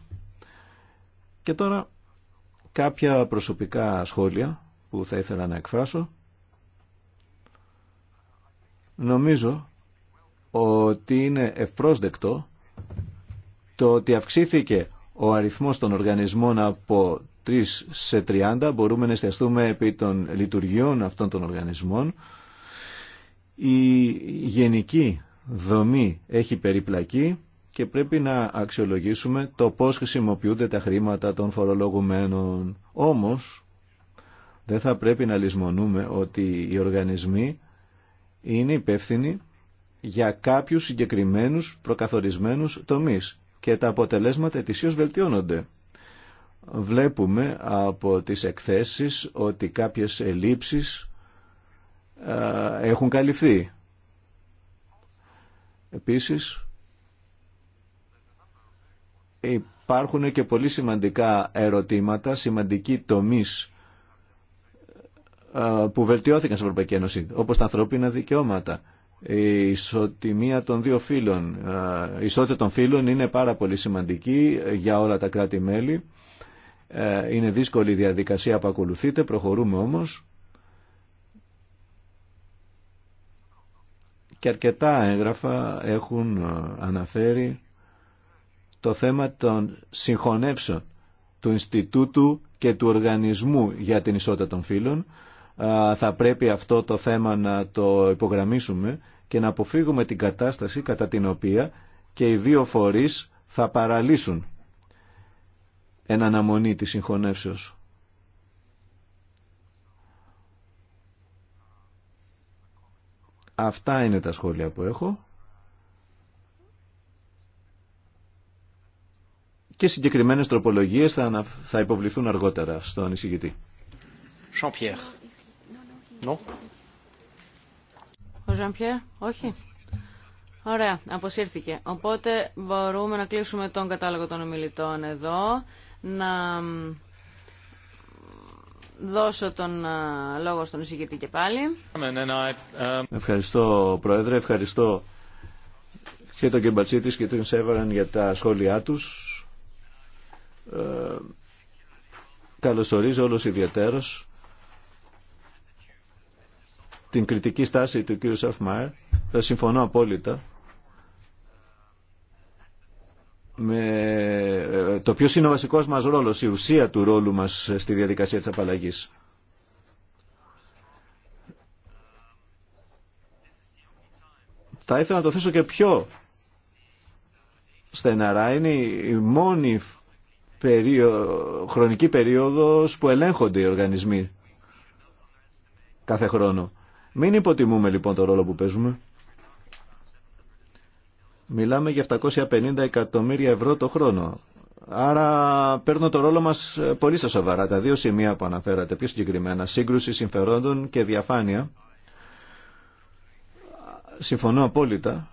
Speaker 1: Και τώρα κάποια προσωπικά σχόλια που θα ήθελα να εκφράσω. Νομίζω ότι είναι ευπρόσδεκτο το ότι αυξήθηκε ο αριθμός των οργανισμών από 3 σε 30. Μπορούμε να εστιαστούμε επί των λειτουργιών αυτών των οργανισμών η γενική δομή έχει περιπλακή και πρέπει να αξιολογήσουμε το πώς χρησιμοποιούνται τα χρήματα των φορολογουμένων. Όμως, δεν θα πρέπει να λησμονούμε ότι οι οργανισμοί είναι υπεύθυνοι για κάποιους συγκεκριμένους προκαθορισμένους τομείς και τα αποτελέσματα ετησίως βελτιώνονται. Βλέπουμε από τις εκθέσεις ότι κάποιες ελλείψεις ε, έχουν καλυφθεί. Επίσης, υπάρχουν και πολύ σημαντικά ερωτήματα, σημαντικοί τομείς ε, που βελτιώθηκαν στην Ευρωπαϊκή Ένωση, όπως τα ανθρώπινα δικαιώματα. Η ισοτιμία των δύο φίλων, ε, η ισότητα των φύλων είναι πάρα πολύ σημαντική για όλα τα κράτη-μέλη. Είναι δύσκολη η διαδικασία που ακολουθείτε, προχωρούμε όμως. και αρκετά έγγραφα έχουν ε, αναφέρει το θέμα των συγχωνεύσεων του Ινστιτούτου και του Οργανισμού για την Ισότητα των Φύλων. Θα πρέπει αυτό το θέμα να το υπογραμμίσουμε και να αποφύγουμε την κατάσταση κατά την οποία και οι δύο φορείς θα παραλύσουν εν αναμονή της συγχωνεύσεως. Αυτά είναι τα σχόλια που έχω. Και συγκεκριμένες τροπολογίες θα, θα υποβληθούν αργότερα στον εισηγητή.
Speaker 4: Jean-Pierre.
Speaker 3: Ο jean όχι. Ωραία, αποσύρθηκε. Οπότε μπορούμε να κλείσουμε τον κατάλογο των ομιλητών εδώ. Να δώσω τον λόγο στον εισηγητή και πάλι.
Speaker 1: Ευχαριστώ Πρόεδρε, ευχαριστώ και τον Κεμπατσίτης και τον Σέβαραν για τα σχόλιά τους. Ε, καλωσορίζω όλος ιδιαίτερος την κριτική στάση του κ. Σαφμαέρ. Ε, συμφωνώ απόλυτα με ε, το ποιος είναι ο βασικός μας ρόλος, η ουσία του ρόλου μας στη διαδικασία της απαλλαγή. Θα ήθελα να το θέσω και πιο στεναρά. Είναι η μόνη χρονική περίοδος που ελέγχονται οι οργανισμοί κάθε χρόνο. Μην υποτιμούμε λοιπόν το ρόλο που παίζουμε. Μιλάμε για 750 εκατομμύρια ευρώ το χρόνο. Άρα παίρνω το ρόλο μας πολύ στα σοβαρά. Τα δύο σημεία που αναφέρατε πιο συγκεκριμένα, σύγκρουση συμφερόντων και διαφάνεια. Συμφωνώ απόλυτα.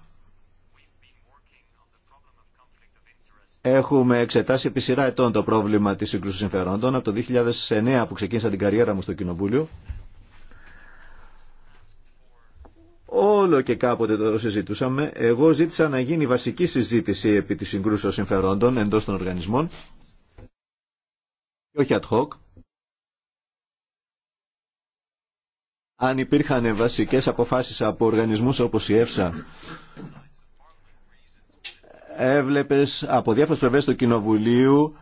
Speaker 1: Έχουμε εξετάσει επί σειρά ετών το πρόβλημα της σύγκρουσης συμφερόντων από το 2009 που ξεκίνησα την καριέρα μου στο Κοινοβούλιο όλο και κάποτε το συζητούσαμε, εγώ ζήτησα να γίνει βασική συζήτηση επί της συγκρούσεως συμφερόντων εντός των οργανισμών και όχι ad hoc. Αν υπήρχαν βασικές αποφάσεις από οργανισμούς όπως η ΕΦΣΑ, έβλεπες από διάφορες πλευρές του Κοινοβουλίου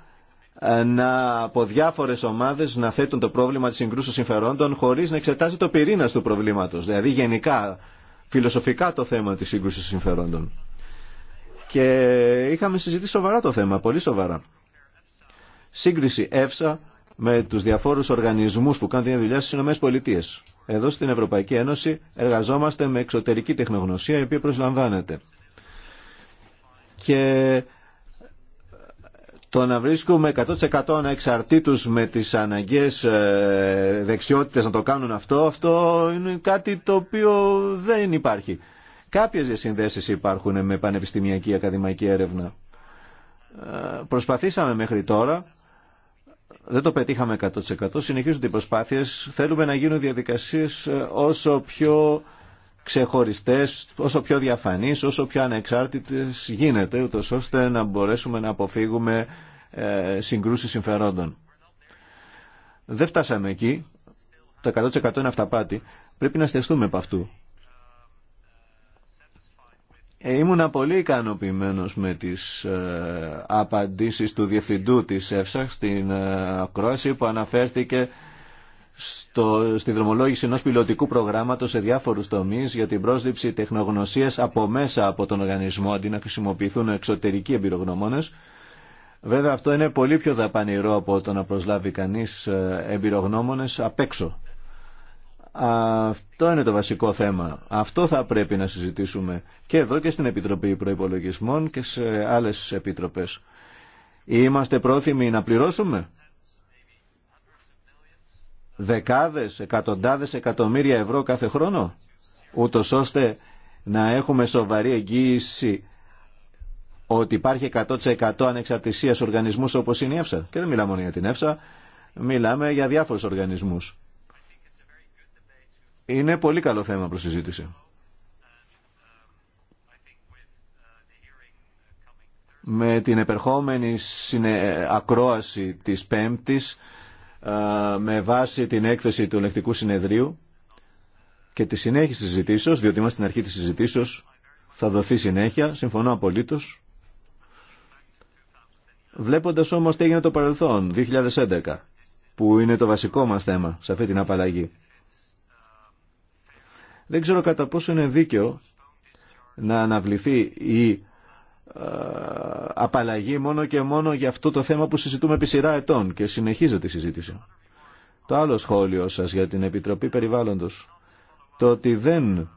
Speaker 1: ε, να, από διάφορες ομάδες να θέτουν το πρόβλημα της συγκρούσεως συμφερόντων χωρίς να εξετάζει το πυρήνα του προβλήματος. Δηλαδή γενικά φιλοσοφικά το θέμα της σύγκρουσης συμφερόντων. Και είχαμε συζητήσει σοβαρά το θέμα, πολύ σοβαρά. Σύγκριση ΕΦΣΑ με τους διαφόρους οργανισμούς που κάνουν τη δουλειά στις ΗΠΑ. Εδώ στην Ευρωπαϊκή Ένωση εργαζόμαστε με εξωτερική τεχνογνωσία η οποία προσλαμβάνεται. Και το να βρίσκουμε 100% ανεξαρτήτους με τις αναγκαίες ε, δεξιότητες να το κάνουν αυτό, αυτό είναι κάτι το οποίο δεν υπάρχει. Κάποιες διασυνδέσεις υπάρχουν με πανεπιστημιακή ακαδημαϊκή έρευνα. Ε, προσπαθήσαμε μέχρι τώρα, δεν το πετύχαμε 100%, συνεχίζονται οι προσπάθειες, θέλουμε να γίνουν διαδικασίες ε, όσο πιο ξεχωριστές, όσο πιο διαφανείς, όσο πιο ανεξάρτητες γίνεται, ούτω ώστε να μπορέσουμε να αποφύγουμε ε, συγκρούσεις συμφερόντων. Δεν φτάσαμε εκεί. Το 100% είναι αυταπάτη. Πρέπει να στεστούμε από αυτού. Ε, ήμουνα πολύ ικανοποιημένος με τις ε, απαντήσεις του Διευθυντού της ΕΦΣΑ στην ε, ακρόαση που αναφέρθηκε στο, στη δρομολόγηση ενός πιλωτικού προγράμματος σε διάφορους τομείς για την πρόσληψη τεχνογνωσίας από μέσα από τον οργανισμό αντί να χρησιμοποιηθούν εξωτερικοί εμπειρογνωμόνες. Βέβαια αυτό είναι πολύ πιο δαπανηρό από το να προσλάβει κανείς ε, εμπειρογνώμονες απ' έξω. Αυτό είναι το βασικό θέμα. Αυτό θα πρέπει να συζητήσουμε και εδώ και στην Επιτροπή Προϋπολογισμών και σε άλλες επιτροπές. Είμαστε πρόθυμοι να πληρώσουμε δεκάδες, εκατοντάδες εκατομμύρια ευρώ κάθε χρόνο, ούτω ώστε να έχουμε σοβαρή εγγύηση ότι υπάρχει 100% ανεξαρτησία σε οργανισμούς όπως είναι η ΕΦΣΑ. Και δεν μιλάμε μόνο για την ΕΦΣΑ, μιλάμε για διάφορους οργανισμούς. Είναι πολύ καλό θέμα προς συζήτηση. Με την επερχόμενη ακρόαση της Πέμπτης, με βάση την έκθεση του ελεκτικού συνεδρίου και τη συνέχιση της συζητήσεως, διότι είμαστε στην αρχή της συζητήσεως, θα δοθεί συνέχεια, συμφωνώ απολύτως. Βλέποντας όμως τι έγινε το παρελθόν, 2011, που είναι το βασικό μας θέμα σε αυτή την απαλλαγή. Δεν ξέρω κατά πόσο είναι δίκαιο να αναβληθεί η ε, απαλλαγή μόνο και μόνο για αυτό το θέμα που συζητούμε επί σειρά ετών και συνεχίζεται η συζήτηση. Το άλλο σχόλιο σας για την Επιτροπή Περιβάλλοντος, το ότι δεν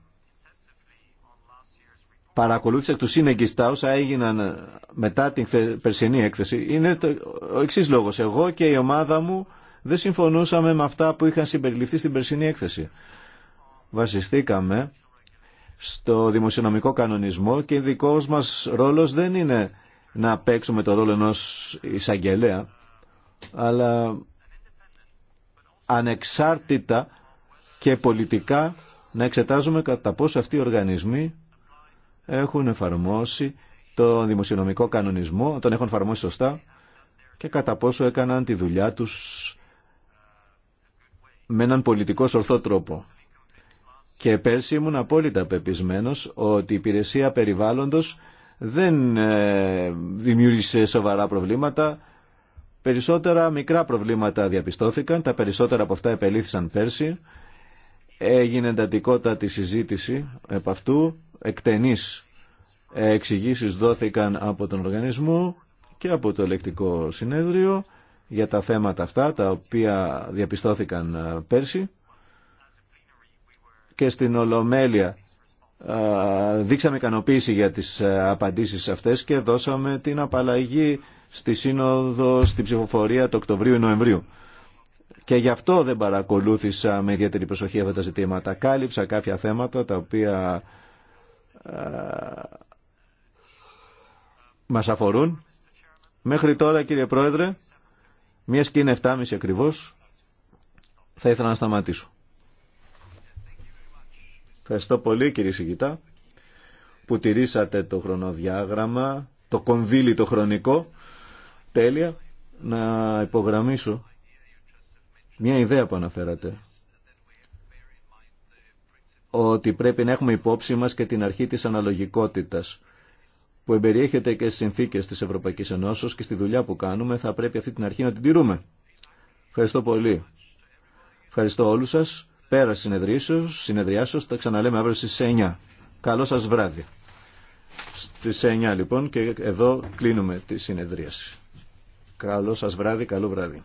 Speaker 1: παρακολούθησε του σύνεγγιστά όσα έγιναν μετά την περσινή έκθεση, είναι το, ο εξή λόγος. Εγώ και η ομάδα μου δεν συμφωνούσαμε με αυτά που είχαν συμπεριληφθεί στην περσινή έκθεση. Βασιστήκαμε στο δημοσιονομικό κανονισμό και δικός μας ρόλος δεν είναι να παίξουμε το ρόλο ενός εισαγγελέα, αλλά ανεξάρτητα και πολιτικά να εξετάζουμε κατά πόσο αυτοί οι οργανισμοί έχουν εφαρμόσει τον δημοσιονομικό κανονισμό, τον έχουν εφαρμόσει σωστά και κατά πόσο έκαναν τη δουλειά τους με έναν πολιτικό σορθό τρόπο. Και πέρσι ήμουν απόλυτα πεπισμένος ότι η υπηρεσία περιβάλλοντος δεν ε, δημιούργησε σοβαρά προβλήματα. Περισσότερα μικρά προβλήματα διαπιστώθηκαν, τα περισσότερα από αυτά επελήθησαν πέρσι. Έγινε εντατικότατη συζήτηση επ' αυτού, εκτενής εξηγήσεις δόθηκαν από τον οργανισμό και από το ελεκτικό συνέδριο για τα θέματα αυτά τα οποία διαπιστώθηκαν ε, πέρσι και στην Ολομέλεια δείξαμε ικανοποίηση για τις ε, απαντήσεις αυτές και δώσαμε την απαλλαγή στη Σύνοδο στην ψηφοφορία το Οκτωβρίου-Νοεμβρίου. Και γι' αυτό δεν παρακολούθησα με ιδιαίτερη προσοχή αυτά τα ζητήματα. Κάλυψα κάποια θέματα τα οποία μας αφορούν. Μέχρι τώρα κύριε Πρόεδρε, μια σκήνη 7,5 7.30 ακριβώς, θα ήθελα να σταματήσω. Ευχαριστώ πολύ κύριε Σιγητά που τηρήσατε το χρονοδιάγραμμα, το κονδύλι το χρονικό. Τέλεια. Να υπογραμμίσω μια ιδέα που αναφέρατε. Ότι πρέπει να έχουμε υπόψη μας και την αρχή της αναλογικότητας που εμπεριέχεται και στις συνθήκες της Ευρωπαϊκής Ενώσεως και στη δουλειά που κάνουμε θα πρέπει αυτή την αρχή να την τηρούμε. Ευχαριστώ πολύ. Ευχαριστώ όλους σας. Πέρα συνεδριάσεως, τα ξαναλέμε αύριο στις 9. Καλό σας βράδυ. Στις 9 λοιπόν και εδώ κλείνουμε τη συνεδρίαση. Καλό σας βράδυ, καλό βράδυ.